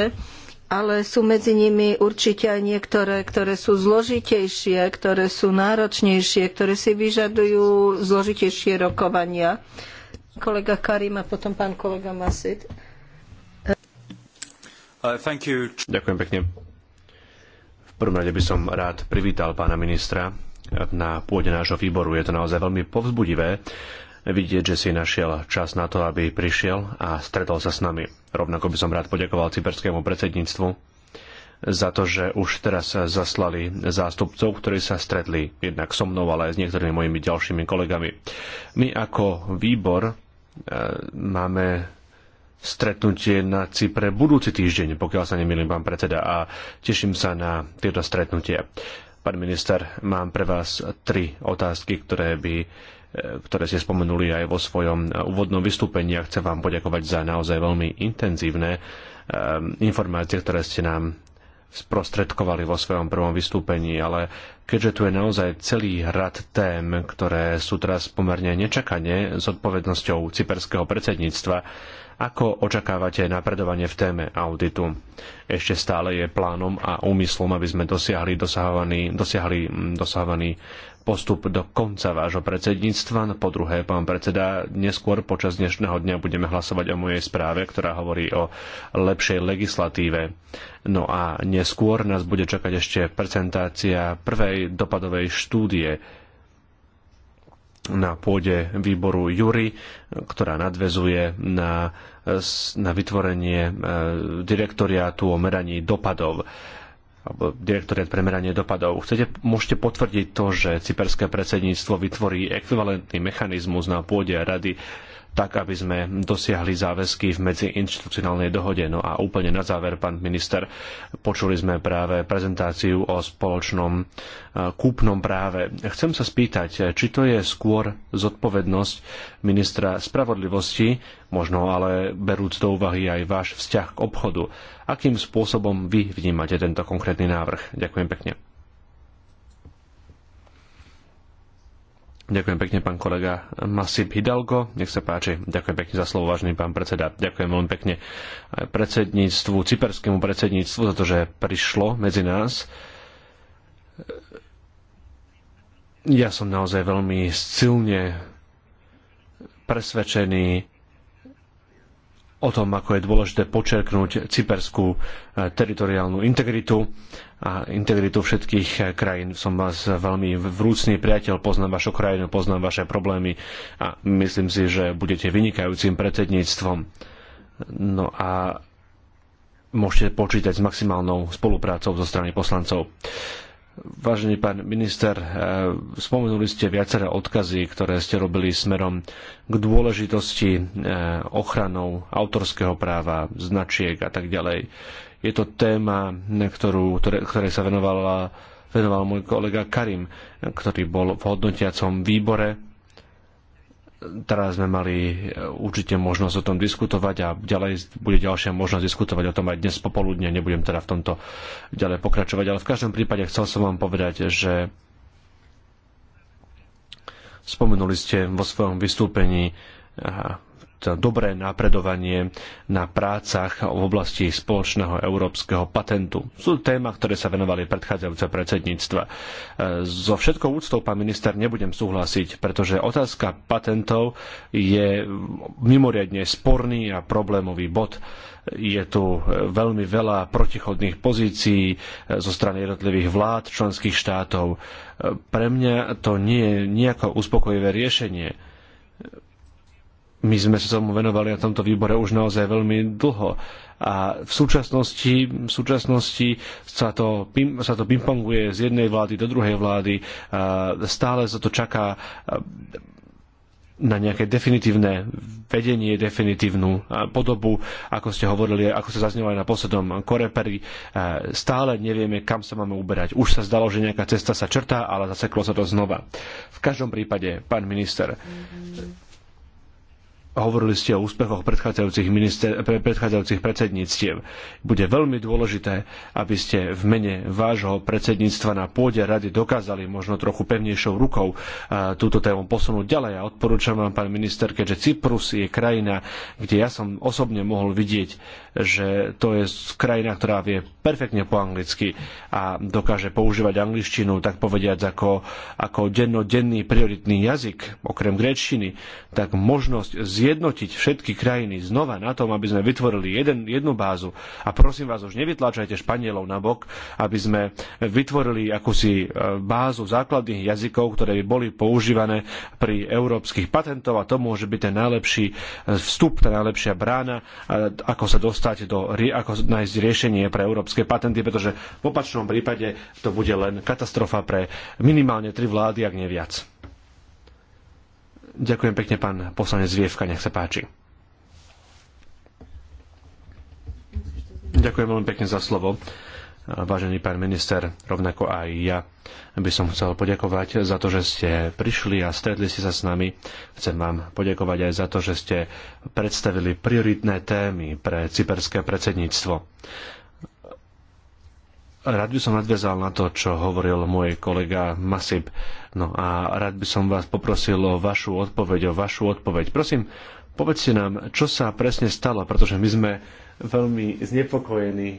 ale sú medzi nimi určite aj niektoré, ktoré sú zložitejšie, ktoré sú náročnejšie, ktoré si vyžadujú zložitejšie rokovania. Kolega Karim a potom pán kolega Masit. Uh, Ďakujem pekne. V prvom rade by som rád privítal pána ministra na pôde nášho výboru. Je to naozaj veľmi povzbudivé vidieť, že si našiel čas na to, aby prišiel a stretol sa s nami. Rovnako by som rád poďakoval cyperskému predsedníctvu za to, že už teraz zaslali zástupcov, ktorí sa stretli jednak so mnou, ale aj s niektorými mojimi ďalšími kolegami. My ako výbor eh, máme stretnutie na Cypre budúci týždeň, pokiaľ sa nemýlim, pán predseda, a teším sa na tieto stretnutie. Pán minister, mám pre vás tri otázky, ktoré by e, ktoré ste spomenuli aj vo svojom úvodnom vystúpení a chcem vám poďakovať za naozaj veľmi intenzívne e, informácie, ktoré ste nám sprostredkovali vo svojom prvom vystúpení, ale keďže tu je naozaj celý rad tém, ktoré sú teraz pomerne nečakane s odpovednosťou cyperského predsedníctva, ako očakávate napredovanie v téme auditu? Ešte stále je plánom a úmyslom, aby sme dosiahli dosahovaný, dosiahli mm, dosahovaný postup do konca vášho predsedníctva. No, po druhé, pán predseda, neskôr počas dnešného dňa budeme hlasovať o mojej správe, ktorá hovorí o lepšej legislatíve. No a neskôr nás bude čakať ešte prezentácia prvej dopadovej štúdie na pôde výboru Jury, ktorá nadvezuje na, na vytvorenie e, direktoriátu o meraní dopadov alebo direktoriat pre meranie dopadov. Chcete, môžete potvrdiť to, že cyperské predsedníctvo vytvorí ekvivalentný mechanizmus na pôde rady tak aby sme dosiahli záväzky v medziinstitucionálnej dohode. No a úplne na záver, pán minister, počuli sme práve prezentáciu o spoločnom eh, kúpnom práve. Chcem sa spýtať, či to je skôr zodpovednosť ministra spravodlivosti, možno ale berúc do úvahy aj váš vzťah k obchodu. Akým spôsobom vy vnímate tento konkrétny návrh? Ďakujem pekne. Ďakujem pekne, pán kolega Masip Hidalgo. Nech sa páči. Ďakujem pekne za slovo, vážený pán predseda. Ďakujem veľmi pekne predsedníctvu, cyperskému predsedníctvu za to, že prišlo medzi nás. Ja som naozaj veľmi silne presvedčený o tom, ako je dôležité počerknúť cyperskú e, teritoriálnu integritu a integritu všetkých e, krajín. Som vás veľmi vrúcný priateľ, poznám vašu krajinu, poznám vaše problémy a myslím si, že budete vynikajúcim predsedníctvom. No a môžete počítať s maximálnou spoluprácou zo strany poslancov. Vážený pán minister, eh, spomenuli ste viaceré odkazy, ktoré ste robili smerom k dôležitosti eh, ochranou autorského práva, značiek a tak ďalej. Je to téma, na ktorú, ktoré, ktorej sa venovala, venoval môj kolega Karim, ktorý bol v hodnotiacom výbore teraz sme mali e, určite možnosť o tom diskutovať a ďalej bude ďalšia možnosť diskutovať o tom aj dnes popoludne. Nebudem teda v tomto ďalej pokračovať, ale v každom prípade chcel som vám povedať, že spomenuli ste vo svojom vystúpení dobré napredovanie na prácach v oblasti spoločného európskeho patentu. Sú téma, ktoré sa venovali predchádzajúce predsedníctva. E, so všetkou úctou, pán minister, nebudem súhlasiť, pretože otázka patentov je mimoriadne sporný a problémový bod je tu veľmi veľa protichodných pozícií e, zo strany jednotlivých vlád členských štátov. E, pre mňa to nie je nejako uspokojivé riešenie. My sme sa tomu venovali na tomto výbore už naozaj veľmi dlho. A v súčasnosti, v súčasnosti sa to, sa to pingponguje z jednej vlády do druhej vlády. A stále sa to čaká na nejaké definitívne vedenie, definitívnu podobu, ako ste hovorili, ako zaznelo aj na poslednom koreperi. Stále nevieme, kam sa máme uberať. Už sa zdalo, že nejaká cesta sa črtá, ale zaseklo sa to znova. V každom prípade, pán minister, mm -hmm Hovorili ste o úspechoch predchádzajúcich, minister, predchádzajúcich predsedníctiev. Bude veľmi dôležité, aby ste v mene vášho predsedníctva na pôde rady dokázali možno trochu pevnejšou rukou túto tému posunúť ďalej. A odporúčam vám, pán minister, keďže Cyprus je krajina, kde ja som osobne mohol vidieť, že to je krajina, ktorá vie perfektne po anglicky a dokáže používať angličtinu, tak povediať, ako, ako dennodenný prioritný jazyk, okrem gréčtiny, tak možnosť zjednotiť všetky krajiny znova na tom, aby sme vytvorili jeden, jednu bázu. A prosím vás, už nevytláčajte Španielov na bok, aby sme vytvorili akúsi e, bázu základných jazykov, ktoré by boli používané pri európskych patentov a to môže byť ten najlepší e, vstup, tá najlepšia brána, ako sa dostať do, ako nájsť riešenie pre európske patenty, pretože v opačnom prípade to bude len katastrofa pre minimálne tri vlády, ak viac. Ďakujem pekne, pán poslanec Vievka, nech sa páči. Ďakujem veľmi pekne za slovo. Vážený pán minister, rovnako aj ja by som chcel poďakovať za to, že ste prišli a stretli ste sa s nami. Chcem vám poďakovať aj za to, že ste predstavili prioritné témy pre cyperské predsedníctvo. Rád by som nadviazal na to, čo hovoril môj kolega Masip. No a rád by som vás poprosil o vašu odpoveď, o vašu odpoveď. Prosím, povedzte nám, čo sa presne stalo, pretože my sme veľmi znepokojení.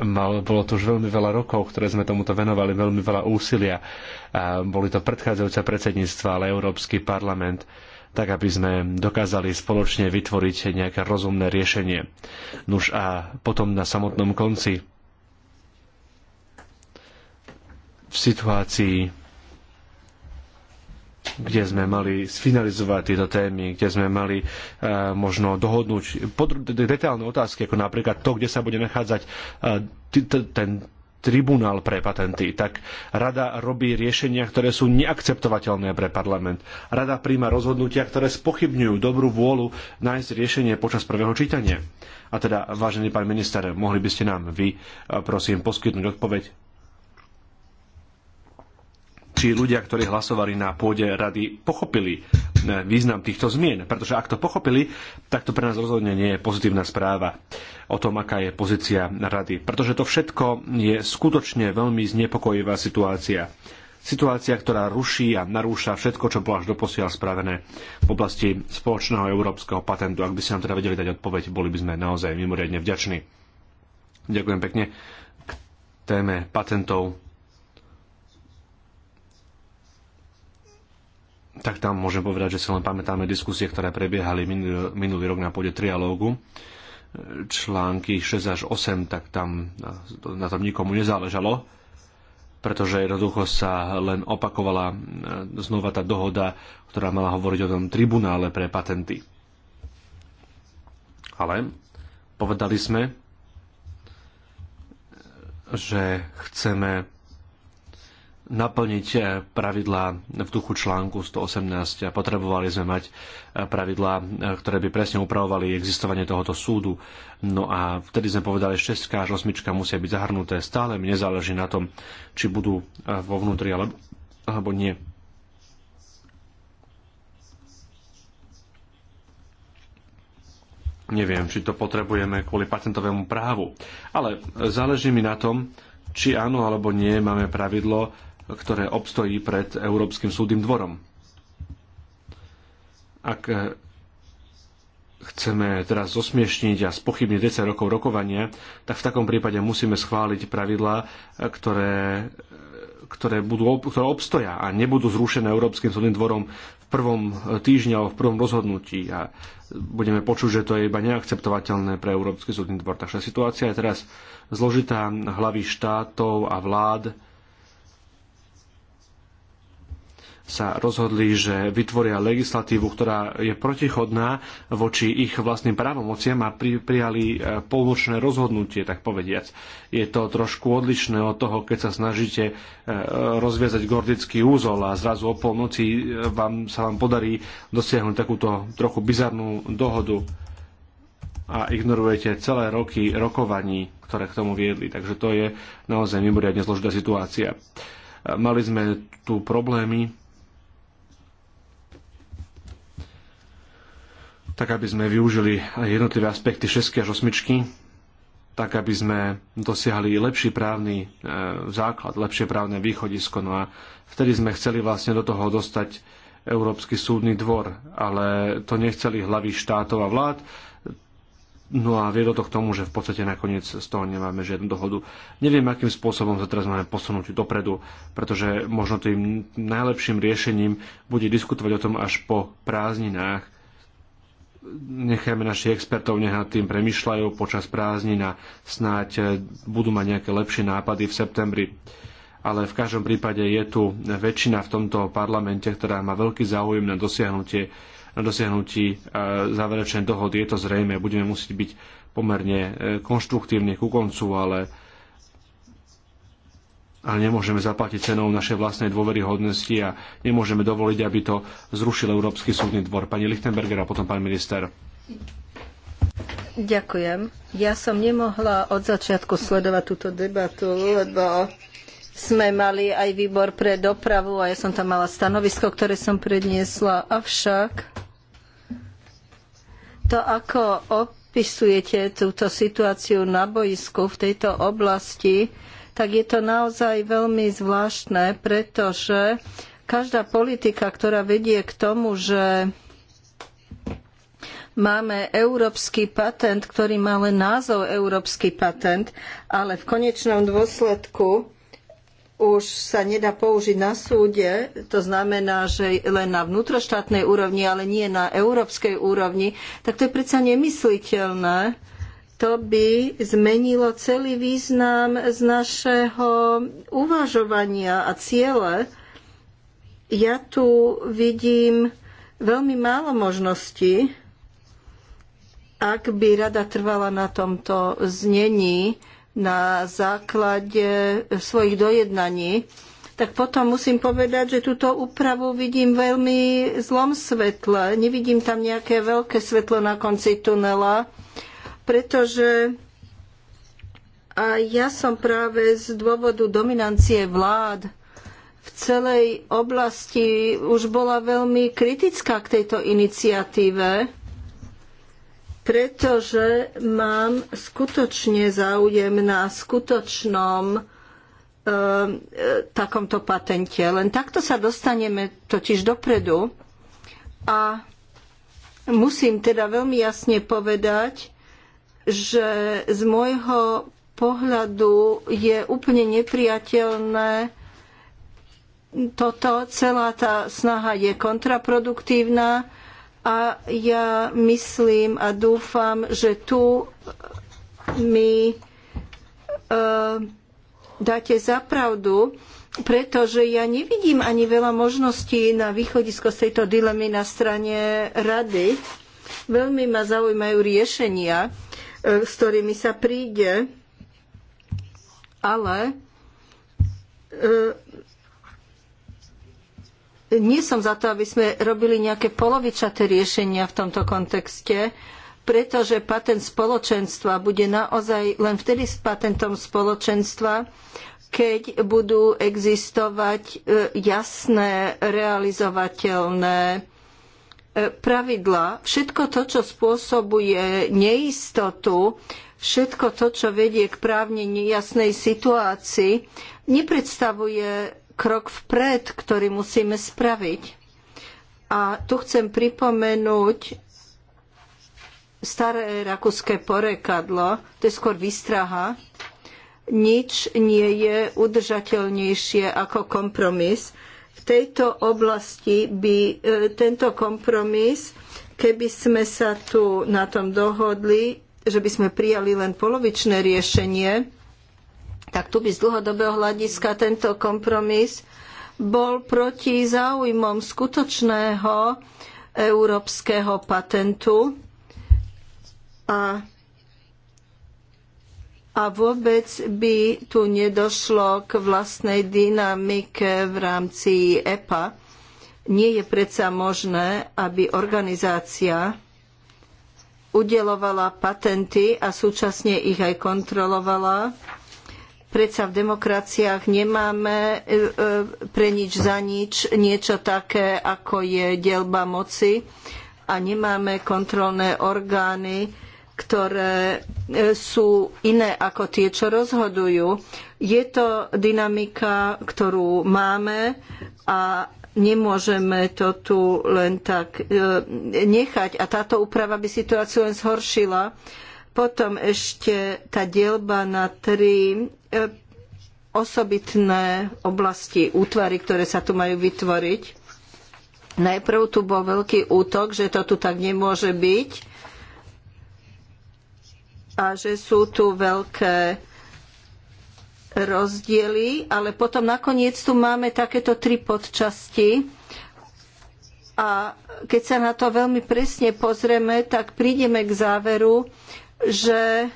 Mal, bolo to už veľmi veľa rokov, ktoré sme tomuto venovali, veľmi veľa úsilia. A boli to predchádzajúce predsedníctva, ale Európsky parlament tak aby sme dokázali spoločne vytvoriť nejaké rozumné riešenie. Nuž a potom na samotnom konci v situácii, kde sme mali sfinalizovať tieto témy, kde sme mali uh, možno dohodnúť detailné otázky, ako napríklad to, kde sa bude nachádzať uh, ten tribunál pre patenty, tak rada robí riešenia, ktoré sú neakceptovateľné pre parlament. Rada príjma rozhodnutia, ktoré spochybňujú dobrú vôľu nájsť riešenie počas prvého čítania. A teda, vážený pán minister, mohli by ste nám vy, e, prosím, poskytnúť odpoveď, či ľudia, ktorí hlasovali na pôde rady, pochopili e, význam týchto zmien. Pretože ak to pochopili, tak to pre nás rozhodne nie je pozitívna správa o tom, aká je pozícia rady. Pretože to všetko je skutočne veľmi znepokojivá situácia. Situácia, ktorá ruší a narúša všetko, čo bolo až doposiaľ spravené v oblasti spoločného európskeho patentu. Ak by ste nám teda vedeli dať odpoveď, boli by sme naozaj mimoriadne vďační. Ďakujem pekne k téme patentov tak tam môžem povedať, že si len pamätáme diskusie, ktoré prebiehali minulý, minulý rok na pôde trialógu články 6 až 8, tak tam na tom nikomu nezáležalo, pretože jednoducho sa len opakovala e, znova tá dohoda, ktorá mala hovoriť o tom tribunále pre patenty. Ale povedali sme, že chceme naplniť eh, pravidlá v duchu článku 118 a potrebovali sme mať eh, pravidlá, eh, ktoré by presne upravovali existovanie tohoto súdu. No a vtedy sme povedali, že 6 až 8 musia byť zahrnuté. Stále mi nezáleží na tom, či budú vo vnútri alebo, alebo nie. Neviem, či to potrebujeme kvôli patentovému právu, ale záleží mi na tom, či áno alebo nie máme pravidlo, ktoré obstojí pred Európskym súdnym dvorom. Ak eh, chceme teraz zosmiešniť a spochybniť 10 rokov rokovania, tak v takom prípade musíme schváliť pravidlá, eh, ktoré, eh, ktoré, budú, ktoré obstoja a nebudú zrušené Európskym súdnym dvorom v prvom týždni alebo v prvom rozhodnutí. A budeme počuť, že to je iba neakceptovateľné pre Európsky súdny dvor. Takže situácia je teraz zložitá. Hlavy štátov a vlád sa rozhodli, že vytvoria legislatívu, ktorá je protichodná voči ich vlastným právomociam a pri, prijali e, polnočné rozhodnutie, tak povediac. Je to trošku odlišné od toho, keď sa snažíte e, rozviazať gordický úzol a zrazu o polnoci e, vám, sa vám podarí dosiahnuť takúto trochu bizarnú dohodu a ignorujete celé roky rokovaní, ktoré k tomu viedli. Takže to je naozaj mimoriadne zložitá situácia. Mali sme tu problémy tak aby sme využili jednotlivé aspekty 6 až 8, tak aby sme dosiahli lepší právny e, základ, lepšie právne východisko. No a vtedy sme chceli vlastne do toho dostať Európsky súdny dvor, ale to nechceli hlavy štátov a vlád, No a viedlo to k tomu, že v podstate nakoniec z toho nemáme žiadnu dohodu. Neviem, akým spôsobom sa teraz máme posunúť dopredu, pretože možno tým najlepším riešením bude diskutovať o tom až po prázdninách, nechajme našich expertov, nech nad tým premyšľajú počas prázdnina snáď eh, budú mať nejaké lepšie nápady v septembri. Ale v každom prípade je tu väčšina v tomto parlamente, ktorá má veľký záujem na dosiahnutie na dosiahnutí eh, záverečnej dohody. Je to zrejme, budeme musieť byť pomerne eh, konštruktívne ku koncu, ale ale nemôžeme zaplatiť cenou našej vlastnej dôveryhodnosti a nemôžeme dovoliť, aby to zrušil Európsky súdny dvor. Pani Lichtenberger a potom pán minister. Ďakujem. Ja som nemohla od začiatku sledovať túto debatu, lebo sme mali aj výbor pre dopravu a ja som tam mala stanovisko, ktoré som predniesla. Avšak to, ako opisujete túto situáciu na boisku v tejto oblasti, tak je to naozaj veľmi zvláštne, pretože každá politika, ktorá vedie k tomu, že máme európsky patent, ktorý má len názov európsky patent, ale v konečnom dôsledku už sa nedá použiť na súde, to znamená, že len na vnútroštátnej úrovni, ale nie na európskej úrovni, tak to je predsa nemysliteľné to by zmenilo celý význam z našeho uvažovania a ciele. Ja tu vidím veľmi málo možností, ak by rada trvala na tomto znení na základe svojich dojednaní, tak potom musím povedať, že túto úpravu vidím veľmi zlom svetle. Nevidím tam nejaké veľké svetlo na konci tunela pretože a ja som práve z dôvodu dominancie vlád v celej oblasti už bola veľmi kritická k tejto iniciatíve, pretože mám skutočne záujem na skutočnom e, e takomto patente. Len takto sa dostaneme totiž dopredu a musím teda veľmi jasne povedať, že z môjho pohľadu je úplne nepriateľné toto, celá tá snaha je kontraproduktívna a ja myslím a dúfam, že tu mi e, dáte zapravdu, pretože ja nevidím ani veľa možností na východisko z tejto dilemy na strane rady. Veľmi ma zaujímajú riešenia E, s ktorými sa príde, ale e, nie som za to, aby sme robili nejaké polovičaté riešenia v tomto kontexte, pretože patent spoločenstva bude naozaj len vtedy s patentom spoločenstva, keď budú existovať e, jasné, realizovateľné E, pravidlá, všetko to, čo spôsobuje neistotu, všetko to, čo vedie k právne nejasnej situácii, nepredstavuje krok vpred, ktorý musíme spraviť. A tu chcem pripomenúť staré rakúske porekadlo, to je skôr výstraha, nič nie je udržateľnejšie ako kompromis tejto oblasti by e, tento kompromis, keby sme sa tu na tom dohodli, že by sme prijali len polovičné riešenie, tak tu by z dlhodobého hľadiska tento kompromis bol proti záujmom skutočného európskeho patentu a a vôbec by tu nedošlo k vlastnej dynamike v rámci EPA. Nie je predsa možné, aby organizácia udelovala patenty a súčasne ich aj kontrolovala. Predsa v demokraciách nemáme e, e, pre nič za nič niečo také, ako je delba moci a nemáme kontrolné orgány, ktoré e, sú iné ako tie, čo rozhodujú. Je to dynamika, ktorú máme a nemôžeme to tu len tak e, nechať. A táto úprava by situáciu len zhoršila. Potom ešte tá dielba na tri e, osobitné oblasti, útvary, ktoré sa tu majú vytvoriť. Najprv tu bol veľký útok, že to tu tak nemôže byť a že sú tu veľké rozdiely, ale potom nakoniec tu máme takéto tri podčasti a keď sa na to veľmi presne pozrieme, tak prídeme k záveru, že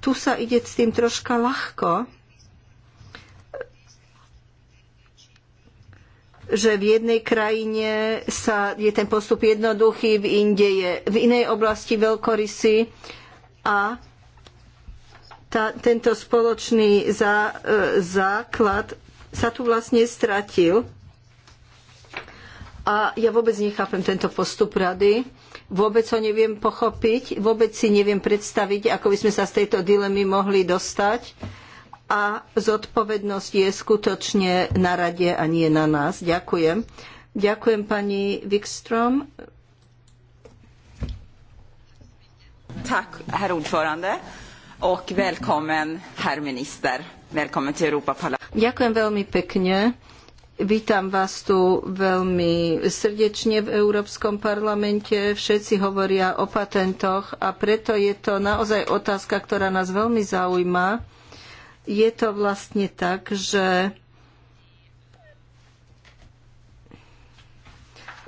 tu sa ide s tým troška ľahko, že v jednej krajine sa, je ten postup jednoduchý, v, je, v inej oblasti veľkorysy a tá, tento spoločný e, základ sa tu vlastne stratil. A ja vôbec nechápem tento postup rady. Vôbec ho neviem pochopiť, vôbec si neviem predstaviť, ako by sme sa z tejto dilemy mohli dostať. A zodpovednosť je skutočne na rade a nie na nás. Ďakujem. Ďakujem pani Wikström. Tack, herr ordförande. Och välkommen, herr minister. Välkommen till Europaparlamentet. Ďakujem veľmi pekne. Vítam vás tu veľmi srdečne v Európskom parlamente. Všetci hovoria o patentoch a preto je to naozaj otázka, ktorá nás veľmi zaujíma. Je to vlastne tak, že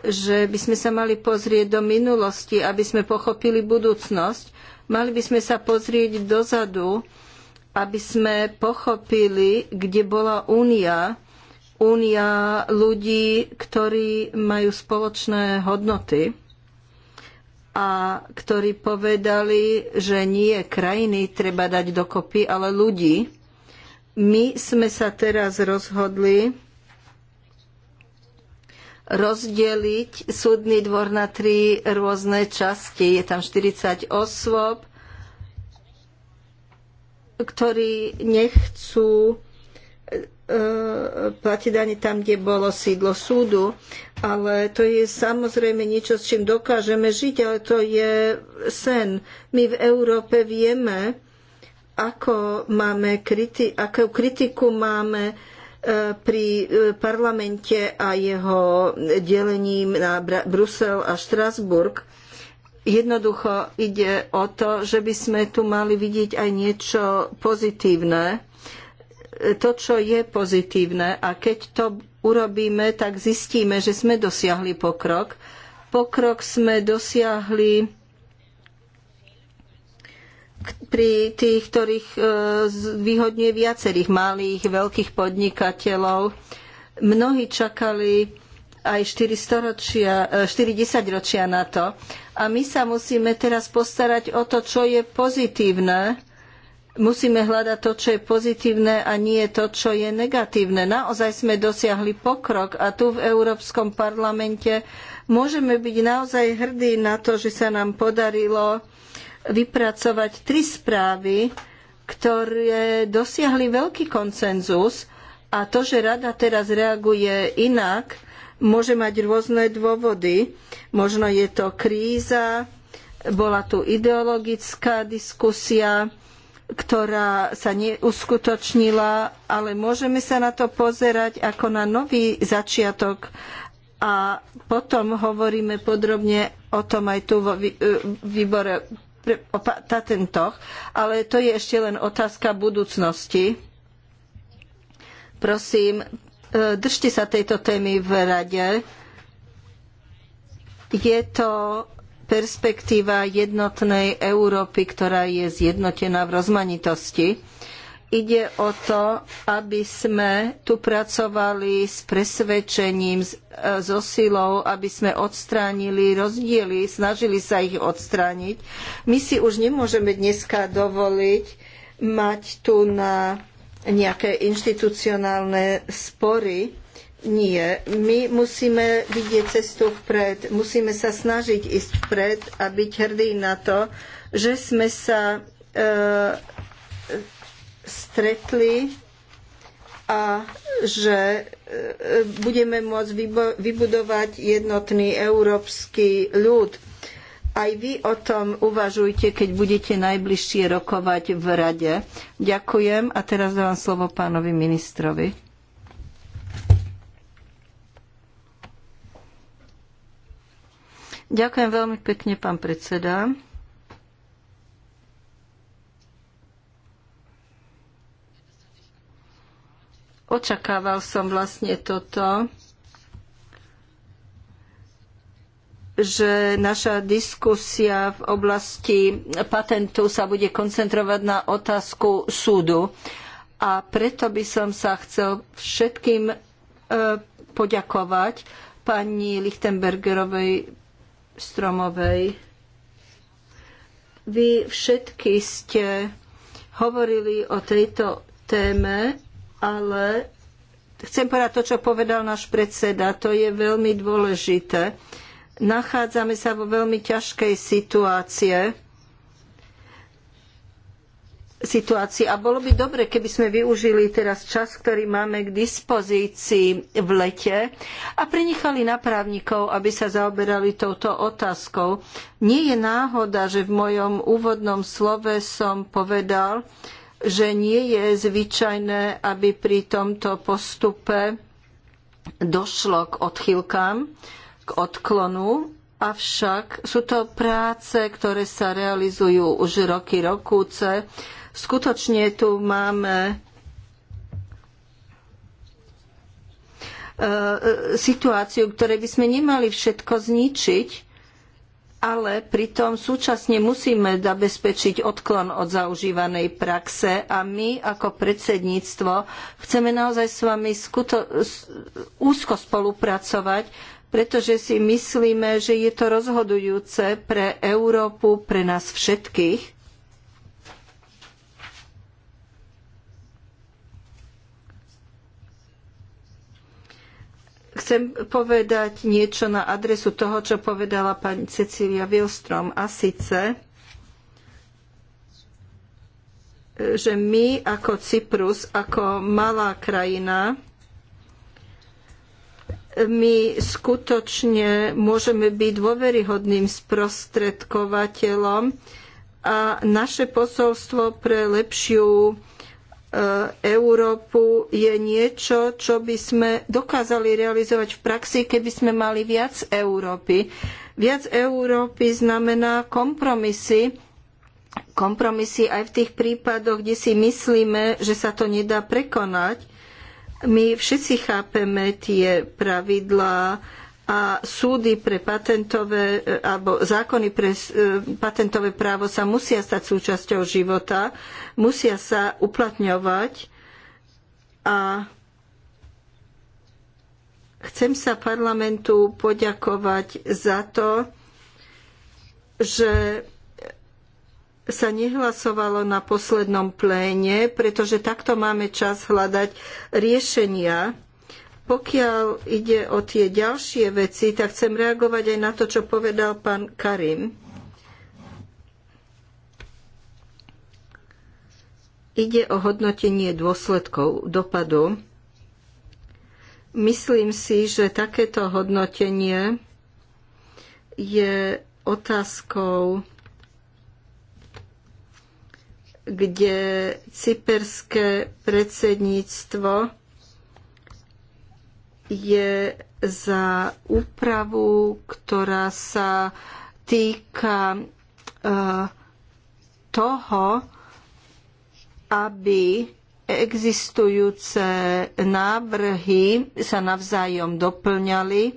že by sme sa mali pozrieť do minulosti, aby sme pochopili budúcnosť. Mali by sme sa pozrieť dozadu, aby sme pochopili, kde bola únia, únia ľudí, ktorí majú spoločné hodnoty a ktorí povedali, že nie krajiny treba dať dokopy, ale ľudí. My sme sa teraz rozhodli, rozdeliť súdny dvor na tri rôzne časti. Je tam 40 osôb, ktorí nechcú e, platiť ani tam, kde bolo sídlo súdu, ale to je samozrejme niečo, s čím dokážeme žiť, ale to je sen. My v Európe vieme, ako máme kriti- akú kritiku máme pri e, parlamente a jeho delením na Brusel a Štrasburg. Jednoducho ide o to, že by sme tu mali vidieť aj niečo pozitívne. E, to, čo je pozitívne a keď to urobíme, tak zistíme, že sme dosiahli pokrok. Pokrok sme dosiahli pri tých, ktorých e, vyhodňuje viacerých malých, veľkých podnikateľov. Mnohí čakali aj 40 ročia e, desaťročia na to. A my sa musíme teraz postarať o to, čo je pozitívne. Musíme hľadať to, čo je pozitívne a nie to, čo je negatívne. Naozaj sme dosiahli pokrok a tu v Európskom parlamente môžeme byť naozaj hrdí na to, že sa nám podarilo vypracovať tri správy, ktoré dosiahli veľký konsenzus a to, že rada teraz reaguje inak, môže mať rôzne dôvody. Možno je to kríza, bola tu ideologická diskusia, ktorá sa neuskutočnila, ale môžeme sa na to pozerať ako na nový začiatok a potom hovoríme podrobne o tom aj tu vo e, výbore o patentoch, ale to je ešte len otázka budúcnosti. Prosím, e, držte sa tejto témy v rade. Je to perspektíva jednotnej Európy, ktorá je zjednotená v rozmanitosti Ide o to, aby sme tu pracovali s presvedčením, e, so silou, aby sme odstránili rozdiely, snažili sa ich odstrániť. My si už nemôžeme dneska dovoliť mať tu na nejaké inštitucionálne spory. Nie, my musíme vidieť cestu vpred, musíme sa snažiť ísť vpred a byť hrdí na to, že sme sa e, stretli a že e, e, budeme môcť vybudovať jednotný európsky ľud. Aj vy o tom uvažujte, keď budete najbližšie rokovať v Rade. Ďakujem a teraz dávam slovo pánovi ministrovi. Ďakujem veľmi pekne, pán predseda. očakával som vlastne toto, že naša diskusia v oblasti patentu sa bude koncentrovať na otázku súdu. A preto by som sa chcel všetkým e, poďakovať pani Lichtenbergerovej Stromovej. Vy všetky ste hovorili o tejto téme ale chcem povedať to, čo povedal náš predseda. To je veľmi dôležité. Nachádzame sa vo veľmi ťažkej situácie, situácii a bolo by dobre, keby sme využili teraz čas, ktorý máme k dispozícii v lete a prenechali napravníkov, aby sa zaoberali touto otázkou. Nie je náhoda, že v mojom úvodnom slove som povedal, že nie je zvyčajné, aby pri tomto postupe došlo k odchýlkám, k odklonu, avšak sú to práce, ktoré sa realizujú už roky, rokúce. Skutočne tu máme e, e, situáciu, ktorej by sme nemali všetko zničiť, ale pritom súčasne musíme zabezpečiť odklon od zaužívanej praxe a my ako predsedníctvo chceme naozaj s vami úzko spolupracovať, pretože si myslíme, že je to rozhodujúce pre Európu, pre nás všetkých Chcem povedať niečo na adresu toho, čo povedala pani Cecília Wilstrom. A síce, že my ako Cyprus, ako malá krajina, my skutočne môžeme byť dôveryhodným sprostredkovateľom a naše posolstvo pre lepšiu Eh, Európu je niečo, čo by sme dokázali realizovať v praxi, keby sme mali viac Európy. Viac Európy znamená kompromisy, kompromisy aj v tých prípadoch, kde si myslíme, že sa to nedá prekonať. My všetci chápeme tie pravidlá, a súdy pre patentové e, alebo zákony pre e, patentové právo sa musia stať súčasťou života, musia sa uplatňovať a chcem sa parlamentu poďakovať za to, že sa nehlasovalo na poslednom pléne, pretože takto máme čas hľadať riešenia pokiaľ ide o tie ďalšie veci, tak chcem reagovať aj na to, čo povedal pán Karim. Ide o hodnotenie dôsledkov, dopadu. Myslím si, že takéto hodnotenie je otázkou, kde cyperské predsedníctvo je za úpravu, ktorá sa týka e, toho, aby existujúce návrhy sa navzájom doplňali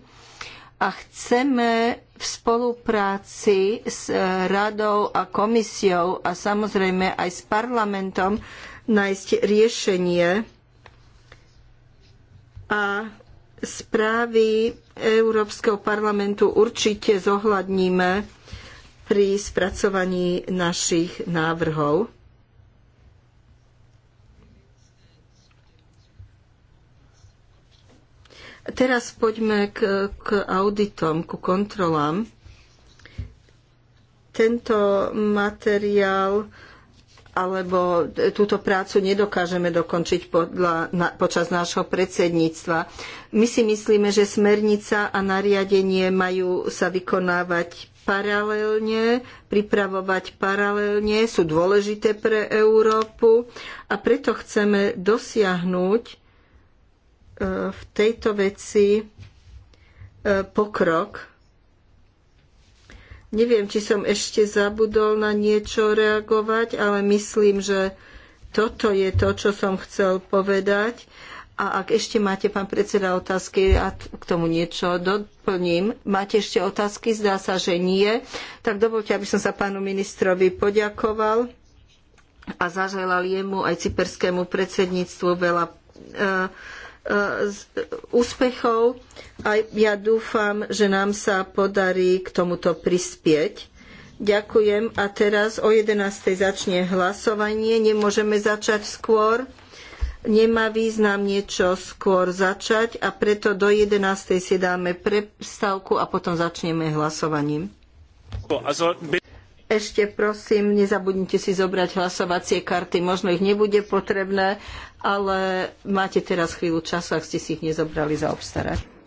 a chceme v spolupráci s e, radou a komisiou a samozrejme aj s parlamentom nájsť riešenie a Správy Európskeho parlamentu určite zohľadníme pri spracovaní našich návrhov. Teraz poďme k, k auditom, ku kontrolám. Tento materiál alebo túto prácu nedokážeme dokončiť podľa, na, počas nášho predsedníctva. My si myslíme, že smernica a nariadenie majú sa vykonávať paralelne, pripravovať paralelne, sú dôležité pre Európu a preto chceme dosiahnuť e, v tejto veci e, pokrok Neviem, či som ešte zabudol na niečo reagovať, ale myslím, že toto je to, čo som chcel povedať. A ak ešte máte, pán predseda, otázky, a ja k tomu niečo doplním. Máte ešte otázky? Zdá sa, že nie. Tak dovolte, aby som sa pánu ministrovi poďakoval a zaželal jemu aj cyperskému predsedníctvu veľa uh, úspechov a ja dúfam, že nám sa podarí k tomuto prispieť. Ďakujem a teraz o 11. začne hlasovanie. Nemôžeme začať skôr. Nemá význam niečo skôr začať a preto do 11. si dáme prestávku a potom začneme hlasovaním. Ešte prosím, nezabudnite si zobrať hlasovacie karty, možno ich nebude potrebné ale máte teraz chvíľu času, ak ste si ich nezobrali zaobstarať.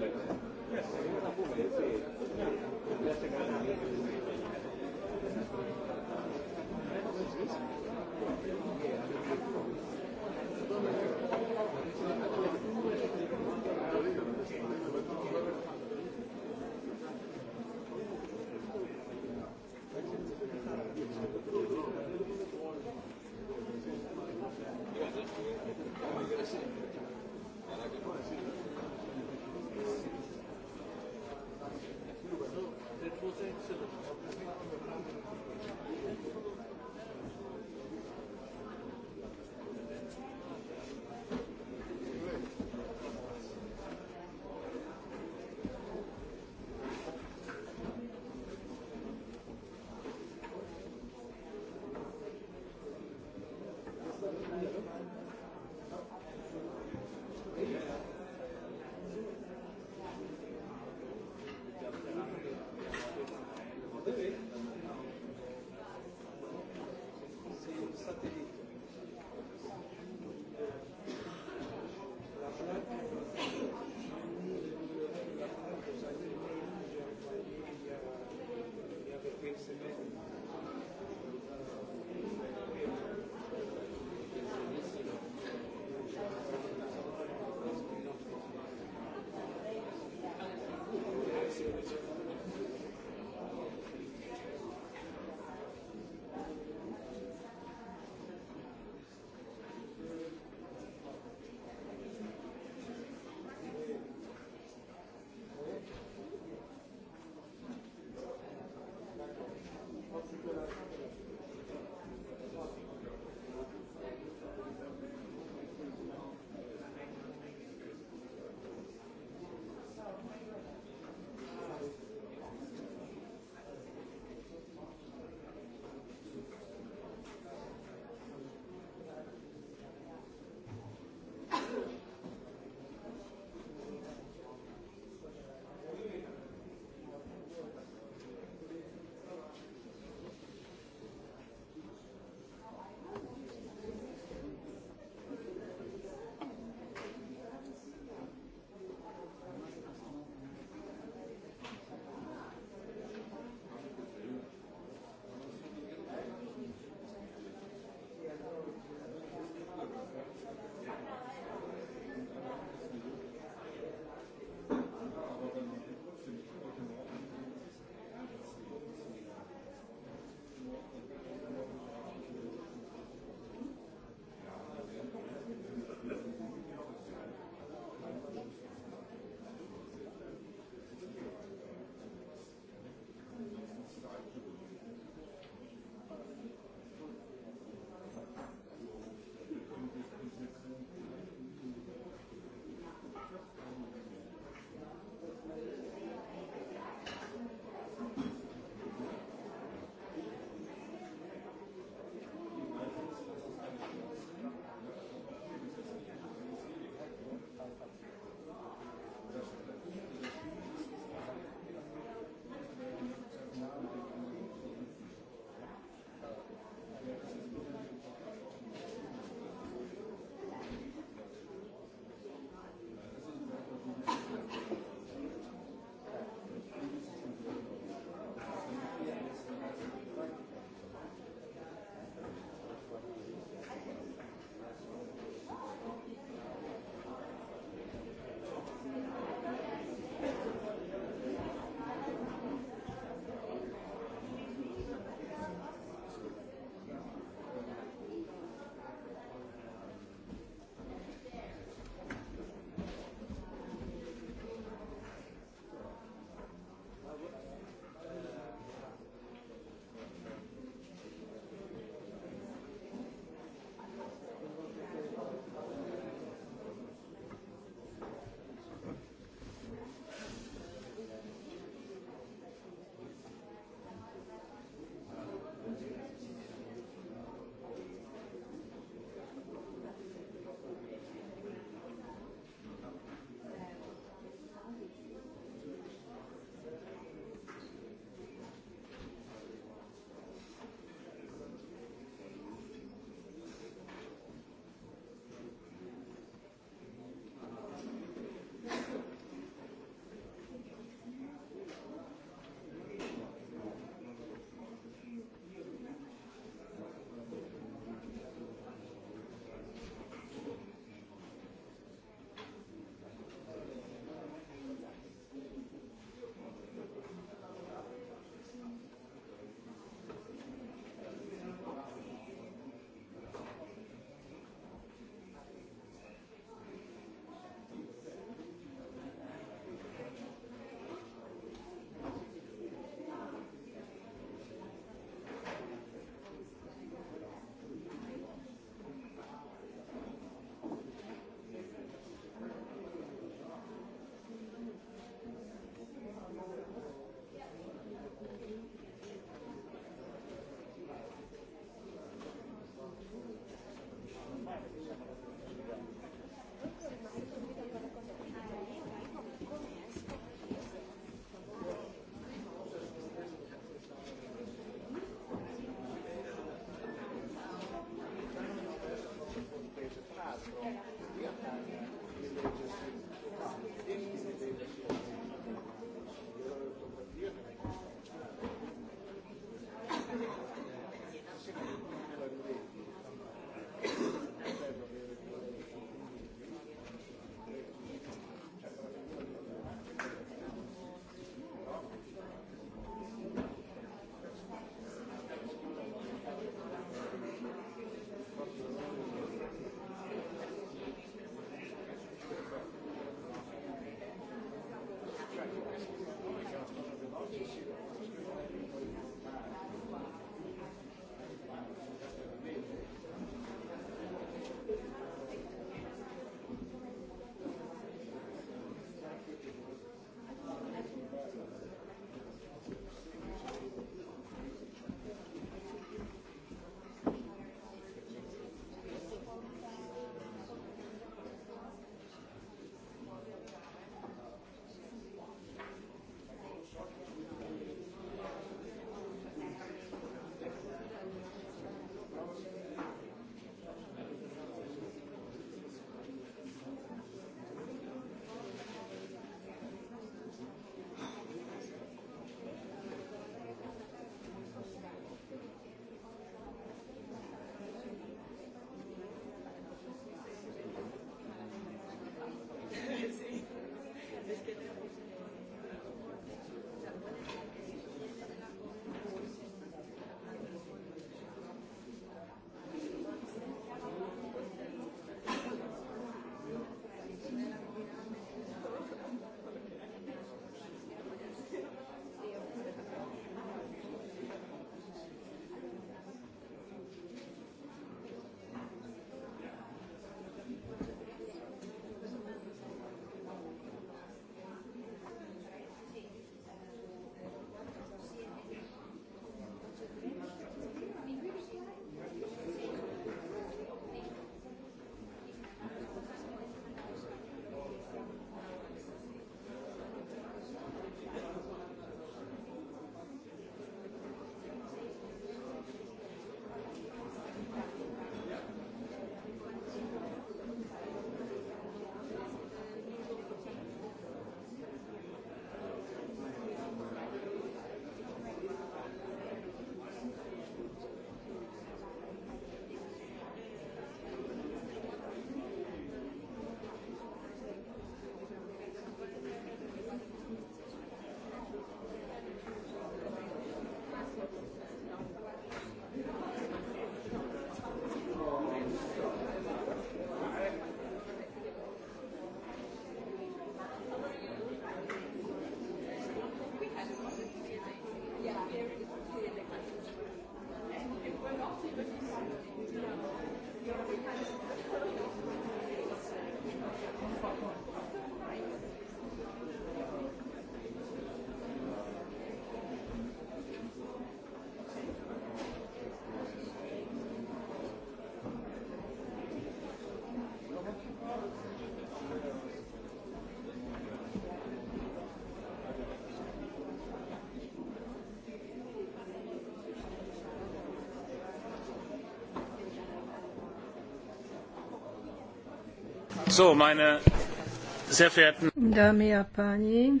Dámy a páni,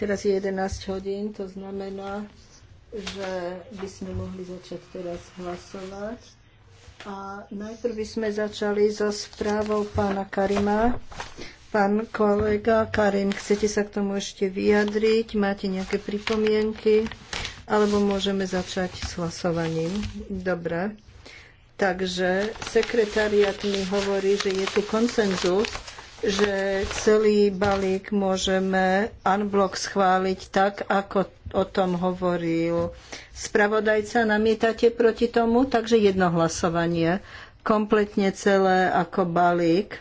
teraz je 11 hodín, to znamená, že by sme mohli začať teraz hlasovať. A najprv by sme začali so správou pána Karima. Pán kolega Karim, chcete sa k tomu ešte vyjadriť? Máte nejaké pripomienky? Alebo môžeme začať s hlasovaním? Dobre. Takže sekretariat mi hovorí, že je tu konsenzus, že celý balík môžeme unblock schváliť tak, ako o tom hovoril spravodajca. Namietate proti tomu, takže jedno hlasovanie. Kompletne celé ako balík.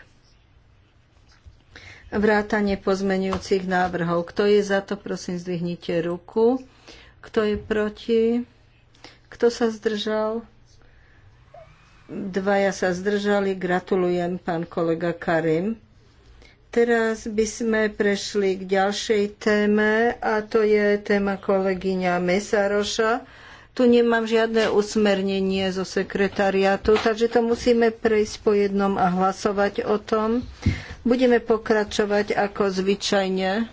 Vrátanie pozmenujúcich návrhov. Kto je za to, prosím, zdvihnite ruku. Kto je proti? Kto sa zdržal? dvaja sa zdržali. Gratulujem, pán kolega Karim. Teraz by sme prešli k ďalšej téme a to je téma kolegyňa Mesaroša. Tu nemám žiadne usmernenie zo sekretariátu, takže to musíme prejsť po jednom a hlasovať o tom. Budeme pokračovať ako zvyčajne.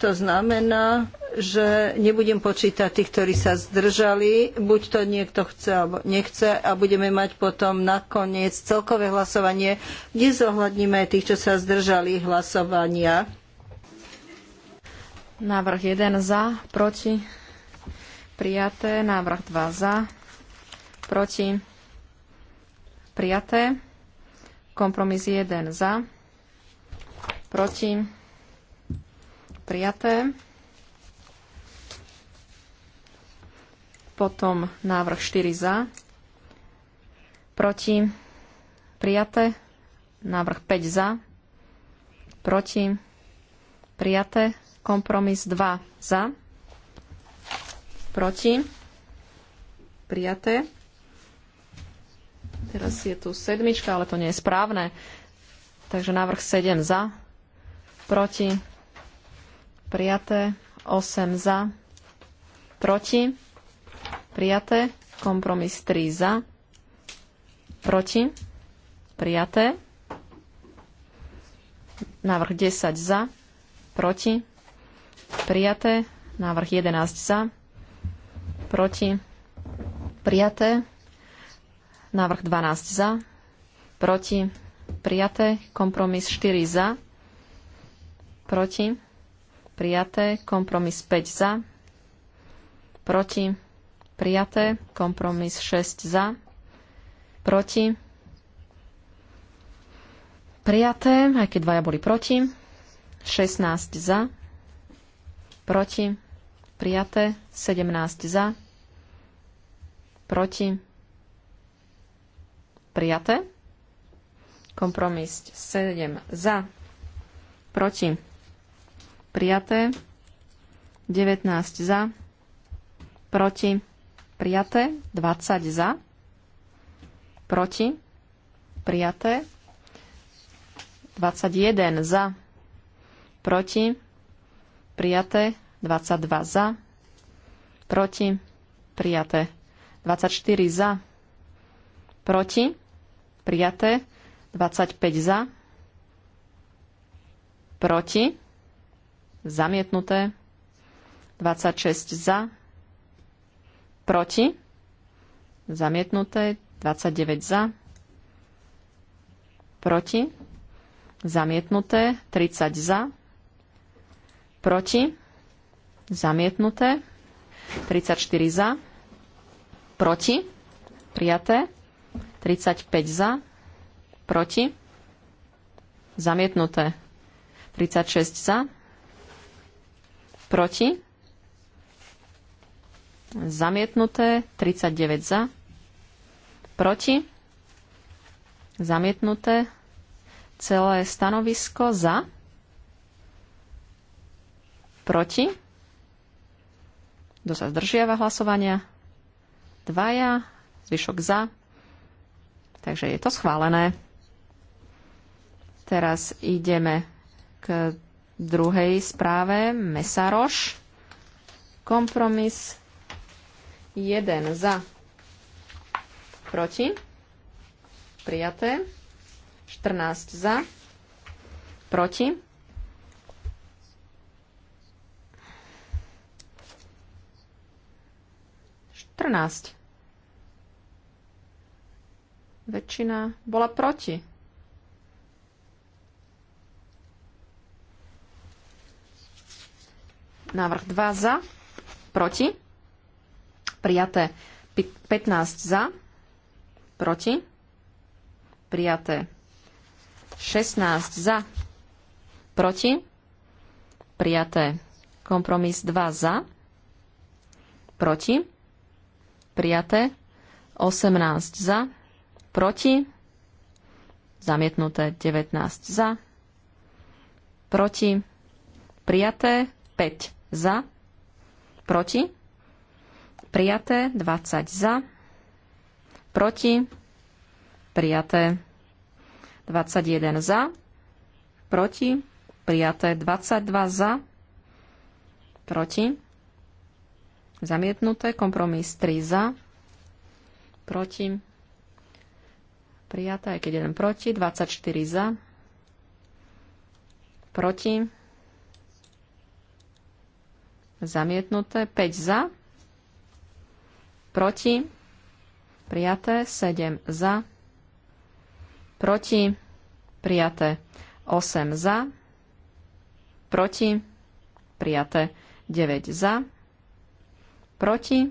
To znamená, že nebudem počítať tých, ktorí sa zdržali, buď to niekto chce alebo nechce a budeme mať potom nakoniec celkové hlasovanie, kde zohľadníme tých, čo sa zdržali hlasovania. Návrh 1 za, proti, prijaté. Návrh 2 za, proti, prijaté. Kompromis 1 za, proti, prijaté. Potom návrh 4 za. Proti. Prijaté. Návrh 5 za. Proti. Prijaté. Kompromis 2 za. Proti. Prijaté. Teraz je tu sedmička, ale to nie je správne. Takže návrh 7 za. Proti. Prijaté. 8 za. Proti prijaté. Kompromis 3 za, proti, prijaté. Návrh 10 za, proti, prijaté. Návrh 11 za, proti, prijaté. Návrh 12 za, proti, prijaté. Kompromis 4 za, proti, prijaté. Kompromis 5 za, proti, prijaté. Kompromis 6 za, proti. Prijaté, aj keď dvaja boli proti. 16 za, proti. Prijaté, 17 za, proti. Prijaté. Kompromis 7 za, proti. Prijaté. 19 za, proti prijaté, 20 za, proti, prijaté, 21 za, proti, prijaté, 22 za, proti, prijaté, 24 za, proti, prijaté, 25 za, proti, zamietnuté, 26 za, proti, zamietnuté, 29 za, proti, zamietnuté, 30 za, proti, zamietnuté, 34 za, proti, prijaté, 35 za, proti, zamietnuté, 36 za, proti, Zamietnuté. 39 za. Proti. Zamietnuté. Celé stanovisko za. Proti. Kto sa zdržiava hlasovania? Dvaja. Zvyšok za. Takže je to schválené. Teraz ideme k druhej správe. Mesaroš. Kompromis 1 za, proti, prijaté, 14 za, proti, Trnásť. Väčšina bola proti. Návrh 2 za, proti prijaté 15 za, proti, prijaté 16 za, proti, prijaté kompromis 2 za, proti, prijaté 18 za, proti, zamietnuté 19 za, proti, prijaté 5 za, proti, prijaté, 20 za, proti, prijaté, 21 za, proti, prijaté, 22 za, proti, zamietnuté, kompromis 3 za, proti, prijaté, aj keď jeden proti, 24 za, proti, zamietnuté, 5 za, proti, prijaté, 7 za, proti, prijaté, 8 za, proti, prijaté, 9 za, proti,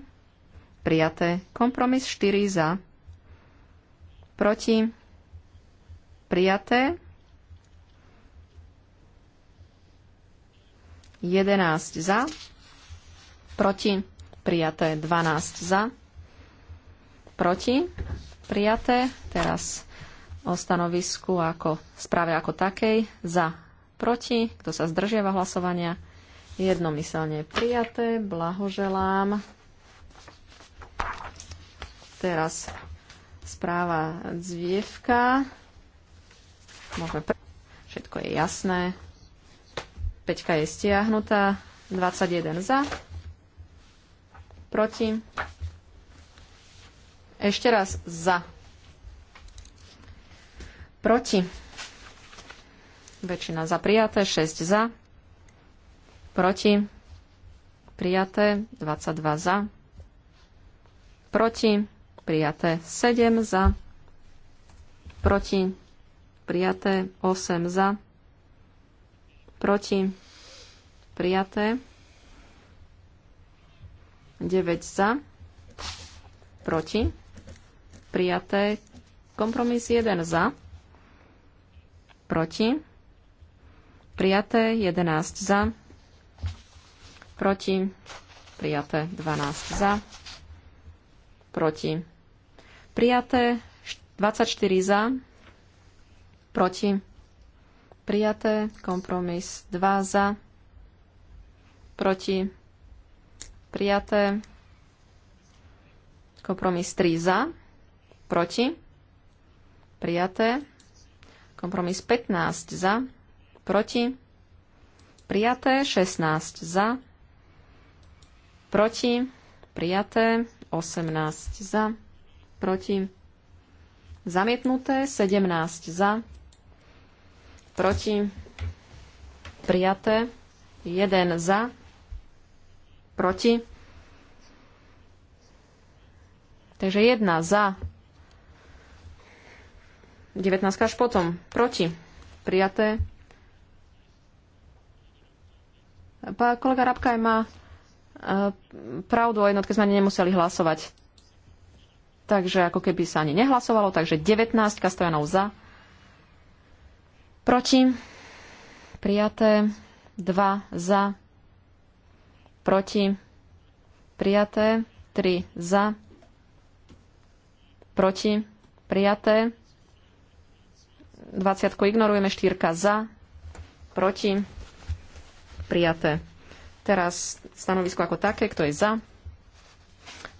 prijaté, kompromis 4 za, proti, prijaté, 11 za, proti, prijaté 12 za, proti, prijaté. Teraz o stanovisku ako správe ako takej za, proti, kto sa zdržiava hlasovania, jednomyselne prijaté. Blahoželám. Teraz správa Zvievka. Môžeme pre... Všetko je jasné. Peťka je stiahnutá. 21 za, proti, ešte raz za, proti, väčšina za prijaté, 6 za, proti, prijaté, 22 za, proti, prijaté, 7 za, proti, prijaté, 8 za, proti, prijaté, 9 za, proti, prijaté. Kompromis 1 za, proti, prijaté. 11 za, proti, prijaté. 12 za, proti, prijaté. 24 za, proti, prijaté. Kompromis 2 za, proti, prijaté. Kompromis 3 za, proti, prijaté. Kompromis 15 za, proti, prijaté. 16 za, proti, prijaté. 18 za, proti, zamietnuté. 17 za, proti, prijaté. 1 za, proti. Takže 1 za, 19 až potom, proti, prijaté. Pán kolega Rabkaj má e, pravdu o jednotke sme nemuseli hlasovať. Takže ako keby sa ani nehlasovalo, takže 19 stojanov za. Proti. Prijaté. 2 za proti, prijaté, 3 za, proti, prijaté, 20 ignorujeme, 4 za, proti, prijaté. Teraz stanovisko ako také, kto je za,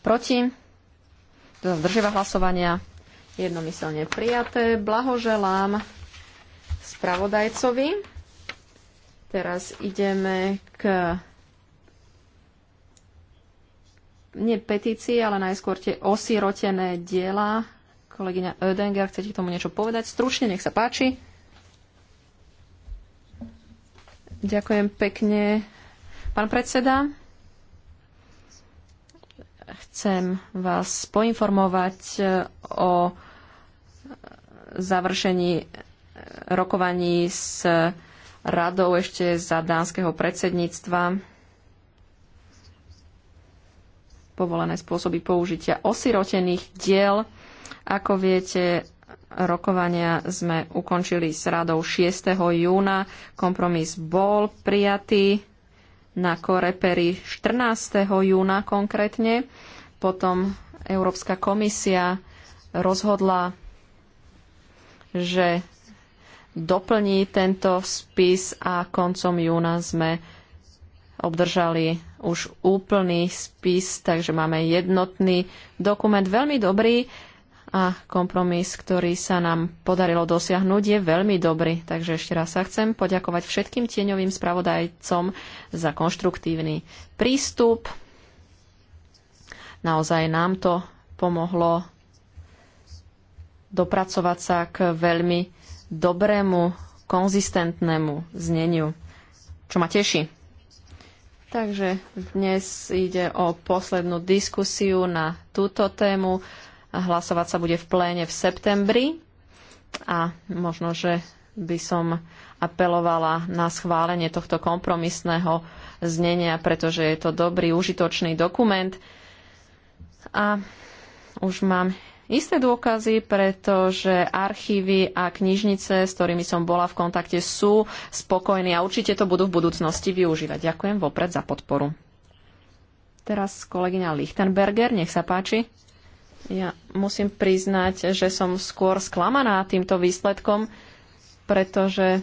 proti, kto zdržiava hlasovania, jednomyselne prijaté. Blahoželám spravodajcovi. Teraz ideme k nie petície, ale najskôr tie osirotené diela. Kolegyňa Ödenger, chcete k tomu niečo povedať? Stručne, nech sa páči. Ďakujem pekne. Pán predseda, chcem vás poinformovať eh, o završení eh, rokovaní s eh, radou ešte za dánskeho predsedníctva povolené spôsoby použitia osirotených diel. Ako viete, rokovania sme ukončili s radou 6. júna. Kompromis bol prijatý na Koreperi 14. júna konkrétne. Potom Európska komisia rozhodla, že doplní tento spis a koncom júna sme obdržali už úplný spis, takže máme jednotný dokument, veľmi dobrý a kompromis, ktorý sa nám podarilo dosiahnuť, je veľmi dobrý. Takže ešte raz sa chcem poďakovať všetkým tieňovým spravodajcom za konštruktívny prístup. Naozaj nám to pomohlo dopracovať sa k veľmi dobrému, konzistentnému zneniu, čo ma teší. Takže dnes ide o poslednú diskusiu na túto tému. Hlasovať sa bude v pléne v septembri a možno, že by som apelovala na schválenie tohto kompromisného znenia, pretože je to dobrý, užitočný dokument. A už mám isté dôkazy, pretože archívy a knižnice, s ktorými som bola v kontakte, sú spokojní a určite to budú v budúcnosti využívať. Ďakujem vopred za podporu. Teraz kolegyňa Lichtenberger, nech sa páči. Ja musím priznať, že som skôr sklamaná týmto výsledkom, pretože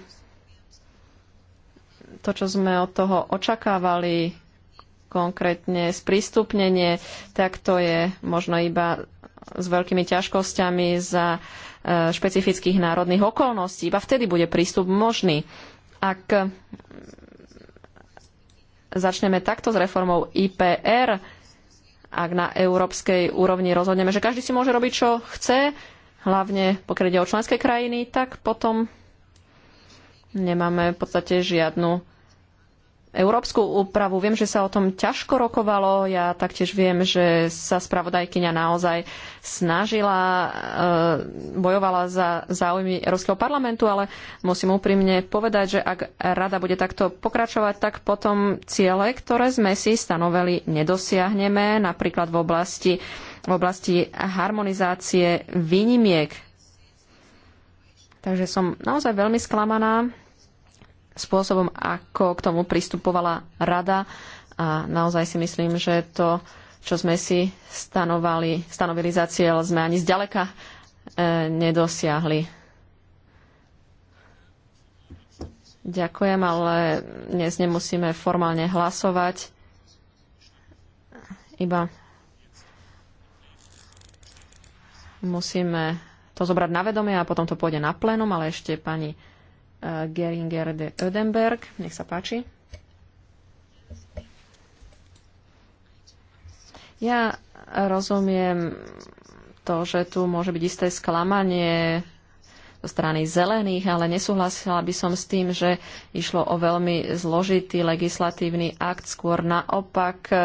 to, čo sme od toho očakávali, konkrétne sprístupnenie, tak to je možno iba s veľkými ťažkosťami za e, špecifických národných okolností. Iba vtedy bude prístup možný. Ak začneme takto s reformou IPR, ak na európskej úrovni rozhodneme, že každý si môže robiť, čo chce, hlavne pokiaľ ide o členské krajiny, tak potom nemáme v podstate žiadnu európsku úpravu. Viem, že sa o tom ťažko rokovalo. Ja taktiež viem, že sa spravodajkyňa naozaj snažila, eh, bojovala za záujmy Európskeho parlamentu, ale musím úprimne povedať, že ak rada bude takto pokračovať, tak potom ciele, ktoré sme si stanovili, nedosiahneme, napríklad v oblasti, v oblasti harmonizácie výnimiek. Takže som naozaj veľmi sklamaná spôsobom, ako k tomu pristupovala rada. A naozaj si myslím, že to, čo sme si stanovali, stanovili za cieľ, sme ani zďaleka e, nedosiahli. Ďakujem, ale dnes nemusíme formálne hlasovať. Iba musíme to zobrať na vedomie a potom to pôjde na plénum, ale ešte pani Geringer de Ödenberg. Nech sa páči. Ja rozumiem to, že tu môže byť isté sklamanie zo strany zelených, ale nesúhlasila by som s tým, že išlo o veľmi zložitý legislatívny akt. Skôr naopak e,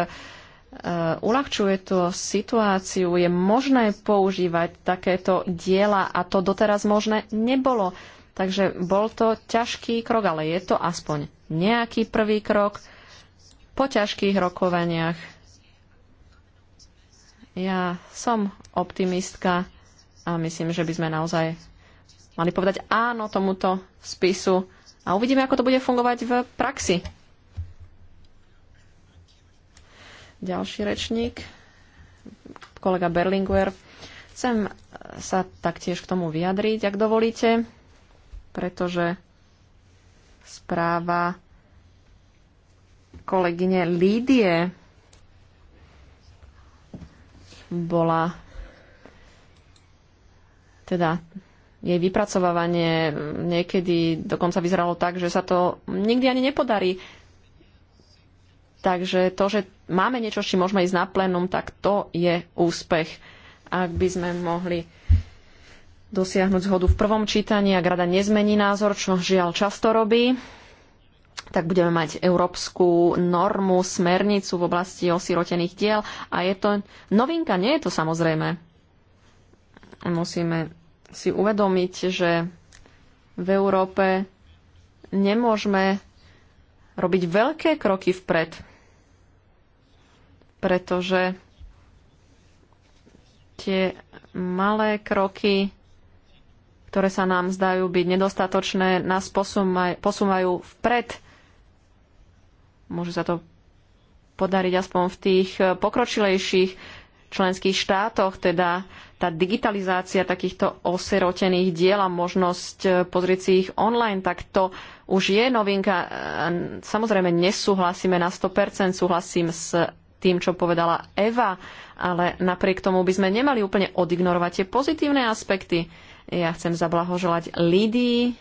uľahčuje tú situáciu, je možné používať takéto diela a to doteraz možné nebolo. Takže bol to ťažký krok, ale je to aspoň nejaký prvý krok po ťažkých rokovaniach. Ja som optimistka a myslím, že by sme naozaj mali povedať áno tomuto spisu a uvidíme, ako to bude fungovať v praxi. Ďalší rečník, kolega Berlinguer. Chcem sa taktiež k tomu vyjadriť, ak dovolíte pretože správa kolegyne Lídie bola teda jej vypracovávanie niekedy dokonca vyzeralo tak, že sa to nikdy ani nepodarí. Takže to, že máme niečo, či môžeme ísť na plénum, tak to je úspech. Ak by sme mohli dosiahnuť zhodu v prvom čítaní, ak rada nezmení názor, čo žiaľ často robí, tak budeme mať európsku normu, smernicu v oblasti osirotených diel a je to novinka, nie je to samozrejme. Musíme si uvedomiť, že v Európe nemôžeme robiť veľké kroky vpred, pretože tie malé kroky ktoré sa nám zdajú byť nedostatočné, nás posúmaj, posúvajú vpred. Môže sa to podariť aspoň v tých eh, pokročilejších členských štátoch, teda tá digitalizácia takýchto oserotených diel a možnosť eh, pozrieť si ich online, tak to už je novinka. Eh, samozrejme, nesúhlasíme na 100%, súhlasím s tým, čo povedala Eva, ale napriek tomu by sme nemali úplne odignorovať tie pozitívne aspekty ja chcem zablahoželať lidí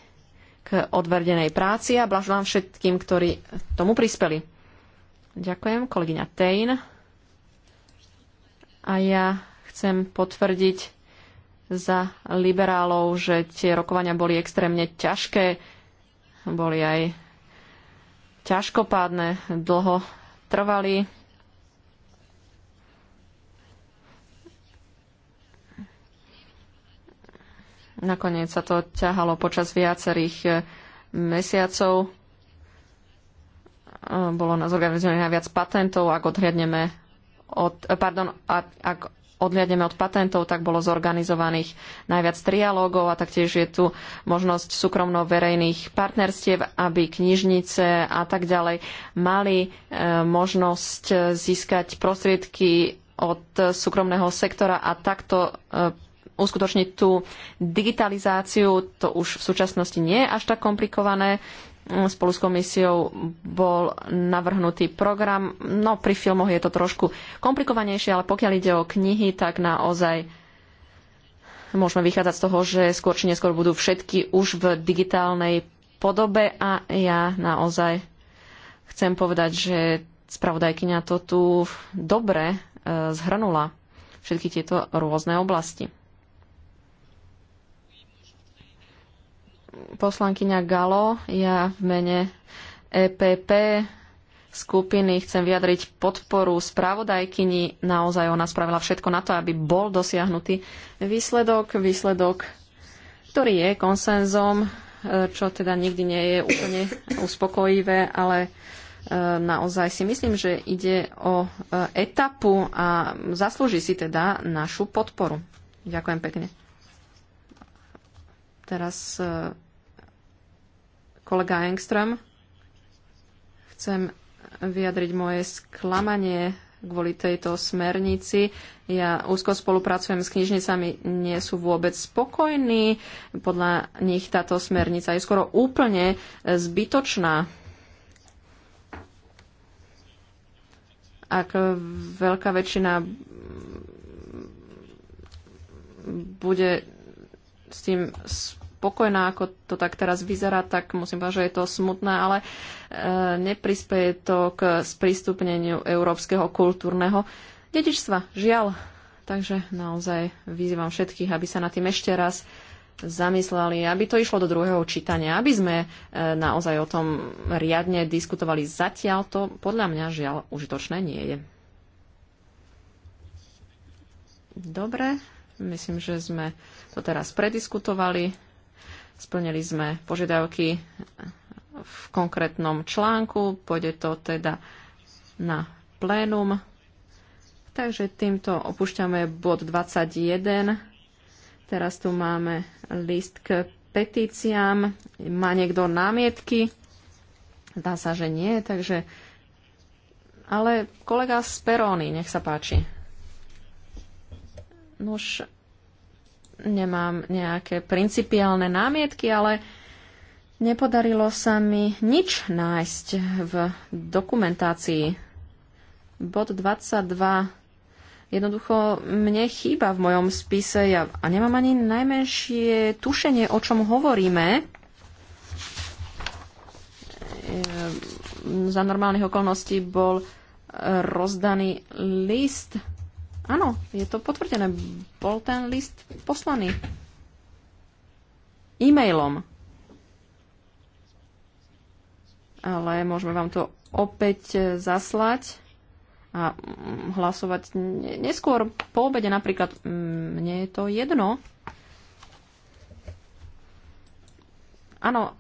k odverdenej práci a blahoželám všetkým, ktorí tomu prispeli. Ďakujem, kolegyňa Tejn. A ja chcem potvrdiť za liberálov, že tie rokovania boli extrémne ťažké, boli aj ťažkopádne, dlho trvali Nakoniec sa to ťahalo počas viacerých e, mesiacov. E, bolo na zorganizovaných najviac patentov. Ak odhliadneme od, e, pardon, ak odhliadneme od patentov, tak bolo zorganizovaných najviac trialógov a taktiež je tu možnosť súkromno-verejných partnerstiev, aby knižnice a tak ďalej mali možnosť získať prostriedky od súkromného sektora a takto uskutočniť tú digitalizáciu. To už v súčasnosti nie je až tak komplikované. Spolu s komisiou bol navrhnutý program. No, pri filmoch je to trošku komplikovanejšie, ale pokiaľ ide o knihy, tak naozaj môžeme vychádzať z toho, že skôr či neskôr budú všetky už v digitálnej podobe a ja naozaj chcem povedať, že spravodajkyňa to tu dobre eh, zhrnula všetky tieto rôzne oblasti. poslankyňa Galo. Ja v mene EPP skupiny chcem vyjadriť podporu spravodajkyni. Naozaj ona spravila všetko na to, aby bol dosiahnutý výsledok. Výsledok, ktorý je konsenzom, čo teda nikdy nie je úplne uspokojivé, ale e, naozaj si myslím, že ide o e, etapu a zaslúži si teda našu podporu. Ďakujem pekne. Teraz e, kolega Engström. Chcem vyjadriť moje sklamanie kvôli tejto smernici. Ja úzko spolupracujem s knižnicami, nie sú vôbec spokojní. Podľa nich táto smernica je skoro úplne zbytočná. Ak veľká väčšina bude s tým spokojná, spokojná, ako to tak teraz vyzerá, tak musím povedať, že je to smutné, ale e, neprispieje to k sprístupneniu európskeho kultúrneho dedičstva. Žiaľ. Takže naozaj vyzývam všetkých, aby sa na tým ešte raz zamysleli, aby to išlo do druhého čítania, aby sme e, naozaj o tom riadne diskutovali. Zatiaľ to podľa mňa žiaľ užitočné nie je. Dobre, myslím, že sme to teraz prediskutovali. Splnili sme požiadavky v konkrétnom článku, pôjde to teda na plénum. Takže týmto opúšťame bod 21. Teraz tu máme list k petíciám. Má niekto námietky? Dá sa, že nie, takže... Ale kolega z Peróny, nech sa páči. Nož, nemám nejaké principiálne námietky, ale nepodarilo sa mi nič nájsť v dokumentácii. Bod 22. Jednoducho mne chýba v mojom spise ja, a nemám ani najmenšie tušenie, o čom hovoríme. E, za normálnych okolností bol rozdaný list Áno, je to potvrdené. Bol ten list poslaný e-mailom. Ale môžeme vám to opäť zaslať a hlasovať neskôr po obede napríklad. Mne je to jedno. Áno,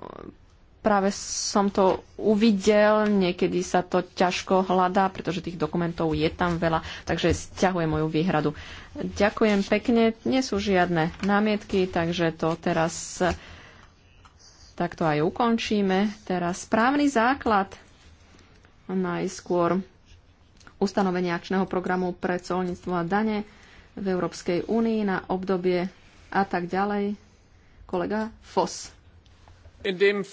Práve som to uvidel, niekedy sa to ťažko hľadá, pretože tých dokumentov je tam veľa, takže stiahujem moju výhradu. Ďakujem pekne, nie sú žiadne námietky, takže to teraz takto aj ukončíme. Teraz správny základ najskôr ustanovenie akčného programu pre colníctvo a dane v Európskej únii na obdobie a tak ďalej. Kolega Foss. Um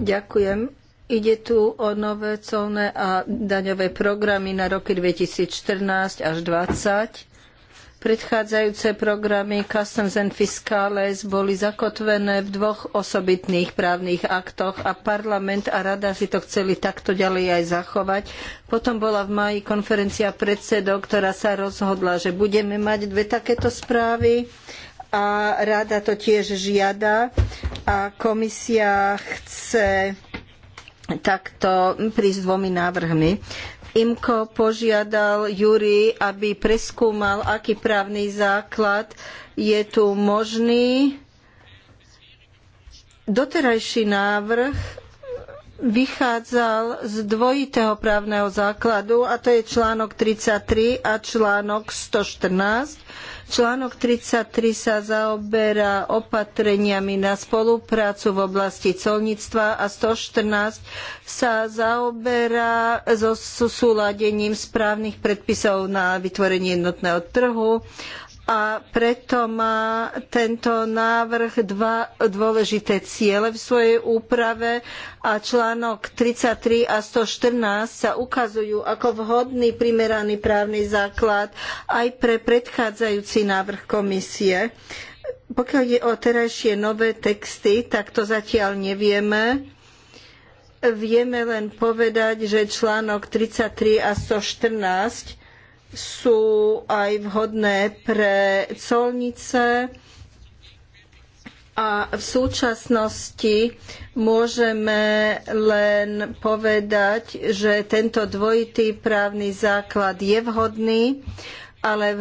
Ďakujem. Ide tu o nové colné a daňové programy na roky 2014 až 2020. Predchádzajúce programy Customs and Fiscales boli zakotvené v dvoch osobitných právnych aktoch a parlament a rada si to chceli takto ďalej aj zachovať. Potom bola v maji konferencia predsedov, ktorá sa rozhodla, že budeme mať dve takéto správy a rada to tiež žiada a komisia chce takto prísť dvomi návrhmi. IMKO požiadal Júri, aby preskúmal, aký právny základ je tu možný. Doterajší návrh vychádzal z dvojitého právneho základu a to je článok 33 a článok 114. Článok 33 sa zaoberá opatreniami na spoluprácu v oblasti colníctva a 114 sa zaoberá so súladením správnych predpisov na vytvorenie jednotného trhu a preto má tento návrh dva dôležité ciele v svojej úprave a článok 33 a 114 sa ukazujú ako vhodný primeraný právny základ aj pre predchádzajúci návrh komisie. Pokiaľ je o terajšie nové texty, tak to zatiaľ nevieme vieme len povedať, že článok 33 a 114 sú aj vhodné pre colnice a v súčasnosti môžeme len povedať, že tento dvojitý právny základ je vhodný ale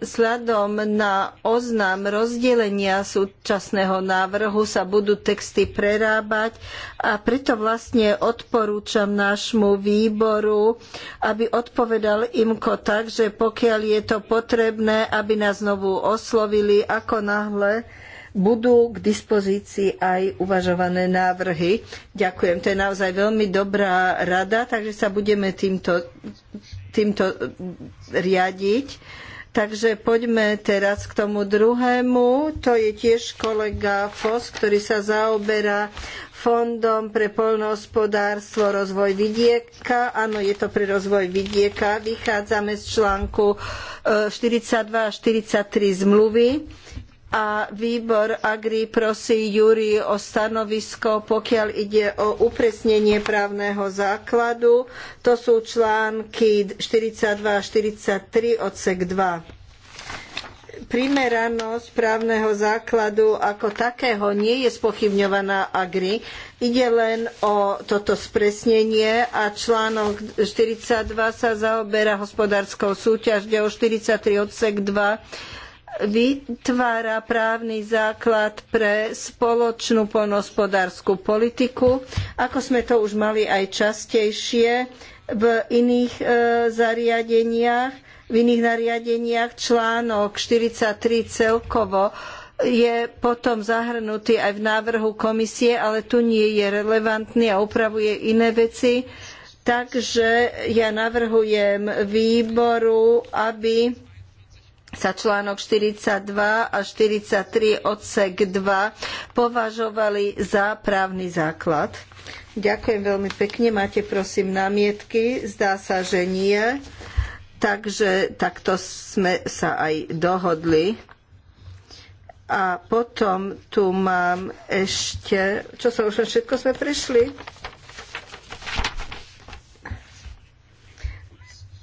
vzhľadom na oznám rozdelenia súčasného návrhu sa budú texty prerábať a preto vlastne odporúčam nášmu výboru, aby odpovedal IMKO tak, že pokiaľ je to potrebné, aby nás znovu oslovili ako náhle budú k dispozícii aj uvažované návrhy. Ďakujem, to je naozaj veľmi dobrá rada, takže sa budeme týmto, týmto riadiť. Takže poďme teraz k tomu druhému. To je tiež kolega Fos, ktorý sa zaoberá Fondom pre poľnohospodárstvo rozvoj vidieka. Áno, je to pre rozvoj vidieka. Vychádzame z článku 42 e, a 43 zmluvy a výbor Agri prosí Júri o stanovisko, pokiaľ ide o upresnenie právneho základu. To sú články 42 a 43 odsek 2. Primeranosť právneho základu ako takého nie je spochybňovaná Agri. Ide len o toto spresnenie a článok 42 sa zaoberá hospodárskou súťažďou 43 odsek 2 vytvára právny základ pre spoločnú poľnohospodárskú politiku, ako sme to už mali aj častejšie v iných e, zariadeniach, v iných nariadeniach článok 43 celkovo je potom zahrnutý aj v návrhu komisie, ale tu nie je relevantný a upravuje iné veci. Takže ja navrhujem výboru, aby sa článok 42 a 43 odsek 2 považovali za právny základ. Ďakujem veľmi pekne. Máte prosím námietky? Zdá sa, že nie. Takže takto sme sa aj dohodli. A potom tu mám ešte... Čo sa už všetko sme prešli?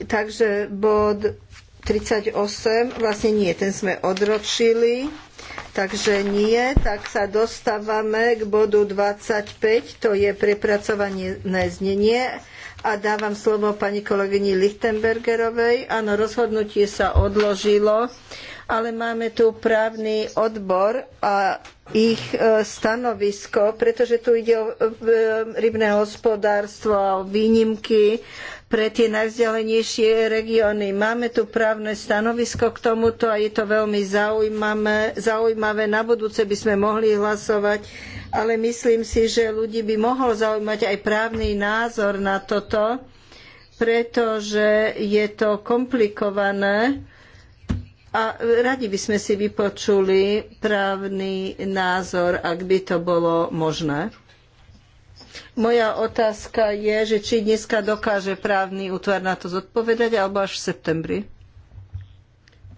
Takže bod 38, vlastne nie, ten sme odročili, takže nie, tak sa dostávame k bodu 25, to je prepracovanie znenie a dávam slovo pani kolegyni Lichtenbergerovej. Áno, rozhodnutie sa odložilo, ale máme tu právny odbor a ich e, stanovisko, pretože tu ide o e, e, rybné hospodárstvo a o výnimky pre tie najvzdialenejšie regióny. Máme tu právne stanovisko k tomuto a je to veľmi zaujímavé. zaujímavé. Na budúce by sme mohli hlasovať, ale myslím si, že ľudí by mohol zaujímať aj právny názor na toto, pretože je to komplikované a radi by sme si vypočuli právny názor, ak by to bolo možné. Moja otázka je, že či dneska dokáže právny útvar na to zodpovedať, alebo až v septembri?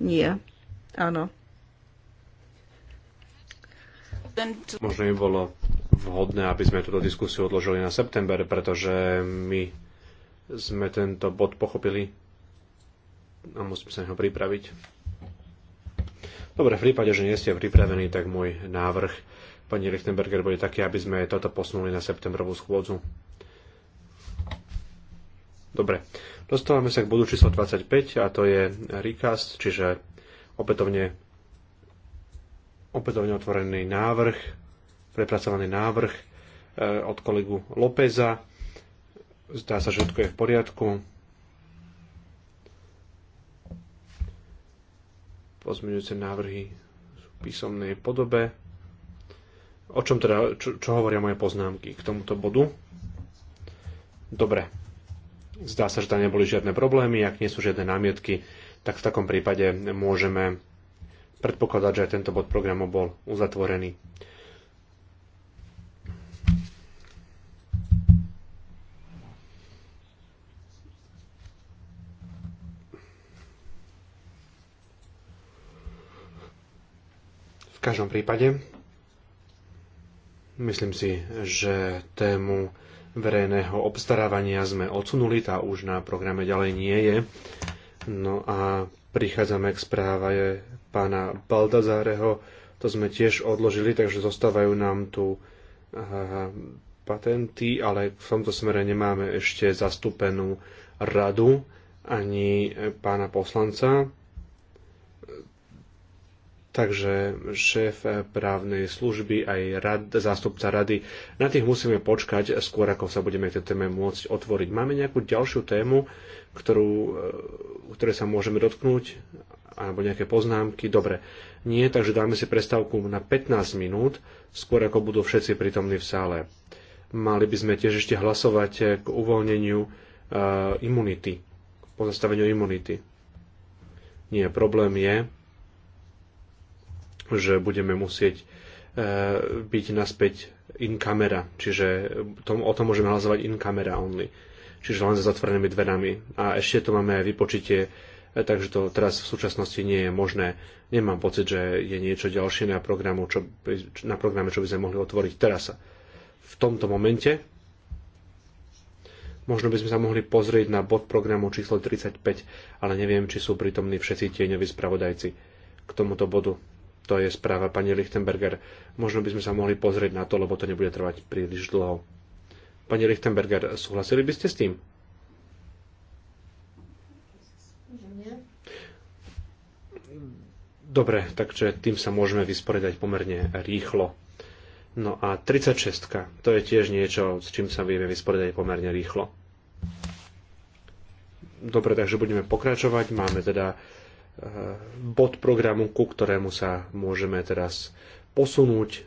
Nie. Áno. Možno by bolo vhodné, aby sme túto diskusiu odložili na september, pretože my sme tento bod pochopili a musím sa ho pripraviť. Dobre, v prípade, že nie ste pripravení, tak môj návrh pani Richtenberger bude také, aby sme toto posunuli na septembrovú schôdzu. Dobre, dostávame sa k bodu číslo 25 a to je recast, čiže opätovne, opätovne otvorený návrh, prepracovaný návrh eh, od kolegu Lópeza. Zdá sa, že všetko je v poriadku. Pozmeňujúce návrhy sú v písomnej podobe o čom teda, čo, čo hovoria moje poznámky k tomuto bodu. Dobre. Zdá sa, že tam neboli žiadne problémy, ak nie sú žiadne námietky, tak v takom prípade môžeme predpokladať, že aj tento bod programu bol uzatvorený. V každom prípade Myslím si, že tému verejného obstarávania sme odsunuli, tá už na programe ďalej nie je. No a prichádzame k správe pána Baldazáreho, to sme tiež odložili, takže zostávajú nám tu patenty, ale v tomto smere nemáme ešte zastúpenú radu ani pána poslanca takže šéf právnej služby aj rad, zástupca rady. Na tých musíme počkať skôr, ako sa budeme tej téme môcť otvoriť. Máme nejakú ďalšiu tému, ktorú, e, ktoré sa môžeme dotknúť? Alebo nejaké poznámky? Dobre. Nie, takže dáme si prestávku na 15 minút, skôr ako budú všetci prítomní v sále. Mali by sme tiež ešte hlasovať k uvoľneniu uh, imunity, pozastaveniu imunity. Nie, problém je, že budeme musieť e, byť naspäť in camera, čiže tom, o tom môžeme hlasovať in camera only, čiže len za zatvorenými dverami. A ešte to máme aj vypočutie, e, takže to teraz v súčasnosti nie je možné. Nemám pocit, že je niečo ďalšie na, programu, čo, na programe, čo by sme mohli otvoriť teraz. V tomto momente Možno by sme sa mohli pozrieť na bod programu číslo 35, ale neviem, či sú prítomní všetci tieňoví spravodajci k tomuto bodu. To je správa pani Lichtenberger. Možno by sme sa mohli pozrieť na to, lebo to nebude trvať príliš dlho. Pani Lichtenberger, súhlasili by ste s tým? Dobre, takže tým sa môžeme vysporiadať pomerne rýchlo. No a 36, to je tiež niečo, s čím sa vieme vysporiadať pomerne rýchlo. Dobre, takže budeme pokračovať. Máme teda Eh, bod programu, ku ktorému sa môžeme teraz posunúť.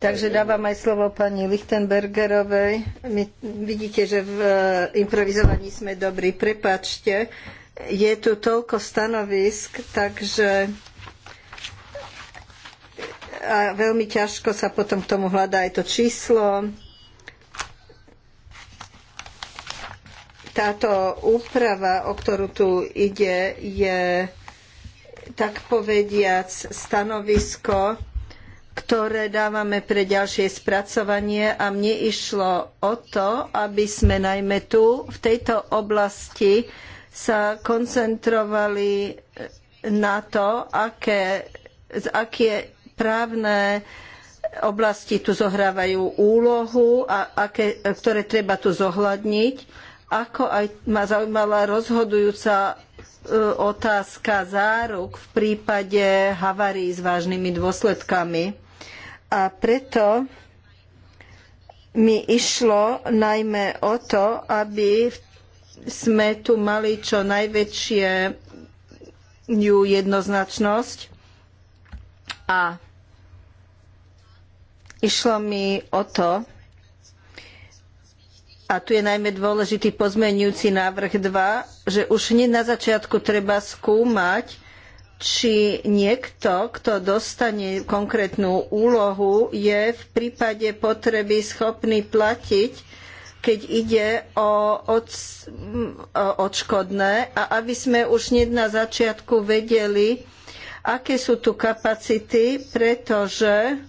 Takže dávam aj slovo pani Lichtenbergerovej. My, vidíte, že v eh, improvizovaní sme dobrí. Prepačte, je tu toľko stanovisk, takže eh, a veľmi ťažko sa potom k tomu hľadá aj to číslo. táto úprava, o ktorú tu ide, je tak povediac stanovisko, ktoré dávame pre ďalšie spracovanie a mne išlo o to, aby sme najmä tu v tejto oblasti sa koncentrovali na to, aké, z aké právne oblasti tu zohrávajú úlohu a aké, ktoré treba tu zohľadniť ako aj ma zaujímala rozhodujúca e, otázka záruk v prípade havárií s vážnymi dôsledkami. A preto mi išlo najmä o to, aby sme tu mali čo najväčšie jednoznačnosť a išlo mi o to, a tu je najmä dôležitý pozmeňujúci návrh 2, že už hneď na začiatku treba skúmať, či niekto, kto dostane konkrétnu úlohu, je v prípade potreby schopný platiť, keď ide o, o odškodné a aby sme už hneď na začiatku vedeli, aké sú tu kapacity, pretože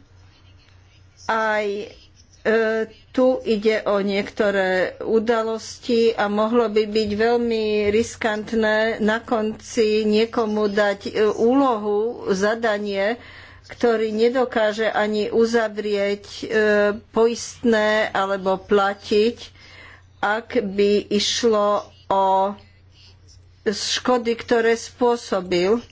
aj e, tu ide o niektoré udalosti a mohlo by byť veľmi riskantné na konci niekomu dať e, úlohu, zadanie, ktorý nedokáže ani uzavrieť e, poistné alebo platiť, ak by išlo o škody, ktoré spôsobil.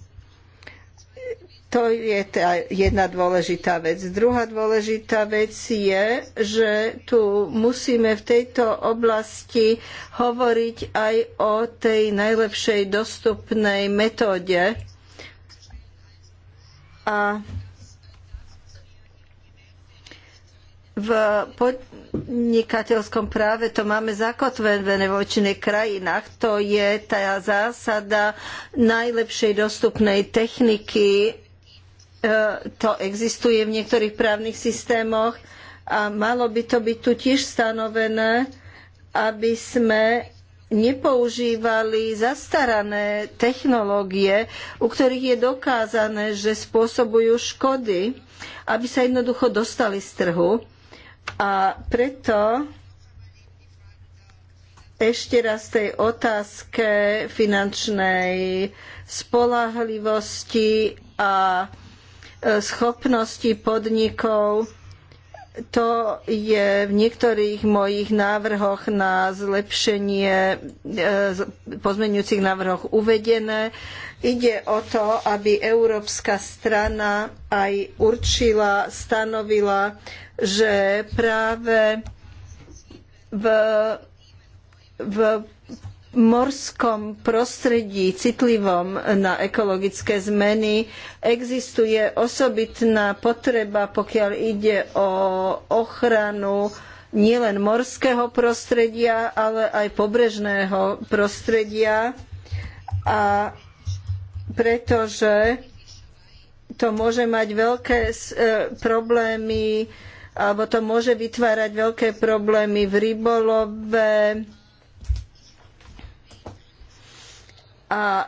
To je tá jedna dôležitá vec. Druhá dôležitá vec je, že tu musíme v tejto oblasti hovoriť aj o tej najlepšej dostupnej metóde. A v podnikateľskom práve to máme zakotvené vo väčšine krajinách. To je tá zásada najlepšej dostupnej techniky E, to existuje v niektorých právnych systémoch a malo by to byť tu tiež stanovené, aby sme nepoužívali zastarané technológie, u ktorých je dokázané, že spôsobujú škody, aby sa jednoducho dostali z trhu. A preto ešte raz tej otázke finančnej spolahlivosti a schopnosti podnikov. To je v niektorých mojich návrhoch na zlepšenie e, pozmeňujúcich návrhoch uvedené. Ide o to, aby európska strana aj určila, stanovila, že práve v, v morskom prostredí citlivom na ekologické zmeny existuje osobitná potreba, pokiaľ ide o ochranu nielen morského prostredia, ale aj pobrežného prostredia. A pretože to môže mať veľké e, problémy, alebo to môže vytvárať veľké problémy v rybolove, a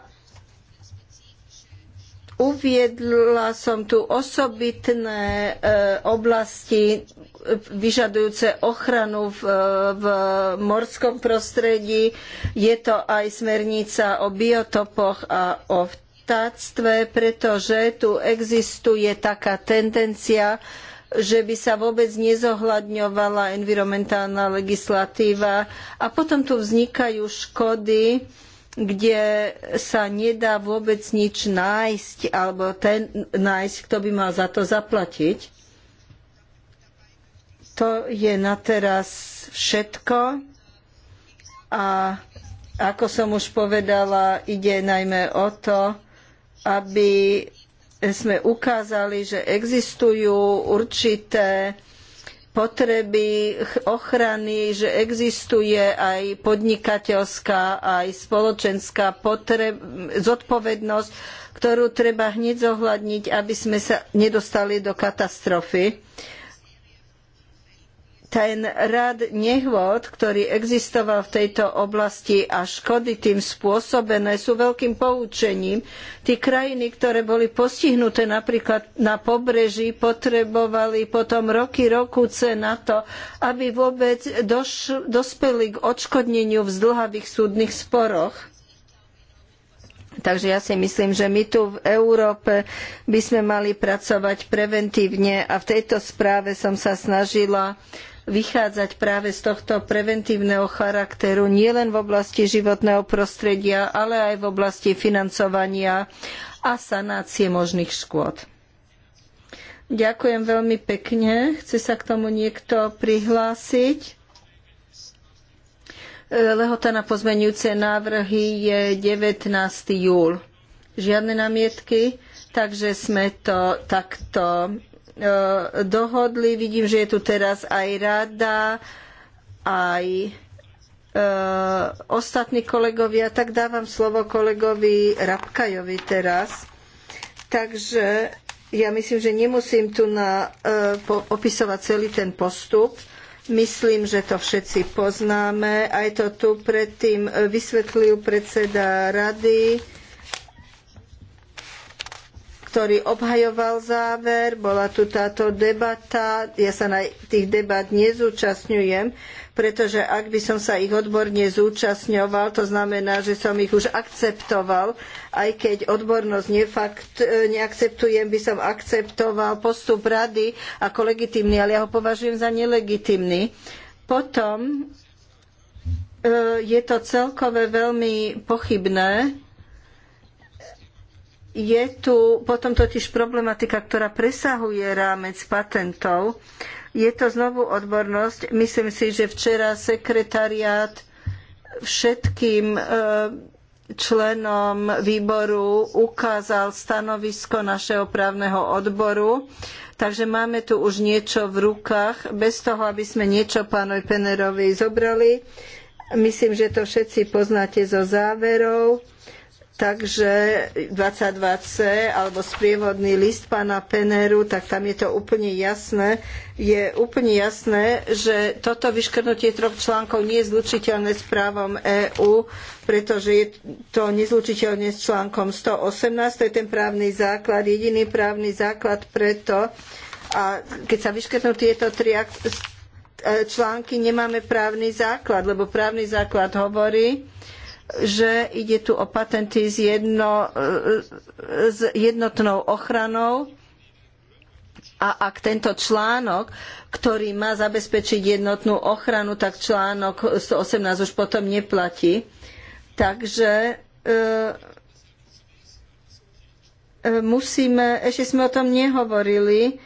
uviedla som tu osobitné e, oblasti vyžadujúce ochranu v, v morskom prostredí. Je to aj smernica o biotopoch a o vtáctve, pretože tu existuje taká tendencia, že by sa vôbec nezohľadňovala environmentálna legislatíva a potom tu vznikajú škody, kde sa nedá vôbec nič nájsť, alebo ten nájsť, kto by mal za to zaplatiť. To je na teraz všetko. A ako som už povedala, ide najmä o to, aby sme ukázali, že existujú určité potreby ochrany, že existuje aj podnikateľská, aj spoločenská potreb, zodpovednosť, ktorú treba hneď zohľadniť, aby sme sa nedostali do katastrofy. Uh, ten rad nehôd, ktorý existoval v tejto oblasti a škody tým spôsobené sú veľkým poučením. Tí krajiny, ktoré boli postihnuté napríklad na pobreží, potrebovali potom roky, rokuce na to, aby vôbec doš- dospeli k odškodneniu v zdlhavých súdnych sporoch. Takže ja si myslím, že my tu v Európe by sme mali pracovať preventívne a v tejto správe som sa snažila vychádzať práve z tohto preventívneho charakteru nielen v oblasti životného prostredia, ale aj v oblasti financovania a sanácie možných škôd. Ďakujem veľmi pekne. Chce sa k tomu niekto prihlásiť? E, lehota na pozmenujúce návrhy je 19. júl. Žiadne námietky, takže sme to takto E, dohodli. Vidím, že je tu teraz aj rada, aj e, ostatní kolegovia. Tak dávam slovo kolegovi Rabkajovi teraz. Takže ja myslím, že nemusím tu na, e, opisovať celý ten postup. Myslím, že to všetci poznáme. Aj to tu predtým vysvetlil predseda rady ktorý obhajoval záver. Bola tu táto debata. Ja sa na tých debat nezúčastňujem, pretože ak by som sa ich odborne zúčastňoval, to znamená, že som ich už akceptoval. Aj keď odbornosť nefakt, neakceptujem, by som akceptoval postup rady ako legitimný, ale ja ho považujem za nelegitimný. Potom e, je to celkové veľmi pochybné, je tu potom totiž problematika, ktorá presahuje rámec patentov. Je to znovu odbornosť. Myslím si, že včera sekretariát všetkým e, členom výboru ukázal stanovisko našeho právneho odboru. Takže máme tu už niečo v rukách, bez toho, aby sme niečo pánovi Penerovi zobrali. Myslím, že to všetci poznáte zo záverov Takže 22C alebo sprievodný list pána Peneru, tak tam je to úplne jasné. Je úplne jasné, že toto vyškrnutie troch článkov nie je zlučiteľné s právom EÚ, pretože je to nezlučiteľné s článkom 118. To je ten právny základ, jediný právny základ preto. A keď sa vyškrtnú tieto tri e, články, nemáme právny základ, lebo právny základ hovorí, že ide tu o patenty s, jedno, s jednotnou ochranou a ak tento článok, ktorý má zabezpečiť jednotnú ochranu, tak článok 118 už potom neplatí. Takže e, e, musíme, ešte sme o tom nehovorili,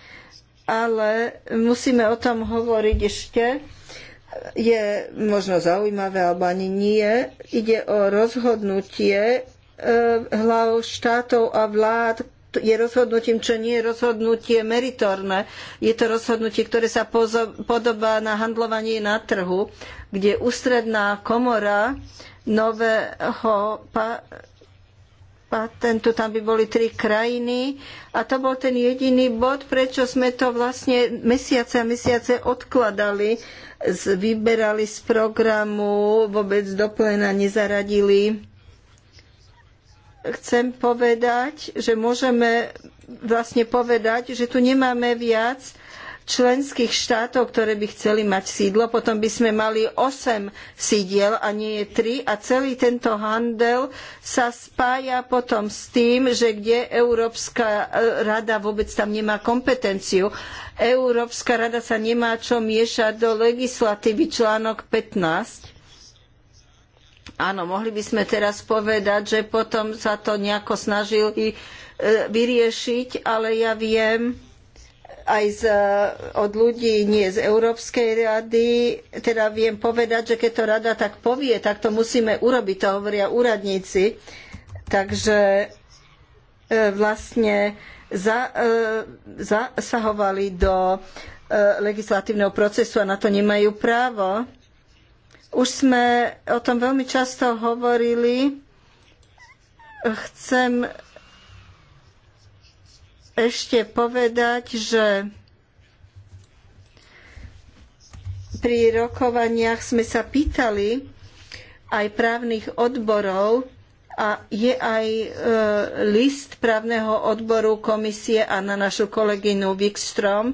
ale musíme o tom hovoriť ešte je možno zaujímavé alebo ani nie. Ide o rozhodnutie e, hlav štátov a vlád, je rozhodnutím, čo nie je rozhodnutie meritorné. Je to rozhodnutie, ktoré sa podobá na handlovanie na trhu, kde ústredná komora nového patentu, tam by boli tri krajiny a to bol ten jediný bod, prečo sme to vlastne mesiace a mesiace odkladali, vyberali z programu, vôbec do plena nezaradili. Chcem povedať, že môžeme vlastne povedať, že tu nemáme viac členských štátov, ktoré by chceli mať sídlo, potom by sme mali 8 sídiel a nie je 3 a celý tento handel sa spája potom s tým, že kde Európska e, rada vôbec tam nemá kompetenciu. Európska rada sa nemá čo miešať do legislatívy článok 15. Áno, mohli by sme teraz povedať, že potom sa to nejako snažili e, vyriešiť, ale ja viem, aj z, eh, od ľudí, nie z Európskej rady. Teda viem povedať, že keď to rada tak povie, tak to musíme urobiť, to hovoria úradníci. Takže eh, vlastne za, eh, zasahovali do legislatívneho procesu a na to nemajú právo. Už sme o tom veľmi často hovorili. Chcem ešte povedať, že pri rokovaniach sme sa pýtali aj právnych odborov a je aj e, list právneho odboru komisie a na našu kolegynu Wikström,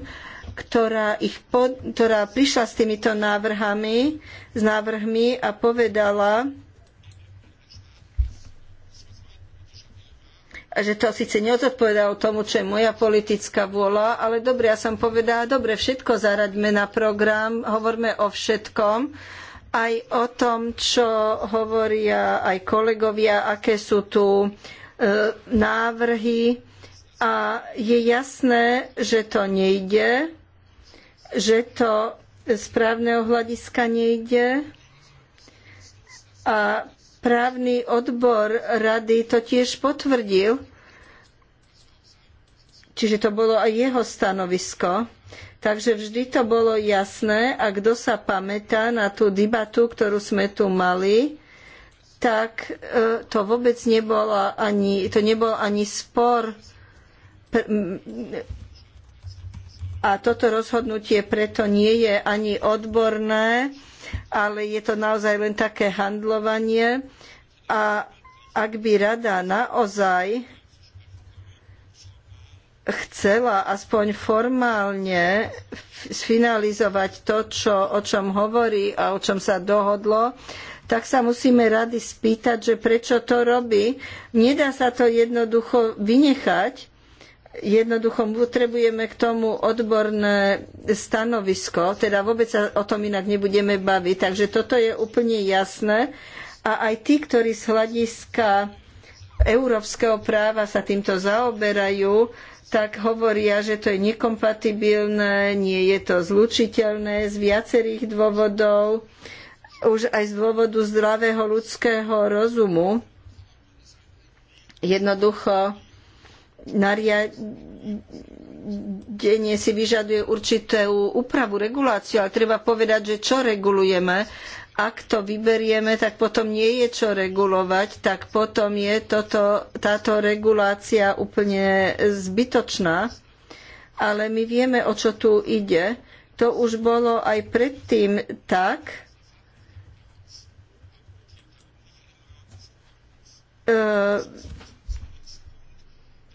ktorá, ich pod, ktorá prišla s týmito návrhami, s návrhmi a povedala, že to síce neodpovedalo tomu, čo je moja politická vôľa, ale dobre, ja som povedala, dobre, všetko zaraďme na program, hovorme o všetkom, aj o tom, čo hovoria aj kolegovia, aké sú tu e, návrhy. A je jasné, že to nejde, že to z právneho hľadiska nejde. A Právny odbor rady to tiež potvrdil, čiže to bolo aj jeho stanovisko. Takže vždy to bolo jasné a kto sa pamätá na tú debatu, ktorú sme tu mali, tak e, to vôbec nebolo ani, to nebol ani spor a toto rozhodnutie preto nie je ani odborné, ale je to naozaj len také handlovanie. A ak by rada naozaj chcela aspoň formálne sfinalizovať to, čo, o čom hovorí a o čom sa dohodlo, tak sa musíme rady spýtať, že prečo to robí. Nedá sa to jednoducho vynechať, Jednoducho potrebujeme k tomu odborné stanovisko, teda vôbec sa o tom inak nebudeme baviť. Takže toto je úplne jasné. A aj tí, ktorí z hľadiska európskeho práva sa týmto zaoberajú, tak hovoria, že to je nekompatibilné, nie je to zlučiteľné z viacerých dôvodov, už aj z dôvodu zdravého ľudského rozumu. Jednoducho nariadenie si vyžaduje určitú úpravu, reguláciu, ale treba povedať, že čo regulujeme. Ak to vyberieme, tak potom nie je čo regulovať, tak potom je toto, táto regulácia úplne zbytočná. Ale my vieme, o čo tu ide. To už bolo aj predtým tak, e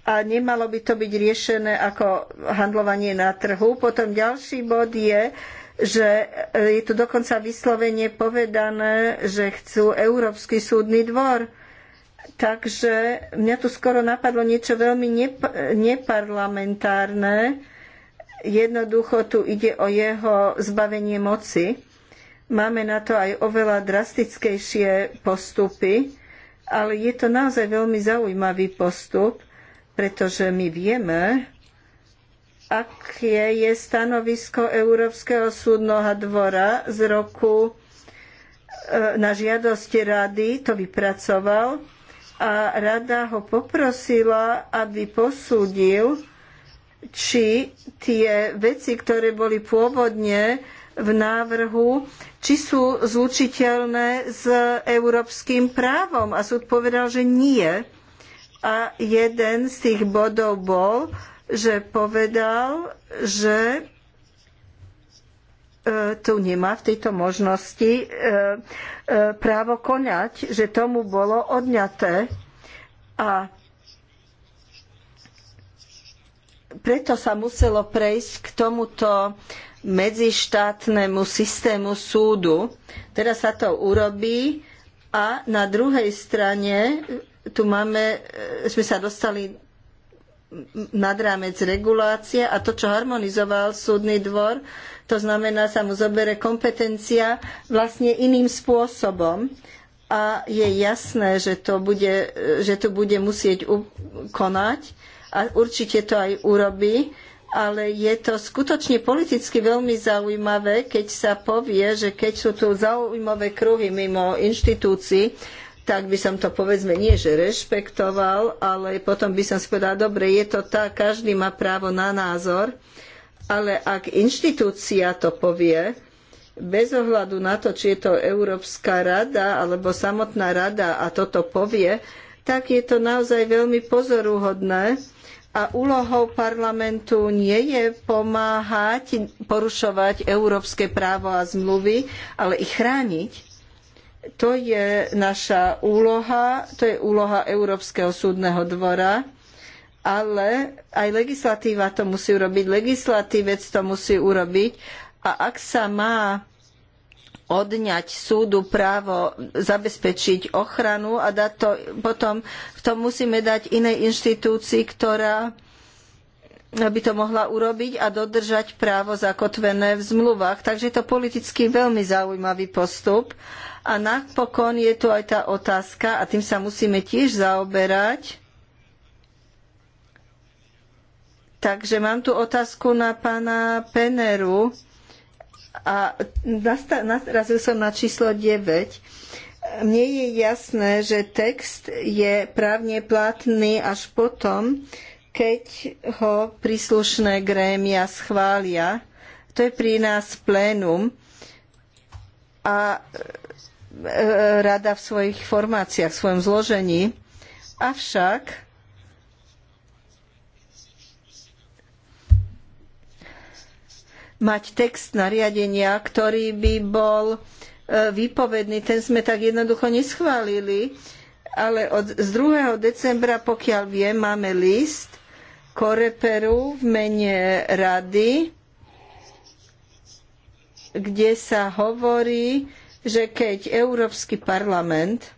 a nemalo by to byť riešené ako handlovanie na trhu. Potom ďalší bod je, že je tu dokonca vyslovene povedané, že chcú Európsky súdny dvor. Takže mňa tu skoro napadlo niečo veľmi nep- neparlamentárne. Jednoducho tu ide o jeho zbavenie moci. Máme na to aj oveľa drastickejšie postupy, ale je to naozaj veľmi zaujímavý postup pretože my vieme, aké je stanovisko Európskeho súdneho dvora z roku e, na žiadosť rady, to vypracoval a rada ho poprosila, aby posúdil, či tie veci, ktoré boli pôvodne v návrhu, či sú zlučiteľné s európskym právom. A súd povedal, že nie a jeden z tých bodov bol, že povedal, že e, tu nemá v tejto možnosti e, e, právo konať, že tomu bolo odňaté. A preto sa muselo prejsť k tomuto medzištátnemu systému súdu. Teraz sa to urobí a na druhej strane tu máme, e, sme sa dostali nad rámec regulácie a to, čo harmonizoval súdny dvor, to znamená, sa mu zobere kompetencia vlastne iným spôsobom a je jasné, že to bude, že to bude musieť konať a určite to aj urobí, ale je to skutočne politicky veľmi zaujímavé, keď sa povie, že keď sú tu zaujímavé kruhy mimo inštitúcií, tak by som to povedzme nie, že rešpektoval, ale potom by som si povedal, dobre, je to tak, každý má právo na názor, ale ak inštitúcia to povie, bez ohľadu na to, či je to Európska rada alebo samotná rada a toto povie, tak je to naozaj veľmi pozoruhodné a úlohou parlamentu nie je pomáhať porušovať európske právo a zmluvy, ale ich chrániť to je naša úloha, to je úloha Európskeho súdneho dvora, ale aj legislatíva to musí urobiť, legislatívec to musí urobiť a ak sa má odňať súdu právo zabezpečiť ochranu a dať to potom, to musíme dať inej inštitúcii, ktorá by to mohla urobiť a dodržať právo zakotvené v zmluvách. Takže je to politicky veľmi zaujímavý postup a napokon je tu aj tá otázka, a tým sa musíme tiež zaoberať. Takže mám tu otázku na pána Peneru a narazil som na číslo 9. Mne je jasné, že text je právne platný až potom, keď ho príslušné grémia schvália. To je pri nás plénum. A rada v svojich formáciách, v svojom zložení. Avšak mať text nariadenia, ktorý by bol e, výpovedný, ten sme tak jednoducho neschválili, ale od, z 2. decembra, pokiaľ viem, máme list Koreperu v mene rady, kde sa hovorí, že keď Európsky parlament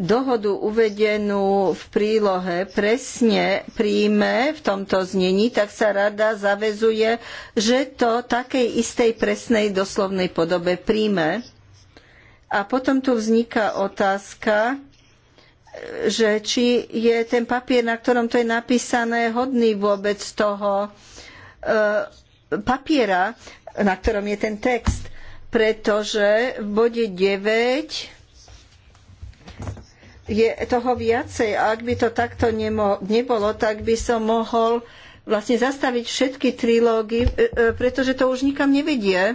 dohodu uvedenú v prílohe presne príjme v tomto znení, tak sa rada zavezuje, že to takej istej presnej doslovnej podobe príjme. A potom tu vzniká otázka, že či je ten papier, na ktorom to je napísané, hodný vôbec toho e, papiera na ktorom je ten text, pretože v bode 9 je toho viacej a ak by to takto nebolo, tak by som mohol vlastne zastaviť všetky trilógy, e, e, pretože to už nikam nevedie. E,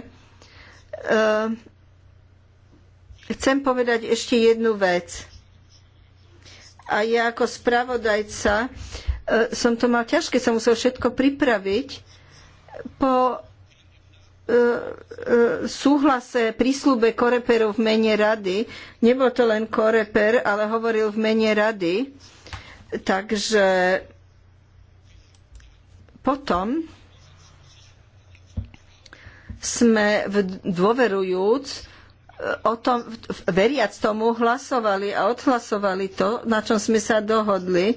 chcem povedať ešte jednu vec. A ja ako spravodajca som to mal ťažké, som musel všetko pripraviť. Po E, e, súhlase prísľube Koreperu v mene rady. Nebol to len Koreper, ale hovoril v mene rady. Takže potom sme v dôverujúc e, o tom, veriac tomu, hlasovali a odhlasovali to, na čom sme sa dohodli.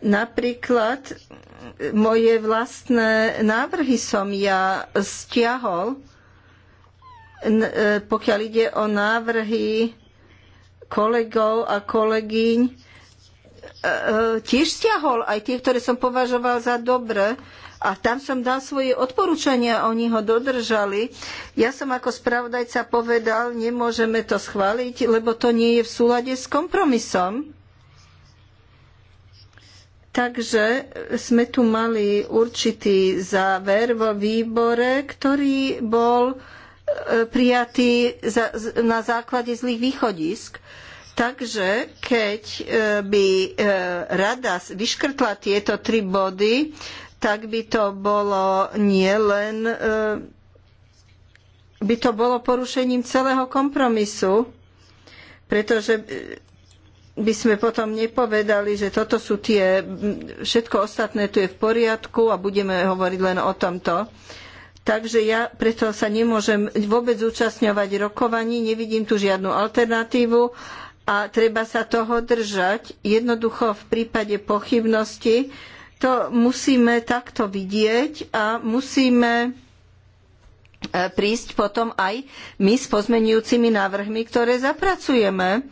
Napríklad moje vlastné návrhy som ja stiahol, e, pokiaľ ide o návrhy kolegov a kolegyň, e, e, tiež stiahol aj tie, ktoré som považoval za dobré, a tam som dal svoje odporúčania a oni ho dodržali. Ja som ako spravodajca povedal, nemôžeme to schváliť, lebo to nie je v súlade s kompromisom. Takže sme tu mali určitý záver vo výbore, ktorý bol e, prijatý na základe zlých východisk. Takže keď e, by e, rada vyškrtla tieto tri body, tak by to bolo nielen by to bolo porušením celého kompromisu, pretože by sme potom nepovedali, že toto sú tie, všetko ostatné tu je v poriadku a budeme hovoriť len o tomto. Takže ja preto sa nemôžem vôbec zúčastňovať rokovaní, nevidím tu žiadnu alternatívu a treba sa toho držať. Jednoducho v prípade pochybnosti to musíme takto vidieť a musíme e, prísť potom aj my s pozmenujúcimi návrhmi, ktoré zapracujeme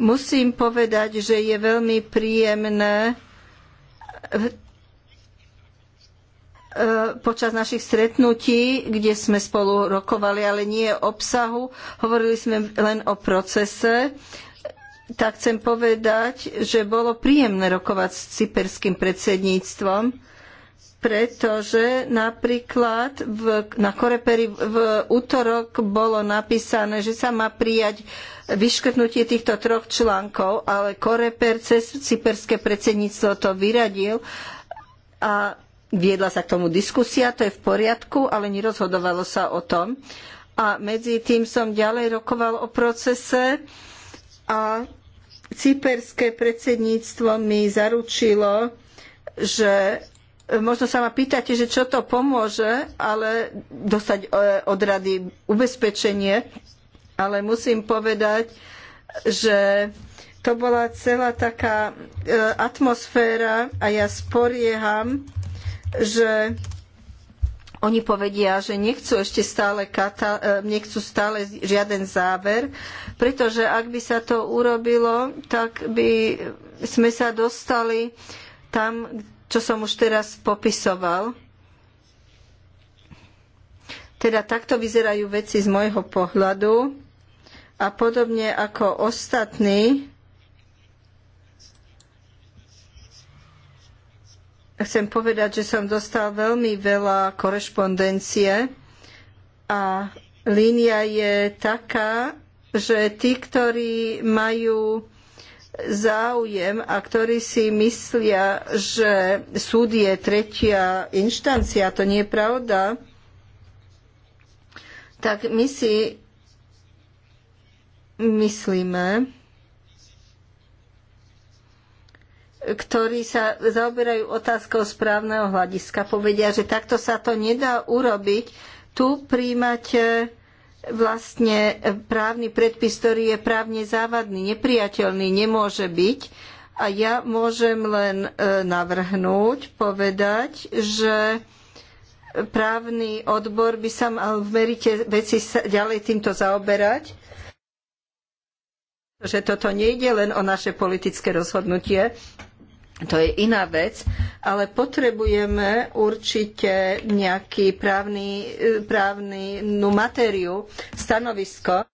Musím povedať, že je veľmi príjemné eh, počas našich stretnutí, kde sme spolu rokovali, ale nie o obsahu, hovorili sme len o procese, tak chcem povedať, že bolo príjemné rokovať s cyperským predsedníctvom pretože napríklad v, na Koreperi v útorok bolo napísané, že sa má prijať vyškrtnutie týchto troch článkov, ale Koreper cez cyperské predsedníctvo to vyradil a viedla sa k tomu diskusia, to je v poriadku, ale nerozhodovalo sa o tom. A medzi tým som ďalej rokoval o procese a cyperské predsedníctvo mi zaručilo, že možno sa ma pýtate, že čo to pomôže, ale dostať e, od rady ubezpečenie, ale musím povedať, že to bola celá taká e, atmosféra a ja spolieham, že oni povedia, že nechcú ešte stále, kata, e, nechcú stále žiaden záver, pretože ak by sa to urobilo, tak by sme sa dostali tam, čo som už teraz popisoval. Teda takto vyzerajú veci z môjho pohľadu a podobne ako ostatní chcem povedať, že som dostal veľmi veľa korešpondencie a línia je taká, že tí, ktorí majú záujem a ktorí si myslia, že súd je tretia inštancia, to nie je pravda, tak my si myslíme, ktorí sa zaoberajú otázkou správneho hľadiska, povedia, že takto sa to nedá urobiť. Tu príjmate vlastne právny predpis, ktorý je právne závadný, nepriateľný, nemôže byť. A ja môžem len e, navrhnúť, povedať, že právny odbor by sa mal v merite veci ďalej týmto zaoberať, že toto nejde len o naše politické rozhodnutie, to je iná vec, ale potrebujeme určite nejaký právny, právnu no, materiu, stanovisko,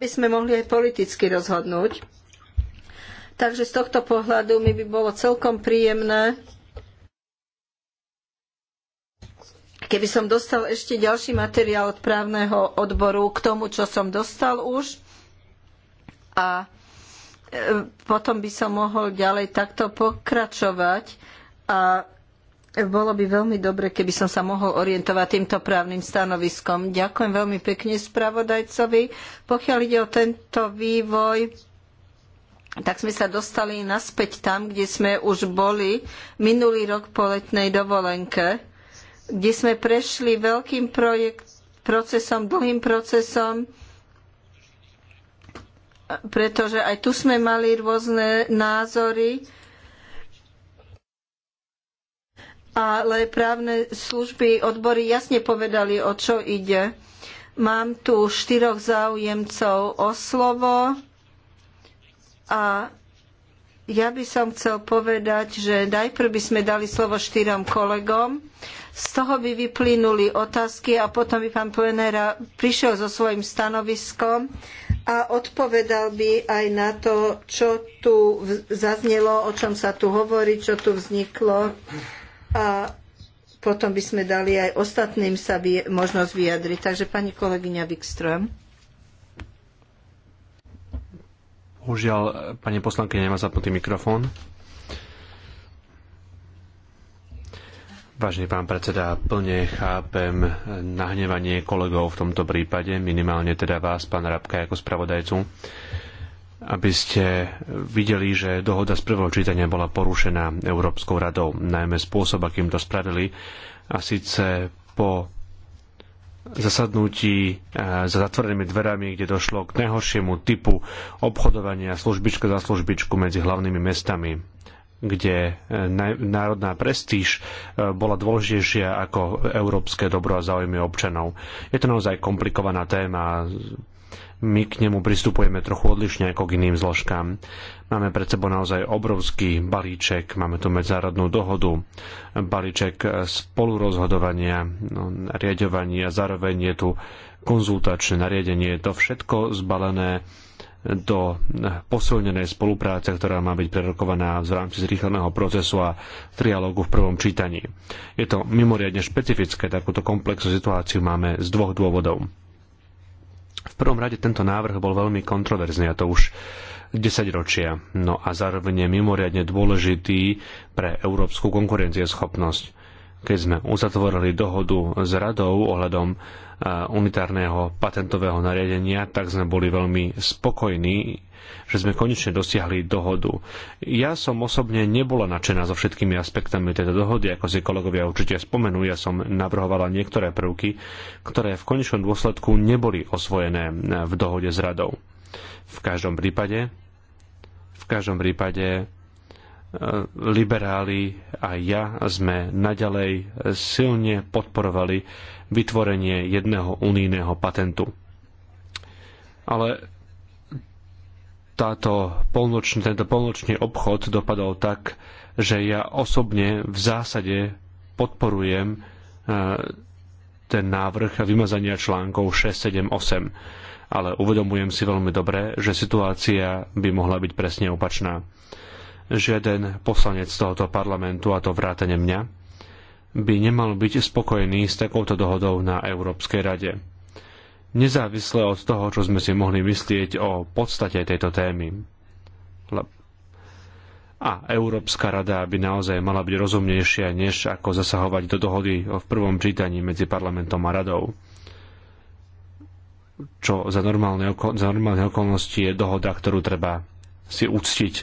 aby sme mohli aj politicky rozhodnúť. Takže z tohto pohľadu mi by bolo celkom príjemné, keby som dostal ešte ďalší materiál od právneho odboru k tomu, čo som dostal už. A potom by som mohol ďalej takto pokračovať a bolo by veľmi dobre, keby som sa mohol orientovať týmto právnym stanoviskom. Ďakujem veľmi pekne spravodajcovi. Pokiaľ ide o tento vývoj, tak sme sa dostali naspäť tam, kde sme už boli minulý rok po letnej dovolenke, kde sme prešli veľkým projekt, procesom, dlhým procesom, pretože aj tu sme mali rôzne názory, ale právne služby, odbory jasne povedali, o čo ide. Mám tu štyroch záujemcov o slovo a ja by som chcel povedať, že najprv by sme dali slovo štyrom kolegom, z toho by vyplynuli otázky a potom by pán Plenera prišiel so svojím stanoviskom a odpovedal by aj na to, čo tu zaznelo, o čom sa tu hovorí, čo tu vzniklo a potom by sme dali aj ostatným sa vy, možnosť vyjadriť. Takže pani kolegyňa Wikström. Užiaľ, pani poslankyňa nemá zapnutý mikrofón. Vážený pán predseda, plne chápem nahnevanie kolegov v tomto prípade, minimálne teda vás, pán Rabka, ako spravodajcu, aby ste videli, že dohoda z prvého čítania bola porušená Európskou radou, najmä spôsob, akým to spravili, a síce po zasadnutí e, za zatvorenými dverami, kde došlo k najhoršiemu typu obchodovania službička za službičku medzi hlavnými mestami kde e, národná prestíž e, bola dôležitejšia ako európske dobro a záujmy občanov. Je to naozaj komplikovaná téma a my k nemu pristupujeme trochu odlišne ako k iným zložkám. Máme pred sebou naozaj obrovský balíček, máme tu medzárodnú dohodu, balíček spolurozhodovania, no, riadovania, zároveň je tu konzultačné nariadenie, je to všetko zbalené do posilnenej spolupráce, ktorá má byť prerokovaná v rámci zrýchleného procesu a trialógu v prvom čítaní. Je to mimoriadne špecifické, takúto komplexnú situáciu máme z dvoch dôvodov. V prvom rade tento návrh bol veľmi kontroverzný a to už 10 ročia, no a zároveň je mimoriadne dôležitý pre európsku konkurencieschopnosť keď sme uzatvorili dohodu s radou ohľadom unitárneho patentového nariadenia, tak sme boli veľmi spokojní, že sme konečne dosiahli dohodu. Ja som osobne nebola nadšená so všetkými aspektami tejto dohody, ako si kolegovia určite spomenú, ja som navrhovala niektoré prvky, ktoré v konečnom dôsledku neboli osvojené e, v dohode s radou. V každom prípade v každom prípade liberáli a ja sme naďalej silne podporovali vytvorenie jedného unijného patentu. Ale táto polnočný, tento polnočný obchod dopadol tak, že ja osobne v zásade podporujem e, ten návrh vymazania článkov 6, 7, 8. Ale uvedomujem si veľmi dobre, že situácia by mohla byť presne opačná žiaden poslanec tohoto parlamentu, a to vrátane mňa, by nemal byť spokojný s takouto dohodou na Európskej rade. Nezávisle od toho, čo sme si mohli myslieť o podstate tejto témy. A Európska rada by naozaj mala byť rozumnejšia, než ako zasahovať do dohody v prvom čítaní medzi parlamentom a radou čo za normálne, oko- za normálne okolnosti je dohoda, ktorú treba si uctiť.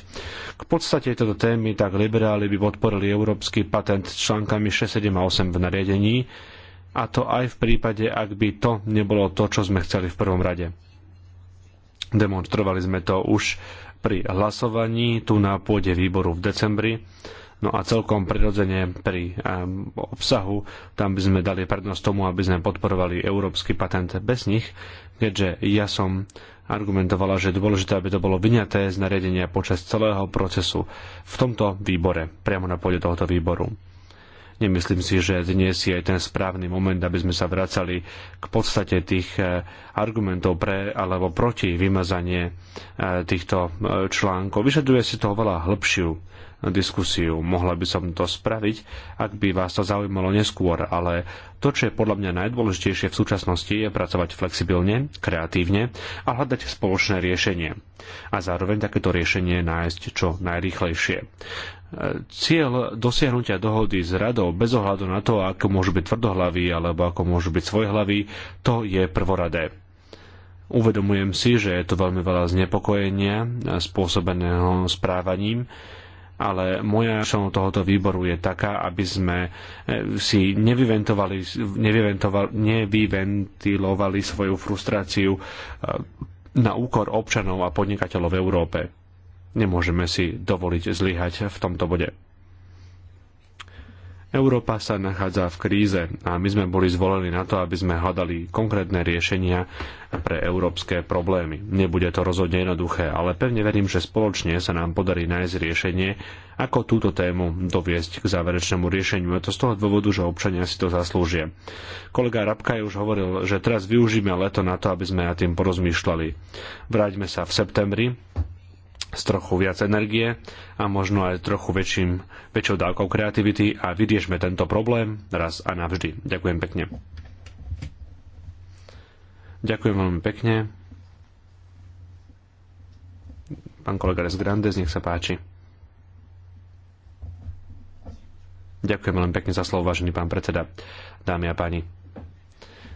K podstate tejto témy tak liberáli by podporili európsky patent s článkami 6, 7 a 8 v nariadení, a to aj v prípade, ak by to nebolo to, čo sme chceli v prvom rade. Demonstrovali sme to už pri hlasovaní tu na pôde výboru v decembri. No a celkom prirodzene pri um, obsahu tam by sme dali prednosť tomu, aby sme podporovali európsky patent bez nich, keďže ja som argumentovala, že dôležité, aby to bolo vyňaté z nariadenia počas celého procesu v tomto výbore, priamo na pôde tohoto výboru. Nemyslím si, že dnes je ten správny moment, aby sme sa vracali k podstate tých eh, argumentov pre alebo proti vymazanie eh, týchto eh, článkov. Vyžaduje si to oveľa hĺbšiu diskusiu. Mohla by som to spraviť, ak by vás to zaujímalo neskôr, ale to, čo je podľa mňa najdôležitejšie v súčasnosti, je pracovať flexibilne, kreatívne a hľadať spoločné riešenie. A zároveň takéto riešenie nájsť čo najrýchlejšie. Cieľ dosiahnutia dohody s radou bez ohľadu na to, ako môžu byť tvrdohlaví alebo ako môžu byť svojhlaví, to je prvoradé. Uvedomujem si, že je to veľmi veľa znepokojenia spôsobeného správaním, ale moja členom tohoto výboru je taká, aby sme e, si nevyventovali, nevyventovali, nevyventilovali svoju frustráciu e, na úkor občanov a podnikateľov v Európe. Nemôžeme si dovoliť zlyhať v tomto bode. Európa sa nachádza v kríze a my sme boli zvolení na to, aby sme hľadali konkrétne riešenia pre európske problémy. Nebude to rozhodne jednoduché, ale pevne verím, že spoločne sa nám podarí nájsť riešenie, ako túto tému doviesť k záverečnému riešeniu. A to z toho dôvodu, že občania si to zaslúžia. Kolega Rabka už hovoril, že teraz využíme leto na to, aby sme nad tým porozmýšľali. Vráťme sa v septembri s trochu viac energie a možno aj trochu väčším, väčšou dávkou kreativity a vyriešme tento problém raz a navždy. Ďakujem pekne. Ďakujem veľmi pekne. Pán kolega Res Grandes, nech sa páči. Ďakujem veľmi pekne za slovo, vážený pán predseda, dámy a páni.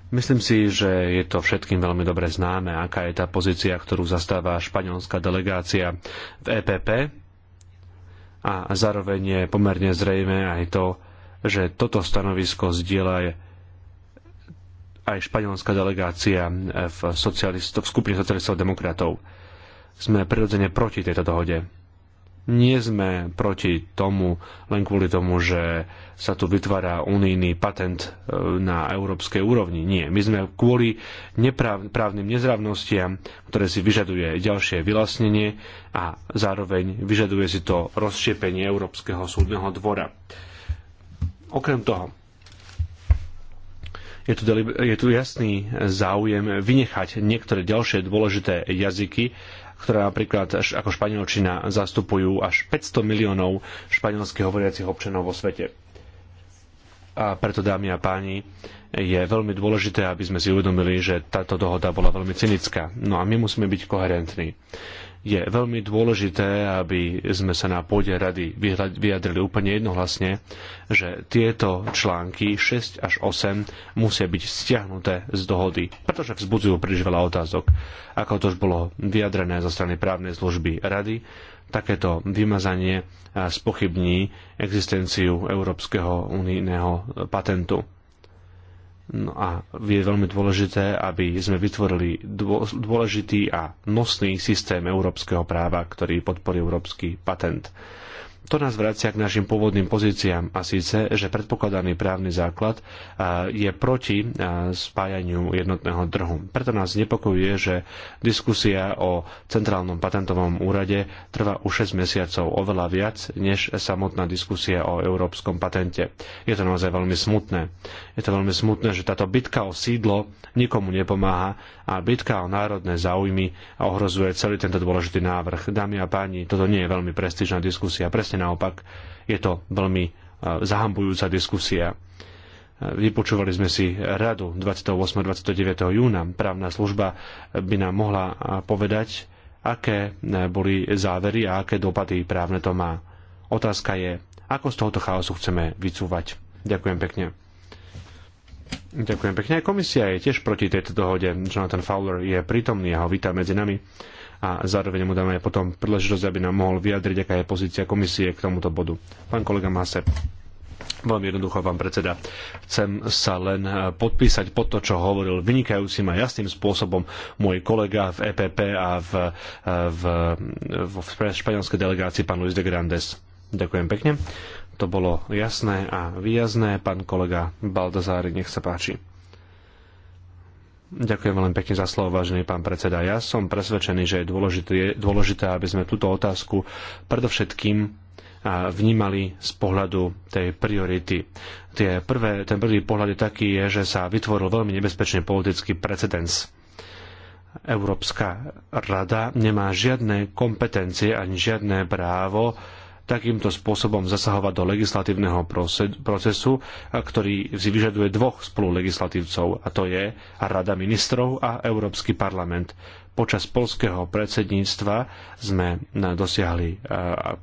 Myslím si, že je to všetkým veľmi dobre známe, aká je tá pozícia, ktorú zastáva španielská delegácia v EPP. A zároveň je pomerne zrejme aj to, že toto stanovisko zdieľa aj, španielská delegácia v, v skupine socialistov demokratov. Sme prirodzene proti tejto dohode nie sme proti tomu len kvôli tomu, že sa tu vytvára unijný patent e, na európskej úrovni. Nie, my sme kvôli právnym nezravnostiam, ktoré si vyžaduje ďalšie vylastnenie a zároveň vyžaduje si to rozšiepenie Európskeho súdneho dvora. Okrem toho, je tu, je tu jasný záujem vynechať niektoré ďalšie dôležité jazyky, ktoré napríklad ako španielčina zastupujú až 500 miliónov španielsky hovoriacich občanov vo svete. A preto, dámy a páni, je veľmi dôležité, aby sme si uvedomili, že táto dohoda bola veľmi cynická. No a my musíme byť koherentní je veľmi dôležité, aby sme sa na pôde rady vyjadrili úplne jednohlasne, že tieto články 6 až 8 musia byť stiahnuté z dohody, pretože vzbudzujú príliš veľa otázok. Ako to už bolo vyjadrené zo strany právnej služby rady, takéto vymazanie spochybní existenciu Európskeho unijného patentu. No a je veľmi dôležité, aby sme vytvorili dôležitý a nosný systém európskeho práva, ktorý podporí európsky patent. To nás vracia k našim pôvodným pozíciám a síce, že predpokladaný právny základ je proti spájaniu jednotného trhu. Preto nás znepokojuje, že diskusia o centrálnom patentovom úrade trvá už 6 mesiacov oveľa viac než samotná diskusia o európskom patente. Je to naozaj veľmi smutné. Je to veľmi smutné, že táto bitka o sídlo nikomu nepomáha a bitka o národné záujmy ohrozuje celý tento dôležitý návrh. Dámy a páni, toto nie je veľmi prestížna diskusia. Presne naopak je to veľmi e, zahambujúca diskusia. E, vypočúvali sme si radu 28. a 29. júna. Právna služba by nám mohla e, povedať, aké boli závery a aké dopady právne to má. Otázka je, ako z tohoto chaosu chceme vycúvať. Ďakujem pekne. Ďakujem pekne. Komisia je tiež proti tejto dohode. Jonathan Fowler je prítomný a ho vítam medzi nami a zároveň mu dáme potom príležitosť, aby nám mohol vyjadriť, aká je pozícia komisie k tomuto bodu. Pán kolega Mase, Veľmi jednoducho, pán predseda. Chcem sa len eh, podpísať pod to, čo hovoril vynikajúcim a jasným spôsobom môj kolega v EPP a v, eh, v, v, v španielskej delegácii, pán Luis de Grandes. Ďakujem pekne. To bolo jasné a výjazné. Pán kolega Baldazári, nech sa páči. Ďakujem veľmi pekne za slovo, vážený pán predseda. Ja som presvedčený, že je dôležité, dôležité aby sme túto otázku predovšetkým vnímali z pohľadu tej priority. Tie prvé, ten prvý pohľad je taký, je, že sa vytvoril veľmi nebezpečný politický precedens. Európska rada nemá žiadne kompetencie ani žiadne právo takýmto spôsobom zasahovať do legislatívneho procesu, ktorý si vyžaduje dvoch spolulegislatívcov, a to je Rada ministrov a Európsky parlament. Počas polského predsedníctva sme e, dosiahli e,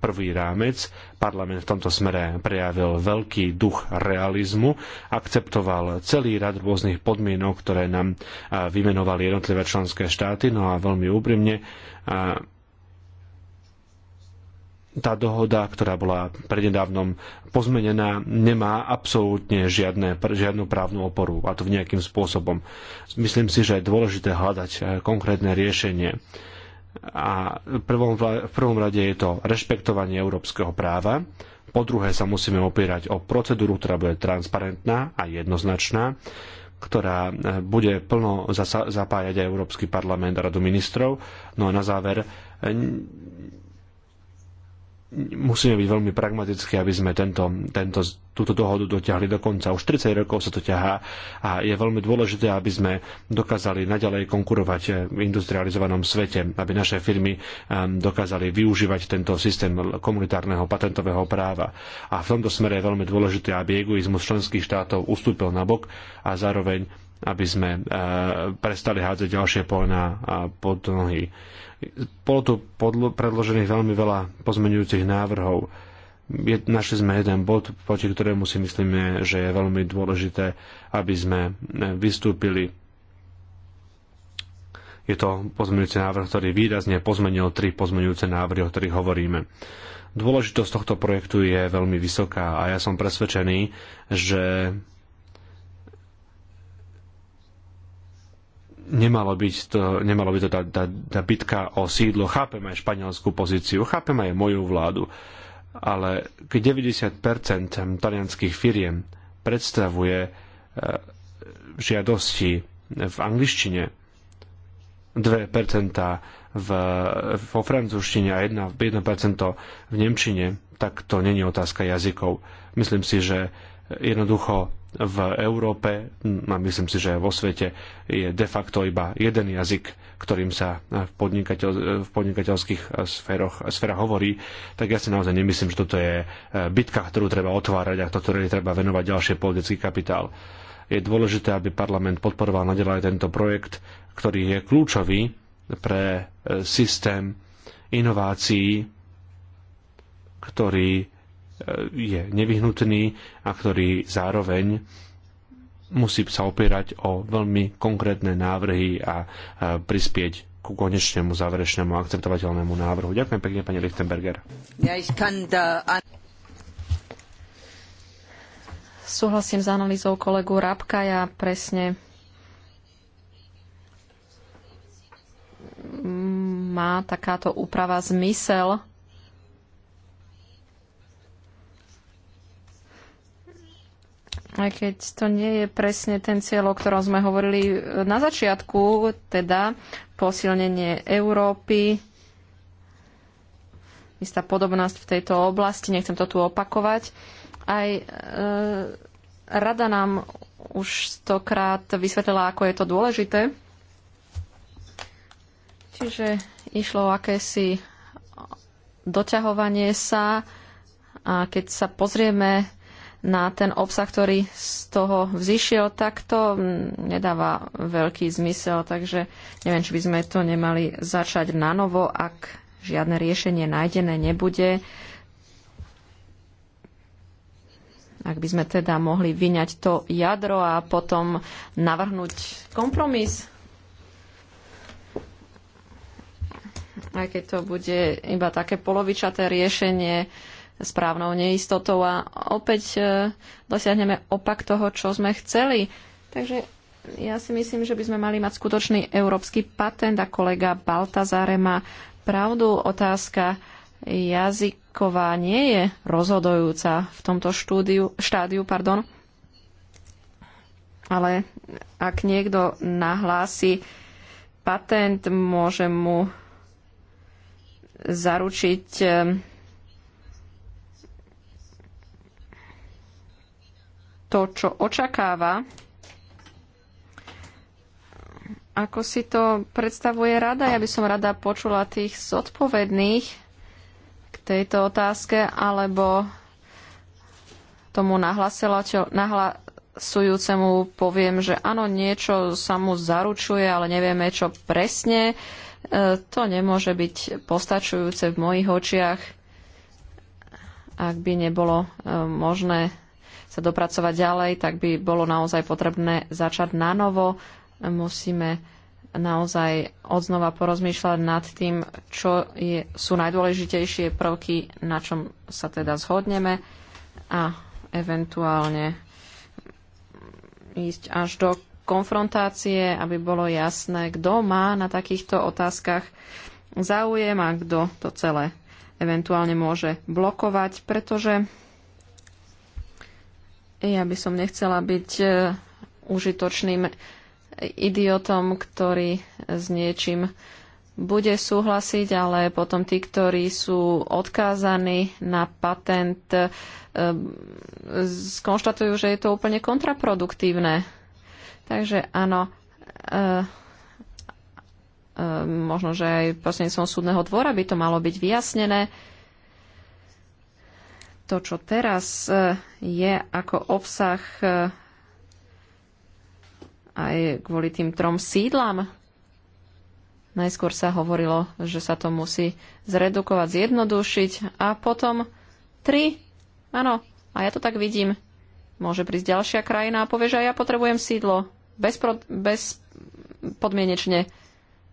prvý rámec. Parlament v tomto smere prejavil veľký duch realizmu, akceptoval celý rad rôznych podmienok, ktoré nám e, vymenovali jednotlivé členské štáty, no a veľmi úprimne tá dohoda, ktorá bola prednedávnom pozmenená, nemá absolútne žiadne, žiadnu právnu oporu, a to v nejakým spôsobom. Myslím si, že je dôležité hľadať eh, konkrétne riešenie. A v prvom, v prvom rade je to rešpektovanie európskeho práva, po druhé sa musíme opierať o procedúru, ktorá bude transparentná a jednoznačná, ktorá eh, bude plno zapájať aj Európsky parlament a Radu ministrov. No a na záver eh, musíme byť veľmi pragmatickí, aby sme tento, tento, túto dohodu dotiahli do konca. Už 30 rokov sa to ťahá a je veľmi dôležité, aby sme dokázali naďalej konkurovať v industrializovanom svete, aby naše firmy um, dokázali využívať tento systém komunitárneho patentového práva. A v tomto smere je veľmi dôležité, aby egoizmus členských štátov ustúpil na bok a zároveň aby sme uh, prestali hádzať ďalšie poľná uh, pod nohy. Bolo tu predložených veľmi veľa pozmenujúcich návrhov. Je, našli sme jeden bod, proti ktorému si myslíme, že je veľmi dôležité, aby sme e, vystúpili. Je to pozmenujúci návrh, ktorý výrazne pozmenil tri pozmenujúce návrhy, o ktorých hovoríme. Dôležitosť tohto projektu je veľmi vysoká a ja som presvedčený, že nemalo byť to, nemalo byť to tá, tá, tá bitka o sídlo. Chápem aj španielskú pozíciu, chápem aj moju vládu, ale keď 90% talianských firiem predstavuje e, žiadosti v angličtine, 2% v, vo francúzštine a 1% v nemčine, tak to není otázka jazykov. Myslím si, že jednoducho v Európe, a myslím si, že vo svete, je de facto iba jeden jazyk, ktorým sa v, podnikateľ, v podnikateľských sféroch, sférach hovorí, tak ja si naozaj nemyslím, že toto je e, bitka, ktorú treba otvárať a ktoré treba venovať ďalšie politický kapitál. Je dôležité, aby parlament podporoval aj tento projekt, ktorý je kľúčový pre e, systém inovácií, ktorý je nevyhnutný a ktorý zároveň musí sa opierať o veľmi konkrétne návrhy a prispieť ku konečnému záverečnému akceptovateľnému návrhu. Ďakujem pekne, pani Lichtenberger. Ja Súhlasím s analýzou kolegu Rabka. Ja presne má takáto úprava zmysel aj keď to nie je presne ten cieľ, o ktorom sme hovorili e, na začiatku, teda posilnenie Európy, istá podobnosť v tejto oblasti, nechcem to tu opakovať. Aj e, rada nám už stokrát vysvetlila, ako je to dôležité. Čiže išlo o akési doťahovanie sa a keď sa pozrieme na ten obsah, ktorý z toho vzýšiel, tak to nedáva veľký zmysel, takže neviem, či by sme to nemali začať na novo, ak žiadne riešenie nájdené nebude. Ak by sme teda mohli vyňať to jadro a potom navrhnúť kompromis, aj keď to bude iba také polovičaté riešenie, správnou neistotou a opäť e, dosiahneme opak toho, čo sme chceli. Takže ja si myslím, že by sme mali mať skutočný európsky patent a kolega Baltazare má pravdu. Otázka jazyková nie je rozhodujúca v tomto štúdiu, štádiu, pardon. ale ak niekto nahlási patent, môže mu zaručiť e, to, čo očakáva, ako si to predstavuje rada. Ja by som rada počula tých zodpovedných k tejto otázke, alebo tomu nahlasujúcemu poviem, že áno, niečo sa mu zaručuje, ale nevieme, čo presne. E, to nemôže byť postačujúce v mojich očiach, ak by nebolo e, možné sa dopracovať ďalej, tak by bolo naozaj potrebné začať na novo. Musíme naozaj odznova porozmýšľať nad tým, čo je, sú najdôležitejšie prvky, na čom sa teda zhodneme a eventuálne ísť až do konfrontácie, aby bolo jasné, kto má na takýchto otázkach záujem a kto to celé eventuálne môže blokovať, pretože ja by som nechcela byť e, užitočným idiotom, ktorý s niečím bude súhlasiť, ale potom tí, ktorí sú odkázaní na patent, e, skonštatujú, že je to úplne kontraproduktívne. Takže áno, e, možno, že aj prostredníctvom súdneho dvora by to malo byť vyjasnené to, čo teraz e, je ako obsah e, aj kvôli tým trom sídlam. Najskôr sa hovorilo, že sa to musí zredukovať, zjednodušiť a potom tri. Áno, a ja to tak vidím. Môže prísť ďalšia krajina a povie, že ja potrebujem sídlo. bez podmienečne.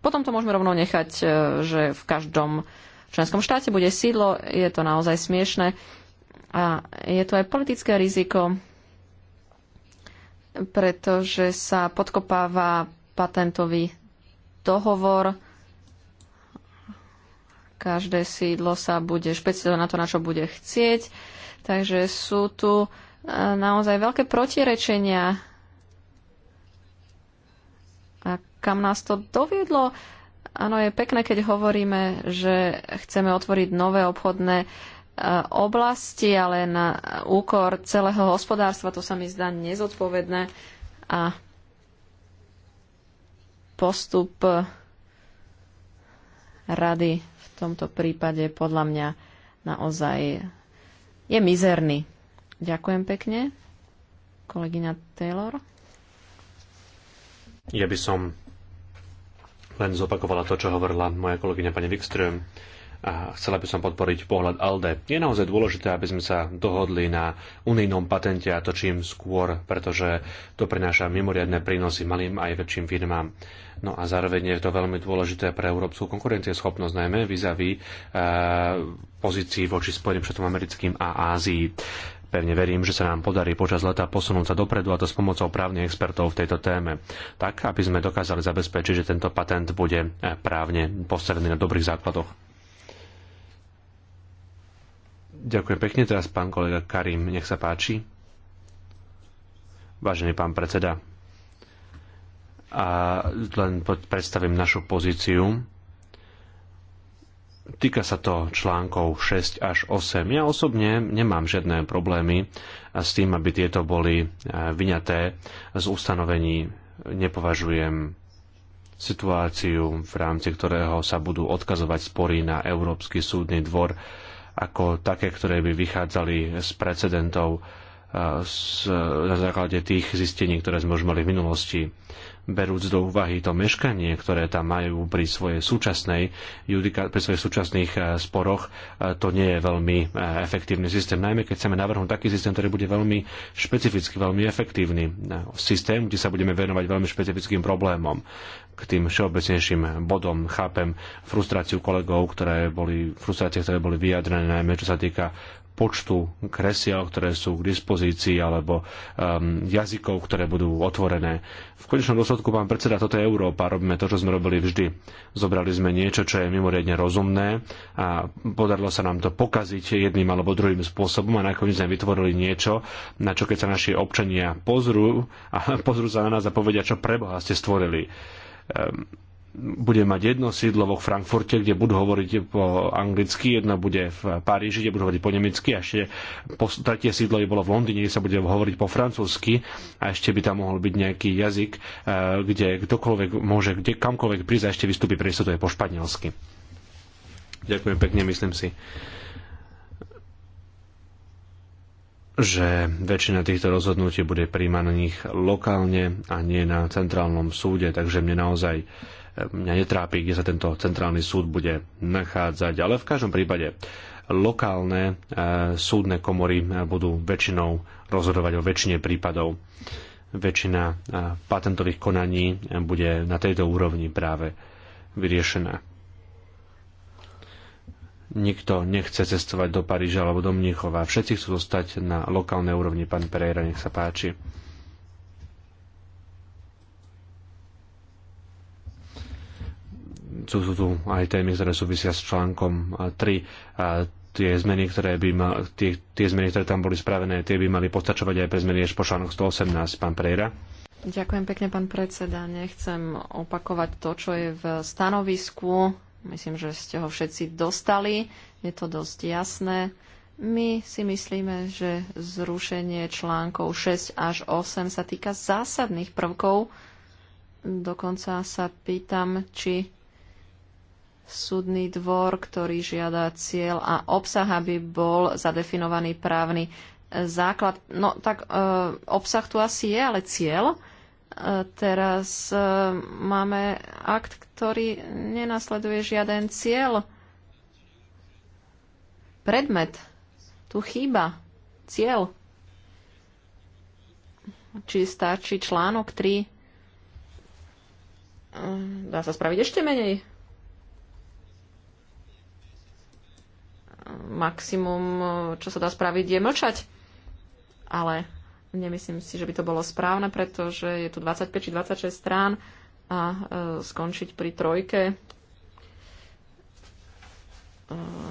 Potom to môžeme rovno nechať, e, že v každom členskom štáte bude sídlo. Je to naozaj smiešne. A je to aj politické riziko, pretože sa podkopáva patentový dohovor. Každé sídlo sa bude špecializovať na to, na čo bude chcieť. Takže sú tu e, naozaj veľké protirečenia. A kam nás to doviedlo? Áno, je pekné, keď hovoríme, že chceme otvoriť nové obchodné oblasti, ale na úkor celého hospodárstva. To sa mi zdá nezodpovedné a postup rady v tomto prípade podľa mňa naozaj je mizerný. Ďakujem pekne. Kolegyňa Taylor. Ja by som len zopakovala to, čo hovorila moja kolegyňa pani Wikström a chcela by som podporiť pohľad ALDE. Je naozaj dôležité, aby sme sa dohodli na unijnom patente a to čím skôr, pretože to prináša mimoriadne prínosy malým aj väčším firmám. No a zároveň je to veľmi dôležité pre európsku konkurencieschopnosť, najmä vyzaví a e, pozícií voči Spojeným štátom americkým a Ázii. Pevne verím, že sa nám podarí počas leta posunúť sa dopredu a to s pomocou právnych expertov v tejto téme, tak aby sme dokázali zabezpečiť, že tento patent bude e, právne postavený na dobrých základoch. Ďakujem pekne. Teraz pán kolega Karim, nech sa páči. Vážený pán predseda, a len predstavím našu pozíciu. Týka sa to článkov 6 až 8. Ja osobne nemám žiadne problémy s tým, aby tieto boli e, vyňaté z ustanovení. Nepovažujem situáciu, v rámci ktorého sa budú odkazovať spory na Európsky súdny dvor ako také, ktoré by vychádzali z precedentov z, na základe tých zistení, ktoré sme už mali v minulosti. Berúc do úvahy to meškanie, ktoré tam majú pri svojej súčasnej, pri svojich súčasných sporoch, to nie je veľmi efektívny systém. Najmä keď chceme navrhnúť taký systém, ktorý bude veľmi špecificky, veľmi efektívny. Systém, kde sa budeme venovať veľmi špecifickým problémom k tým všeobecnejším bodom. Chápem frustráciu kolegov, ktoré boli, frustrácie, ktoré boli vyjadrené, najmä čo sa týka počtu kresiel, ktoré sú k dispozícii, alebo um, jazykov, ktoré budú otvorené. V konečnom dôsledku, pán predseda, toto je Európa, robíme to, čo sme robili vždy. Zobrali sme niečo, čo je mimoriadne rozumné a podarilo sa nám to pokaziť jedným alebo druhým spôsobom a nakoniec sme vytvorili niečo, na čo keď sa naši občania pozrú a pozrú sa na nás a povedia, čo preboha ste stvorili Ehm, bude mať jedno sídlo vo Frankfurte, kde budú hovoriť po anglicky, jedno bude v Paríži, kde budú hovoriť po nemecky a ešte tretie sídlo by bolo v Londýne, kde sa bude hovoriť po francúzsky a ešte by tam mohol byť nejaký jazyk, ehm, kde ktokoľvek môže, kde kamkoľvek prísť a ešte vystúpi priestor, to je po španielsky. Ďakujem pekne, myslím si že väčšina týchto rozhodnutí bude príjmaných lokálne a nie na centrálnom súde, takže mne naozaj eh, mňa netrápi, kde sa tento centrálny súd bude nachádzať, ale v každom prípade lokálne e, súdne komory eh, budú väčšinou rozhodovať o väčšine prípadov. Väčšina e, patentových konaní bude na tejto úrovni práve vyriešená nikto nechce cestovať do Paríža alebo do Mníchova. Všetci chcú zostať na lokálnej úrovni. Pán Pereira, nech sa páči. Sú, sú tu aj témy, ktoré súvisia s článkom 3. A tie zmeny, ktoré by mal, tie, tie zmeny, ktoré tam boli spravené, tie by mali postačovať aj pre zmeny až po článok 118, pán Pereira. Ďakujem pekne, pán predseda. Nechcem opakovať to, čo je v stanovisku Myslím, že ste ho všetci dostali. Je to dosť jasné. My si myslíme, že zrušenie článkov 6 až 8 sa týka zásadných prvkov. Dokonca sa pýtam, či súdny dvor, ktorý žiada cieľ a obsah, aby bol zadefinovaný právny základ. No tak e, obsah tu asi je, ale cieľ Teraz e, máme akt, ktorý nenasleduje žiaden cieľ. Predmet. Tu chýba. Cieľ. Či stačí článok 3. E, dá sa spraviť ešte menej. maximum, e, čo sa dá spraviť, je mlčať. Ale Nemyslím si, že by to bolo správne, pretože je tu 25 či 26 strán a e, skončiť pri trojke e,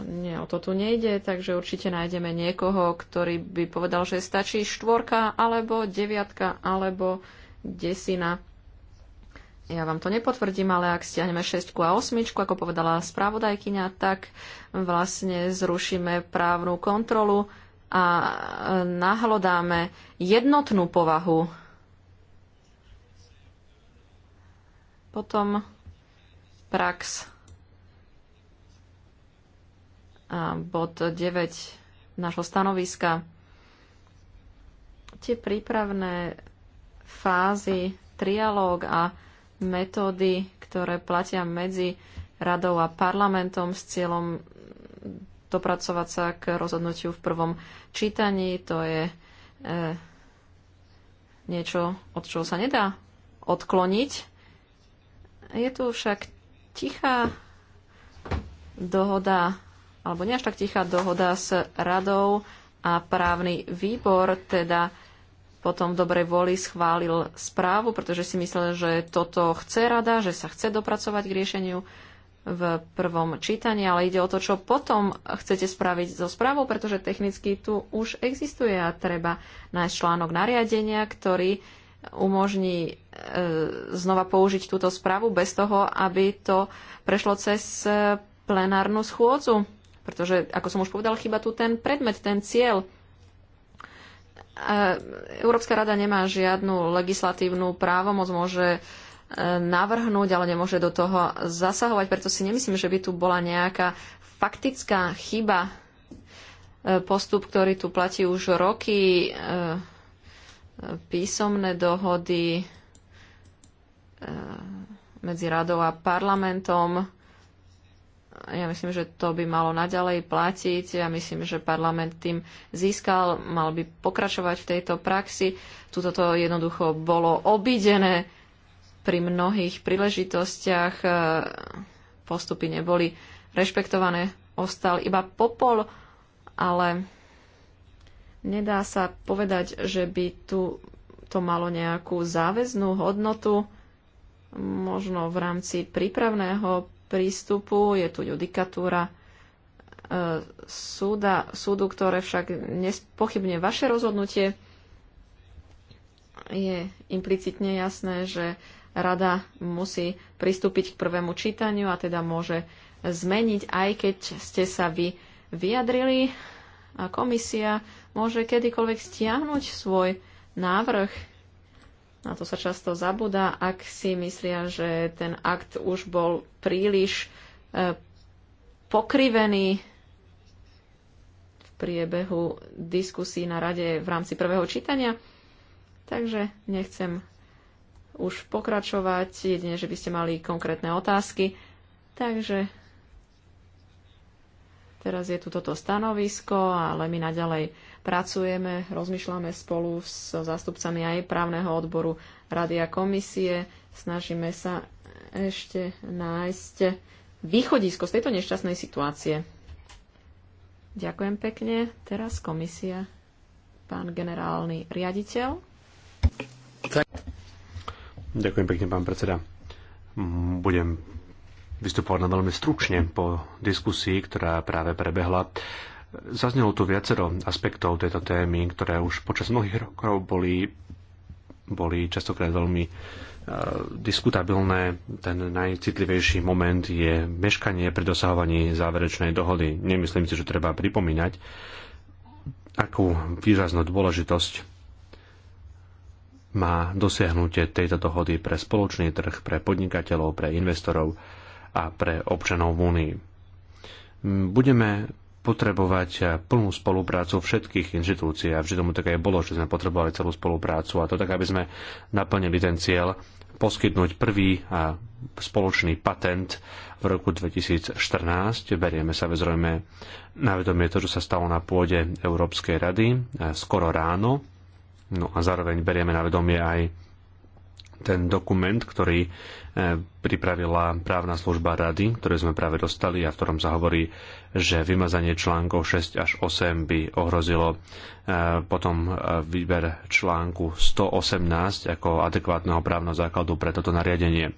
nie, o to tu nejde, takže určite nájdeme niekoho, ktorý by povedal, že stačí štvorka, alebo deviatka, alebo desina. Ja vám to nepotvrdím, ale ak stiahneme 6 a 8, ako povedala správodajkyňa, tak vlastne zrušíme právnu kontrolu a e, nahlodáme jednotnú povahu, potom prax a bod 9 nášho stanoviska. Tie prípravné fázy, trialóg a metódy, ktoré platia medzi radou a parlamentom s cieľom dopracovať sa k rozhodnutiu v prvom čítaní. To je e, niečo, od čoho sa nedá odkloniť. Je tu však tichá dohoda, alebo nie až tak tichá dohoda s radou a právny výbor teda potom v dobrej voli schválil správu, pretože si myslel, že toto chce rada, že sa chce dopracovať k riešeniu v prvom čítaní, ale ide o to, čo potom chcete spraviť so správou, pretože technicky tu už existuje a treba nájsť článok nariadenia, ktorý umožní e, znova použiť túto správu bez toho, aby to prešlo cez e, plenárnu schôdzu. Pretože, ako som už povedal, chyba tu ten predmet, ten cieľ. E, Európska rada nemá žiadnu legislatívnu právomoc, môže navrhnúť, ale nemôže do toho zasahovať. Preto si nemyslím, že by tu bola nejaká faktická chyba. E, postup, ktorý tu platí už roky, e, písomné dohody e, medzi radou a parlamentom. Ja myslím, že to by malo naďalej platiť. Ja myslím, že parlament tým získal, mal by pokračovať v tejto praxi. Tuto to jednoducho bolo obidené pri mnohých príležitostiach e, postupy neboli rešpektované, ostal iba popol, ale nedá sa povedať, že by tu to malo nejakú záväznú hodnotu. Možno v rámci prípravného prístupu je tu judikatúra e, súda, súdu, ktoré však nespochybne vaše rozhodnutie je implicitne jasné, že rada musí pristúpiť k prvému čítaniu a teda môže zmeniť, aj keď ste sa vy vyjadrili. A komisia môže kedykoľvek stiahnuť svoj návrh. Na to sa často zabúda, ak si myslia, že ten akt už bol príliš e, pokrivený v priebehu diskusí na rade v rámci prvého čítania. Takže nechcem už pokračovať, jedine, že by ste mali konkrétne otázky. Takže teraz je tu toto stanovisko, ale my naďalej pracujeme, rozmýšľame spolu s zástupcami aj právneho odboru Rady a komisie. Snažíme sa ešte nájsť východisko z tejto nešťastnej situácie. Ďakujem pekne. Teraz komisia, pán generálny riaditeľ. Ďakujem pekne, pán predseda. Budem vystupovať na veľmi stručne po diskusii, ktorá práve prebehla. Zaznelo tu viacero aspektov tejto témy, ktoré už počas mnohých rokov boli, boli častokrát veľmi e, diskutabilné. Ten najcitlivejší moment je meškanie pri dosahovaní záverečnej dohody. Nemyslím si, že treba pripomínať, akú výraznú dôležitosť má dosiahnutie tejto dohody pre spoločný trh, pre podnikateľov, pre investorov a pre občanov v Únii. Budeme potrebovať plnú spoluprácu všetkých inštitúcií a vždy tomu tak aj bolo, že sme potrebovali celú spoluprácu a to tak, aby sme naplnili ten cieľ poskytnúť prvý a spoločný patent v roku 2014. Berieme sa vezrojme na vedomie to, čo sa stalo na pôde Európskej rady eh, skoro ráno No a zároveň berieme na vedomie aj ten dokument, ktorý e, pripravila právna služba rady, ktorý sme práve dostali a v ktorom sa hovorí, že vymazanie článkov 6 až 8 by ohrozilo e, potom e, výber článku 118 ako adekvátneho právneho základu pre toto nariadenie.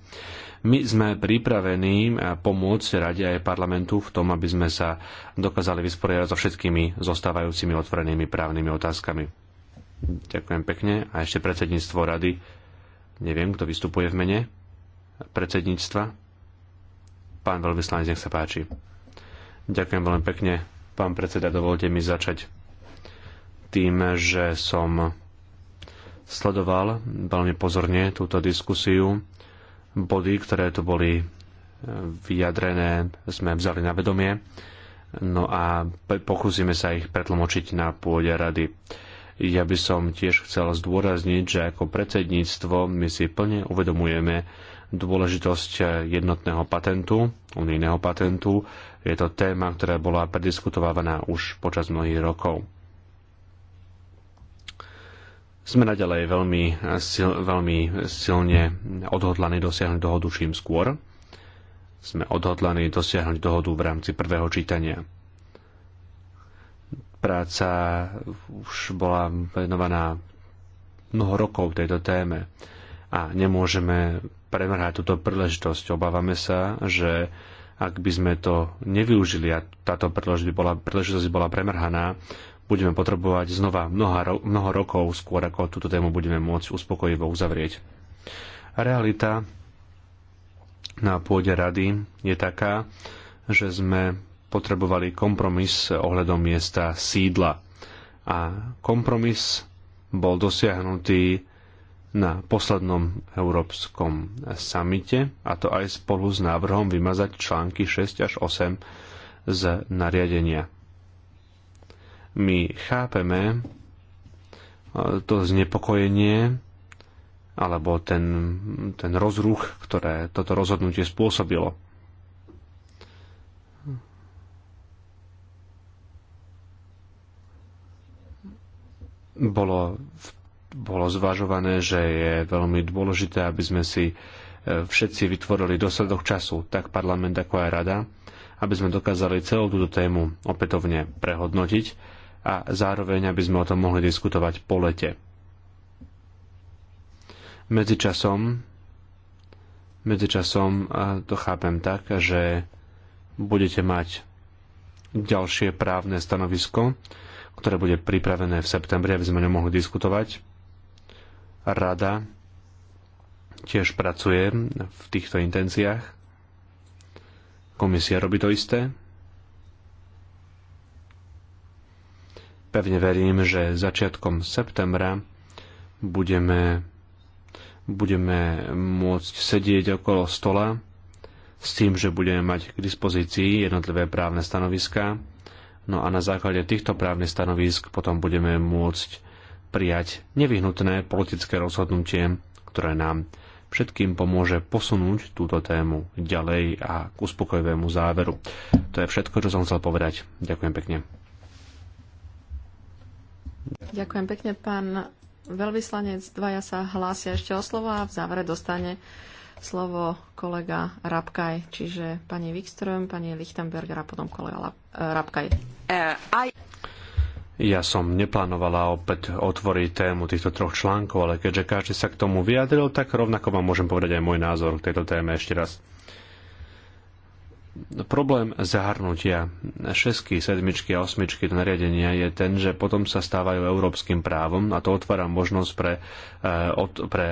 My sme pripravení pomôcť Rade aj parlamentu v tom, aby sme sa dokázali vysporiadať so všetkými zostávajúcimi otvorenými právnymi otázkami. Ďakujem pekne. A ešte predsedníctvo rady. Neviem, kto vystupuje v mene predsedníctva. Pán veľvyslanec, nech sa páči. Ďakujem veľmi pekne. Pán predseda, dovolte mi začať tým, že som sledoval veľmi pozorne túto diskusiu. Body, ktoré tu boli vyjadrené, sme vzali na vedomie. No a pokúsime sa ich pretlmočiť na pôde rady. Ja by som tiež chcel zdôrazniť, že ako predsedníctvo my si plne uvedomujeme dôležitosť jednotného patentu, unijného patentu. Je to téma, ktorá bola prediskutovaná už počas mnohých rokov. Sme naďalej veľmi, sil, veľmi silne odhodlaní dosiahnuť dohodu čím skôr. Sme odhodlaní dosiahnuť dohodu v rámci prvého čítania. Práca už bola venovaná mnoho rokov tejto téme a nemôžeme premrhať túto príležitosť. Obávame sa, že ak by sme to nevyužili a táto príležitosť bola, príležitosť bola premrhaná, budeme potrebovať znova mnoha, mnoho rokov skôr, ako túto tému budeme môcť uspokojivo uzavrieť. Realita na pôde rady je taká, že sme potrebovali kompromis ohľadom miesta sídla. A kompromis bol dosiahnutý na poslednom európskom samite, a to aj spolu s návrhom vymazať články 6 až 8 z nariadenia. My chápeme e, to znepokojenie alebo ten, ten rozruch, ktoré toto rozhodnutie spôsobilo. bolo, bolo zvažované, že je veľmi dôležité, aby sme si e, všetci vytvorili dosledok času, tak parlament ako aj rada, aby sme dokázali celú túto tému opätovne prehodnotiť a zároveň, aby sme o tom mohli diskutovať po lete. Medzičasom, medzičasom e, to chápem tak, že budete mať ďalšie právne stanovisko, ktoré bude pripravené v septembri, aby sme ňom mohli diskutovať. Rada tiež pracuje v týchto intenciách. Komisia robí to isté. Pevne verím, že začiatkom septembra budeme, budeme môcť sedieť okolo stola s tým, že budeme mať k dispozícii jednotlivé právne stanoviská No a na základe týchto právnych stanovisk potom budeme môcť prijať nevyhnutné politické rozhodnutie, ktoré nám všetkým pomôže posunúť túto tému ďalej a k uspokojivému záveru. To je všetko, čo som chcel povedať. Ďakujem pekne. Ďakujem pekne, pán veľvyslanec. Dvaja sa hlásia ešte o slovo a v závere dostane slovo kolega Rabkaj, čiže pani Wikström, pani Lichtenberger a potom kolega eh, Rabkaj. Eh, ja som neplánovala opäť otvoriť tému týchto troch článkov, ale keďže každý sa k tomu vyjadril, tak rovnako vám môžem povedať aj môj názor k tejto téme ešte raz problém zahrnutia šesky, sedmičky a osmičky do nariadenia je ten, že potom sa stávajú európskym právom a to otvára možnosť pre, eh, pre,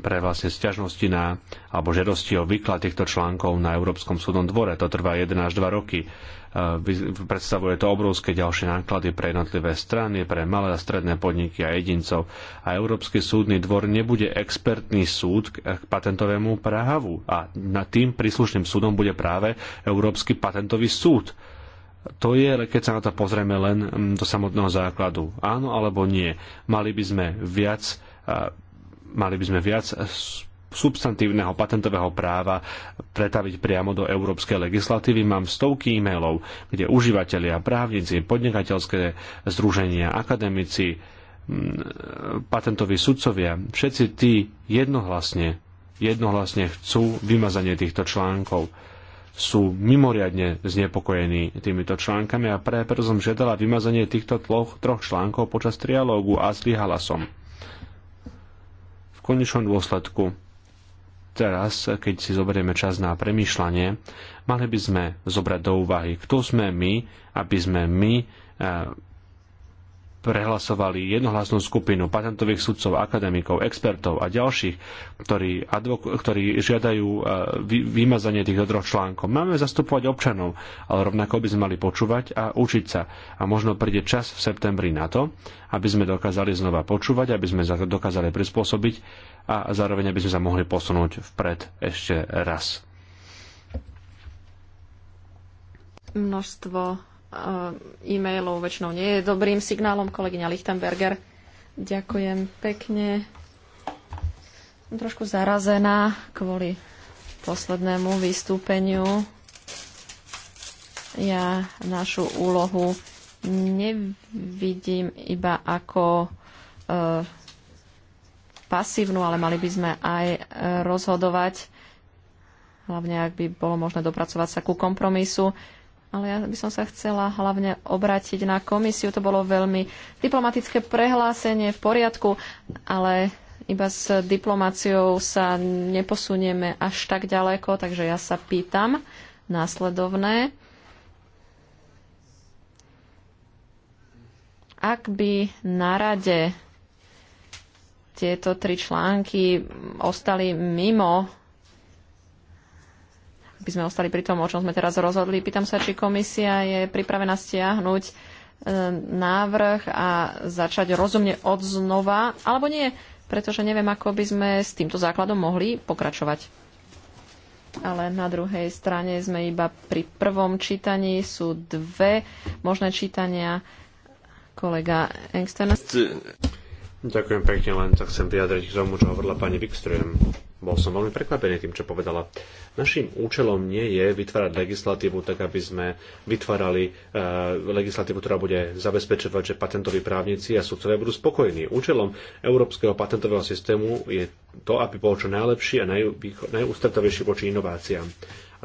pre vlastne stiažnosti na, alebo žiadosti o výklad týchto článkov na Európskom súdnom dvore. To trvá 1 až 2 roky Predstavuje to obrovské ďalšie náklady pre jednotlivé strany, pre malé a stredné podniky a jedincov. A Európsky súdny dvor nebude expertný súd k patentovému právu. A nad tým príslušným súdom bude práve Európsky patentový súd. To je, keď sa na to pozrieme len mm, do samotného základu. Áno alebo nie. Mali by sme viac mali by sme viac substantívneho patentového práva pretaviť priamo do európskej legislatívy. Mám stovky e-mailov, kde užívateľia, právnici, podnikateľské združenia, akademici, patentoví sudcovia, všetci tí jednohlasne, jednohlasne chcú vymazanie týchto článkov sú mimoriadne znepokojení týmito článkami a preto som žiadala vymazanie týchto tloch, troch článkov počas trialógu a zlyhala som. V konečnom dôsledku teraz, keď si zoberieme čas na premýšľanie, mali by sme zobrať do úvahy, kto sme my, aby sme my eh, prehlasovali jednohlasnú skupinu patentových sudcov, akademikov, expertov a ďalších, ktorí, advok- ktorí žiadajú e, vy- vymazanie týchto troch článkov. Máme zastupovať občanov, ale rovnako by sme mali počúvať a učiť sa. A možno príde čas v septembri na to, aby sme dokázali znova počúvať, aby sme dokázali prispôsobiť a zároveň aby sme sa mohli posunúť vpred ešte raz. Množstvo E, e-mailov väčšinou nie je dobrým signálom. Kolegyňa Lichtenberger, ďakujem pekne. Som trošku zarazená kvôli poslednému vystúpeniu. Ja našu úlohu nevidím iba ako e, pasívnu, ale mali by sme aj e, rozhodovať, hlavne ak by bolo možné dopracovať sa ku kompromisu ale ja by som sa chcela hlavne obrátiť na komisiu. To bolo veľmi diplomatické prehlásenie v poriadku, ale iba s diplomáciou sa neposunieme až tak ďaleko, takže ja sa pýtam následovné. Ak by na rade tieto tri články ostali mimo by sme ostali pri tom, o čom sme teraz rozhodli. Pýtam sa, či komisia je pripravená stiahnuť e, návrh a začať rozumne od znova, alebo nie, pretože neviem, ako by sme s týmto základom mohli pokračovať. Ale na druhej strane sme iba pri prvom čítaní, sú dve možné čítania. Kolega Engsten. Ďakujem pekne, len tak chcem vyjadriť k tomu, čo hovorila pani Wikström bol som veľmi prekvapený tým, čo povedala. Naším účelom nie je vytvárať legislatívu tak, aby sme vytvárali e, legislatívu, ktorá bude zabezpečovať, že patentoví právnici a sudcovia budú spokojní. Účelom Európskeho patentového systému je to, aby bol čo najlepší a naj, najústretovejší voči inováciám.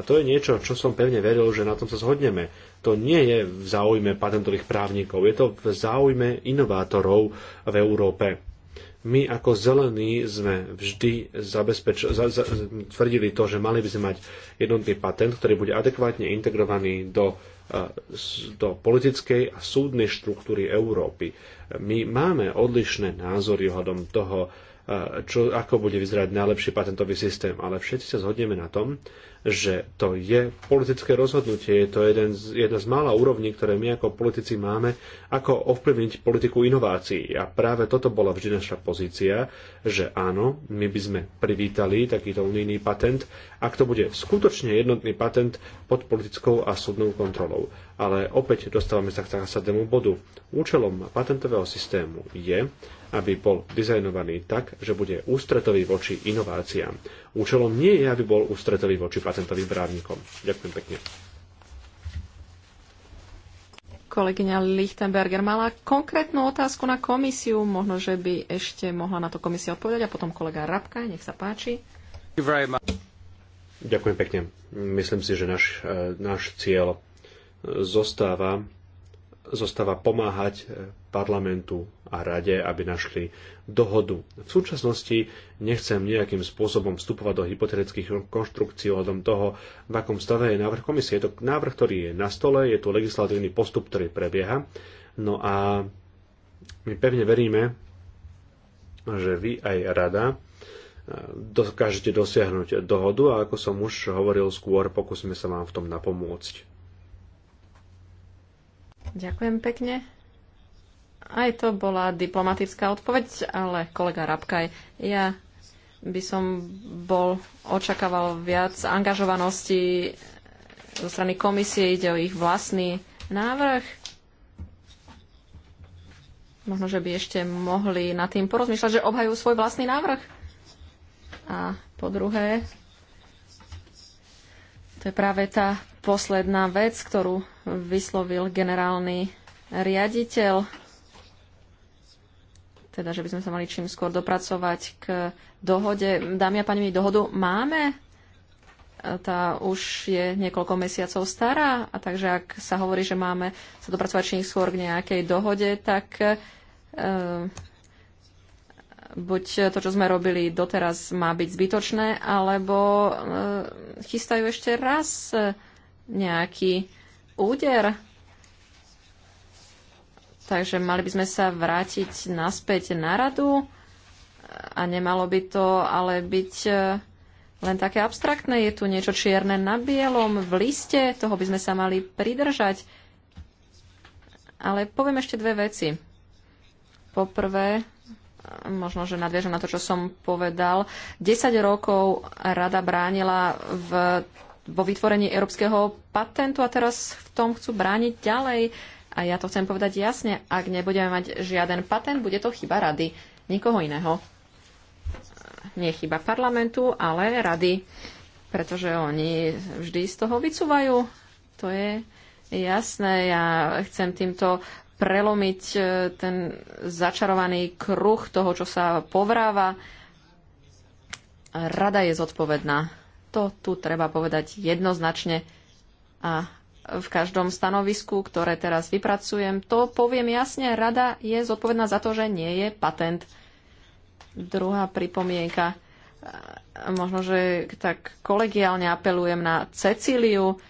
A to je niečo, čo som pevne veril, že na tom sa zhodneme. To nie je v záujme patentových právnikov, je to v záujme inovátorov v Európe my ako zelení sme vždy zabezpeč- za- za- tvrdili to, že mali by sme mať jednotný patent, ktorý bude adekvátne integrovaný do e, do politickej a súdnej štruktúry Európy. My máme odlišné názory ohľadom toho, e, čo, ako bude vyzerať najlepší patentový systém, ale všetci sa zhodneme na tom, že to je politické rozhodnutie, je to jeden z, jedna z mála úrovní, ktoré my ako politici máme, ako ovplyvniť politiku inovácií. A práve toto bola vždy naša pozícia, že áno, my by sme privítali takýto unijný patent, ak to bude skutočne jednotný patent pod politickou a súdnou kontrolou. Ale opäť dostávame sa k zásadnému bodu. Účelom patentového systému je, aby bol dizajnovaný tak, že bude ústretový voči inováciám Účelom nie je, aby bol ústretový voči patentovým právnikom. Ďakujem pekne. Kolegyňa Lichtenberger mala konkrétnu otázku na komisiu. Možno, že by ešte mohla na to komisia odpovedať a potom kolega Rabka, nech sa páči. Ďakujem pekne. Myslím si, že náš, eh, náš cieľ eh, zostáva zostáva pomáhať eh, parlamentu a rade, aby našli dohodu. V súčasnosti nechcem nejakým spôsobom vstupovať do hypotetických konštrukcií ohľadom toho, v akom stave je návrh komisie. Je to návrh, ktorý je na stole, je tu legislatívny postup, ktorý prebieha. No a my pevne veríme, že vy aj rada eh, dokážete dosiahnuť dohodu a ako som už hovoril skôr, pokúsime sa vám v tom napomôcť. Ďakujem pekne. Aj to bola diplomatická odpoveď, ale kolega Rabkaj, ja by som bol očakával viac angažovanosti zo strany komisie, ide o ich vlastný návrh. Možno, že by ešte mohli nad tým porozmýšľať, že obhajú svoj vlastný návrh. A po druhé, to je práve tá posledná vec, ktorú vyslovil generálny riaditeľ, teda, že by sme sa mali čím skôr dopracovať k dohode. Dámy a pani, dohodu máme. Tá už je niekoľko mesiacov stará a takže ak sa hovorí, že máme sa dopracovať čím skôr k nejakej dohode, tak e buď to, čo sme robili doteraz, má byť zbytočné, alebo e, chystajú ešte raz nejaký úder. Takže mali by sme sa vrátiť naspäť na radu a nemalo by to ale byť e, len také abstraktné. Je tu niečo čierne na bielom v liste, toho by sme sa mali pridržať. Ale poviem ešte dve veci. Poprvé, možno, že nadviežem na to, čo som povedal. 10 rokov rada bránila v vo vytvorení európskeho patentu a teraz v tom chcú brániť ďalej. A ja to chcem povedať jasne, ak nebudeme mať žiaden patent, bude to chyba rady, nikoho iného. Nie chyba parlamentu, ale rady, pretože oni vždy z toho vycúvajú. To je jasné. Ja chcem týmto prelomiť e, ten začarovaný kruh toho, čo sa povráva. Rada je zodpovedná to tu treba povedať jednoznačne. A v každom stanovisku, ktoré teraz vypracujem, to poviem jasne, rada je zodpovedná za to, že nie je patent. Druhá pripomienka. Možno, že tak kolegiálne apelujem na Cecíliu.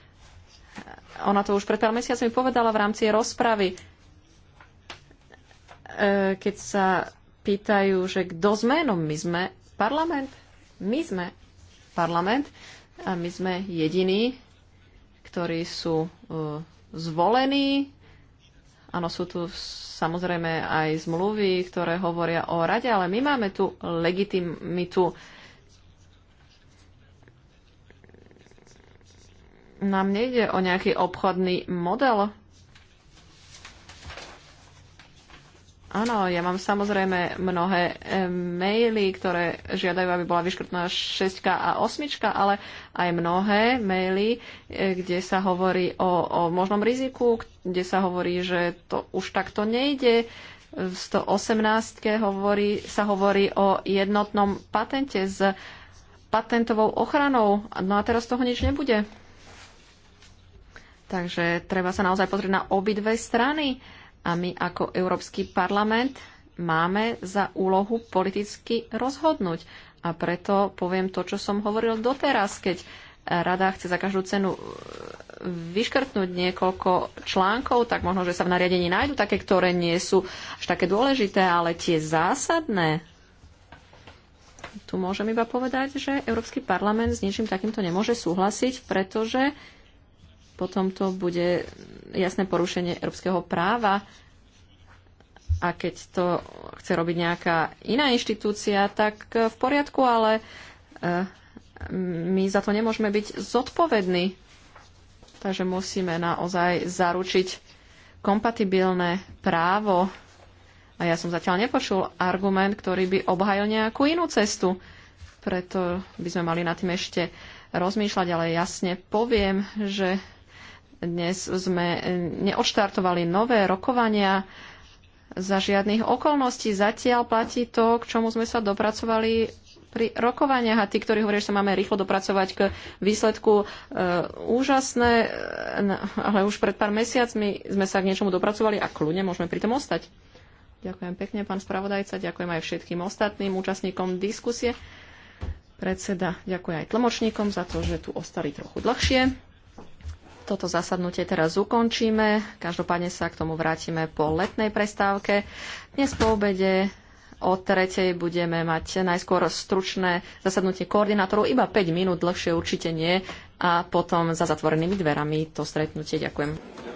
Ona to už pred pár mesiacmi povedala v rámci rozpravy, e, keď sa pýtajú, že kto sme, no my sme parlament. My sme parlament a my sme jediní, ktorí sú e, zvolení. Áno, sú tu samozrejme aj zmluvy, ktoré hovoria o rade, ale my máme tu legitimitu. Nám nejde o nejaký obchodný model. Áno, ja mám samozrejme mnohé eh, maily, ktoré žiadajú, aby bola vyškrtná 6 a 8, ale aj mnohé maily, eh, kde sa hovorí o, o možnom riziku, kde sa hovorí, že to už takto nejde. V 118 hovorí, sa hovorí o jednotnom patente s patentovou ochranou. No a teraz toho nič nebude. Takže treba sa naozaj pozrieť na obidve strany a my ako Európsky parlament máme za úlohu politicky rozhodnúť. A preto poviem to, čo som hovoril doteraz, keď rada chce za každú cenu e, vyškrtnúť niekoľko článkov, tak možno, že sa v nariadení nájdú také, ktoré nie sú až také dôležité, ale tie zásadné. Tu môžem iba povedať, že Európsky parlament s niečím takýmto nemôže súhlasiť, pretože potom to bude jasné porušenie európskeho práva. A keď to chce robiť nejaká iná inštitúcia, tak e, v poriadku, ale e, my za to nemôžeme byť zodpovední. Takže musíme naozaj zaručiť kompatibilné právo. A ja som zatiaľ nepočul argument, ktorý by obhajil nejakú inú cestu. Preto by sme mali na tým ešte rozmýšľať, ale jasne poviem, že dnes sme eh, neodštartovali nové rokovania za žiadnych okolností. Zatiaľ platí to, k čomu sme sa dopracovali pri rokovaniach a tí, ktorí hovoria, že sa máme rýchlo dopracovať k výsledku, e, úžasné, e, ale už pred pár mesiacmi sme sa k niečomu dopracovali a kľudne môžeme pri tom ostať. Ďakujem pekne, pán spravodajca, ďakujem aj všetkým ostatným účastníkom diskusie. Predseda, ďakujem aj tlmočníkom za to, že tu ostali trochu dlhšie. Toto zasadnutie teraz ukončíme. Každopádne sa k tomu vrátime po letnej prestávke. Dnes po obede o tretej budeme mať najskôr stručné zasadnutie koordinátorov, iba 5 minút dlhšie určite nie, a potom za zatvorenými dverami to stretnutie. Ďakujem.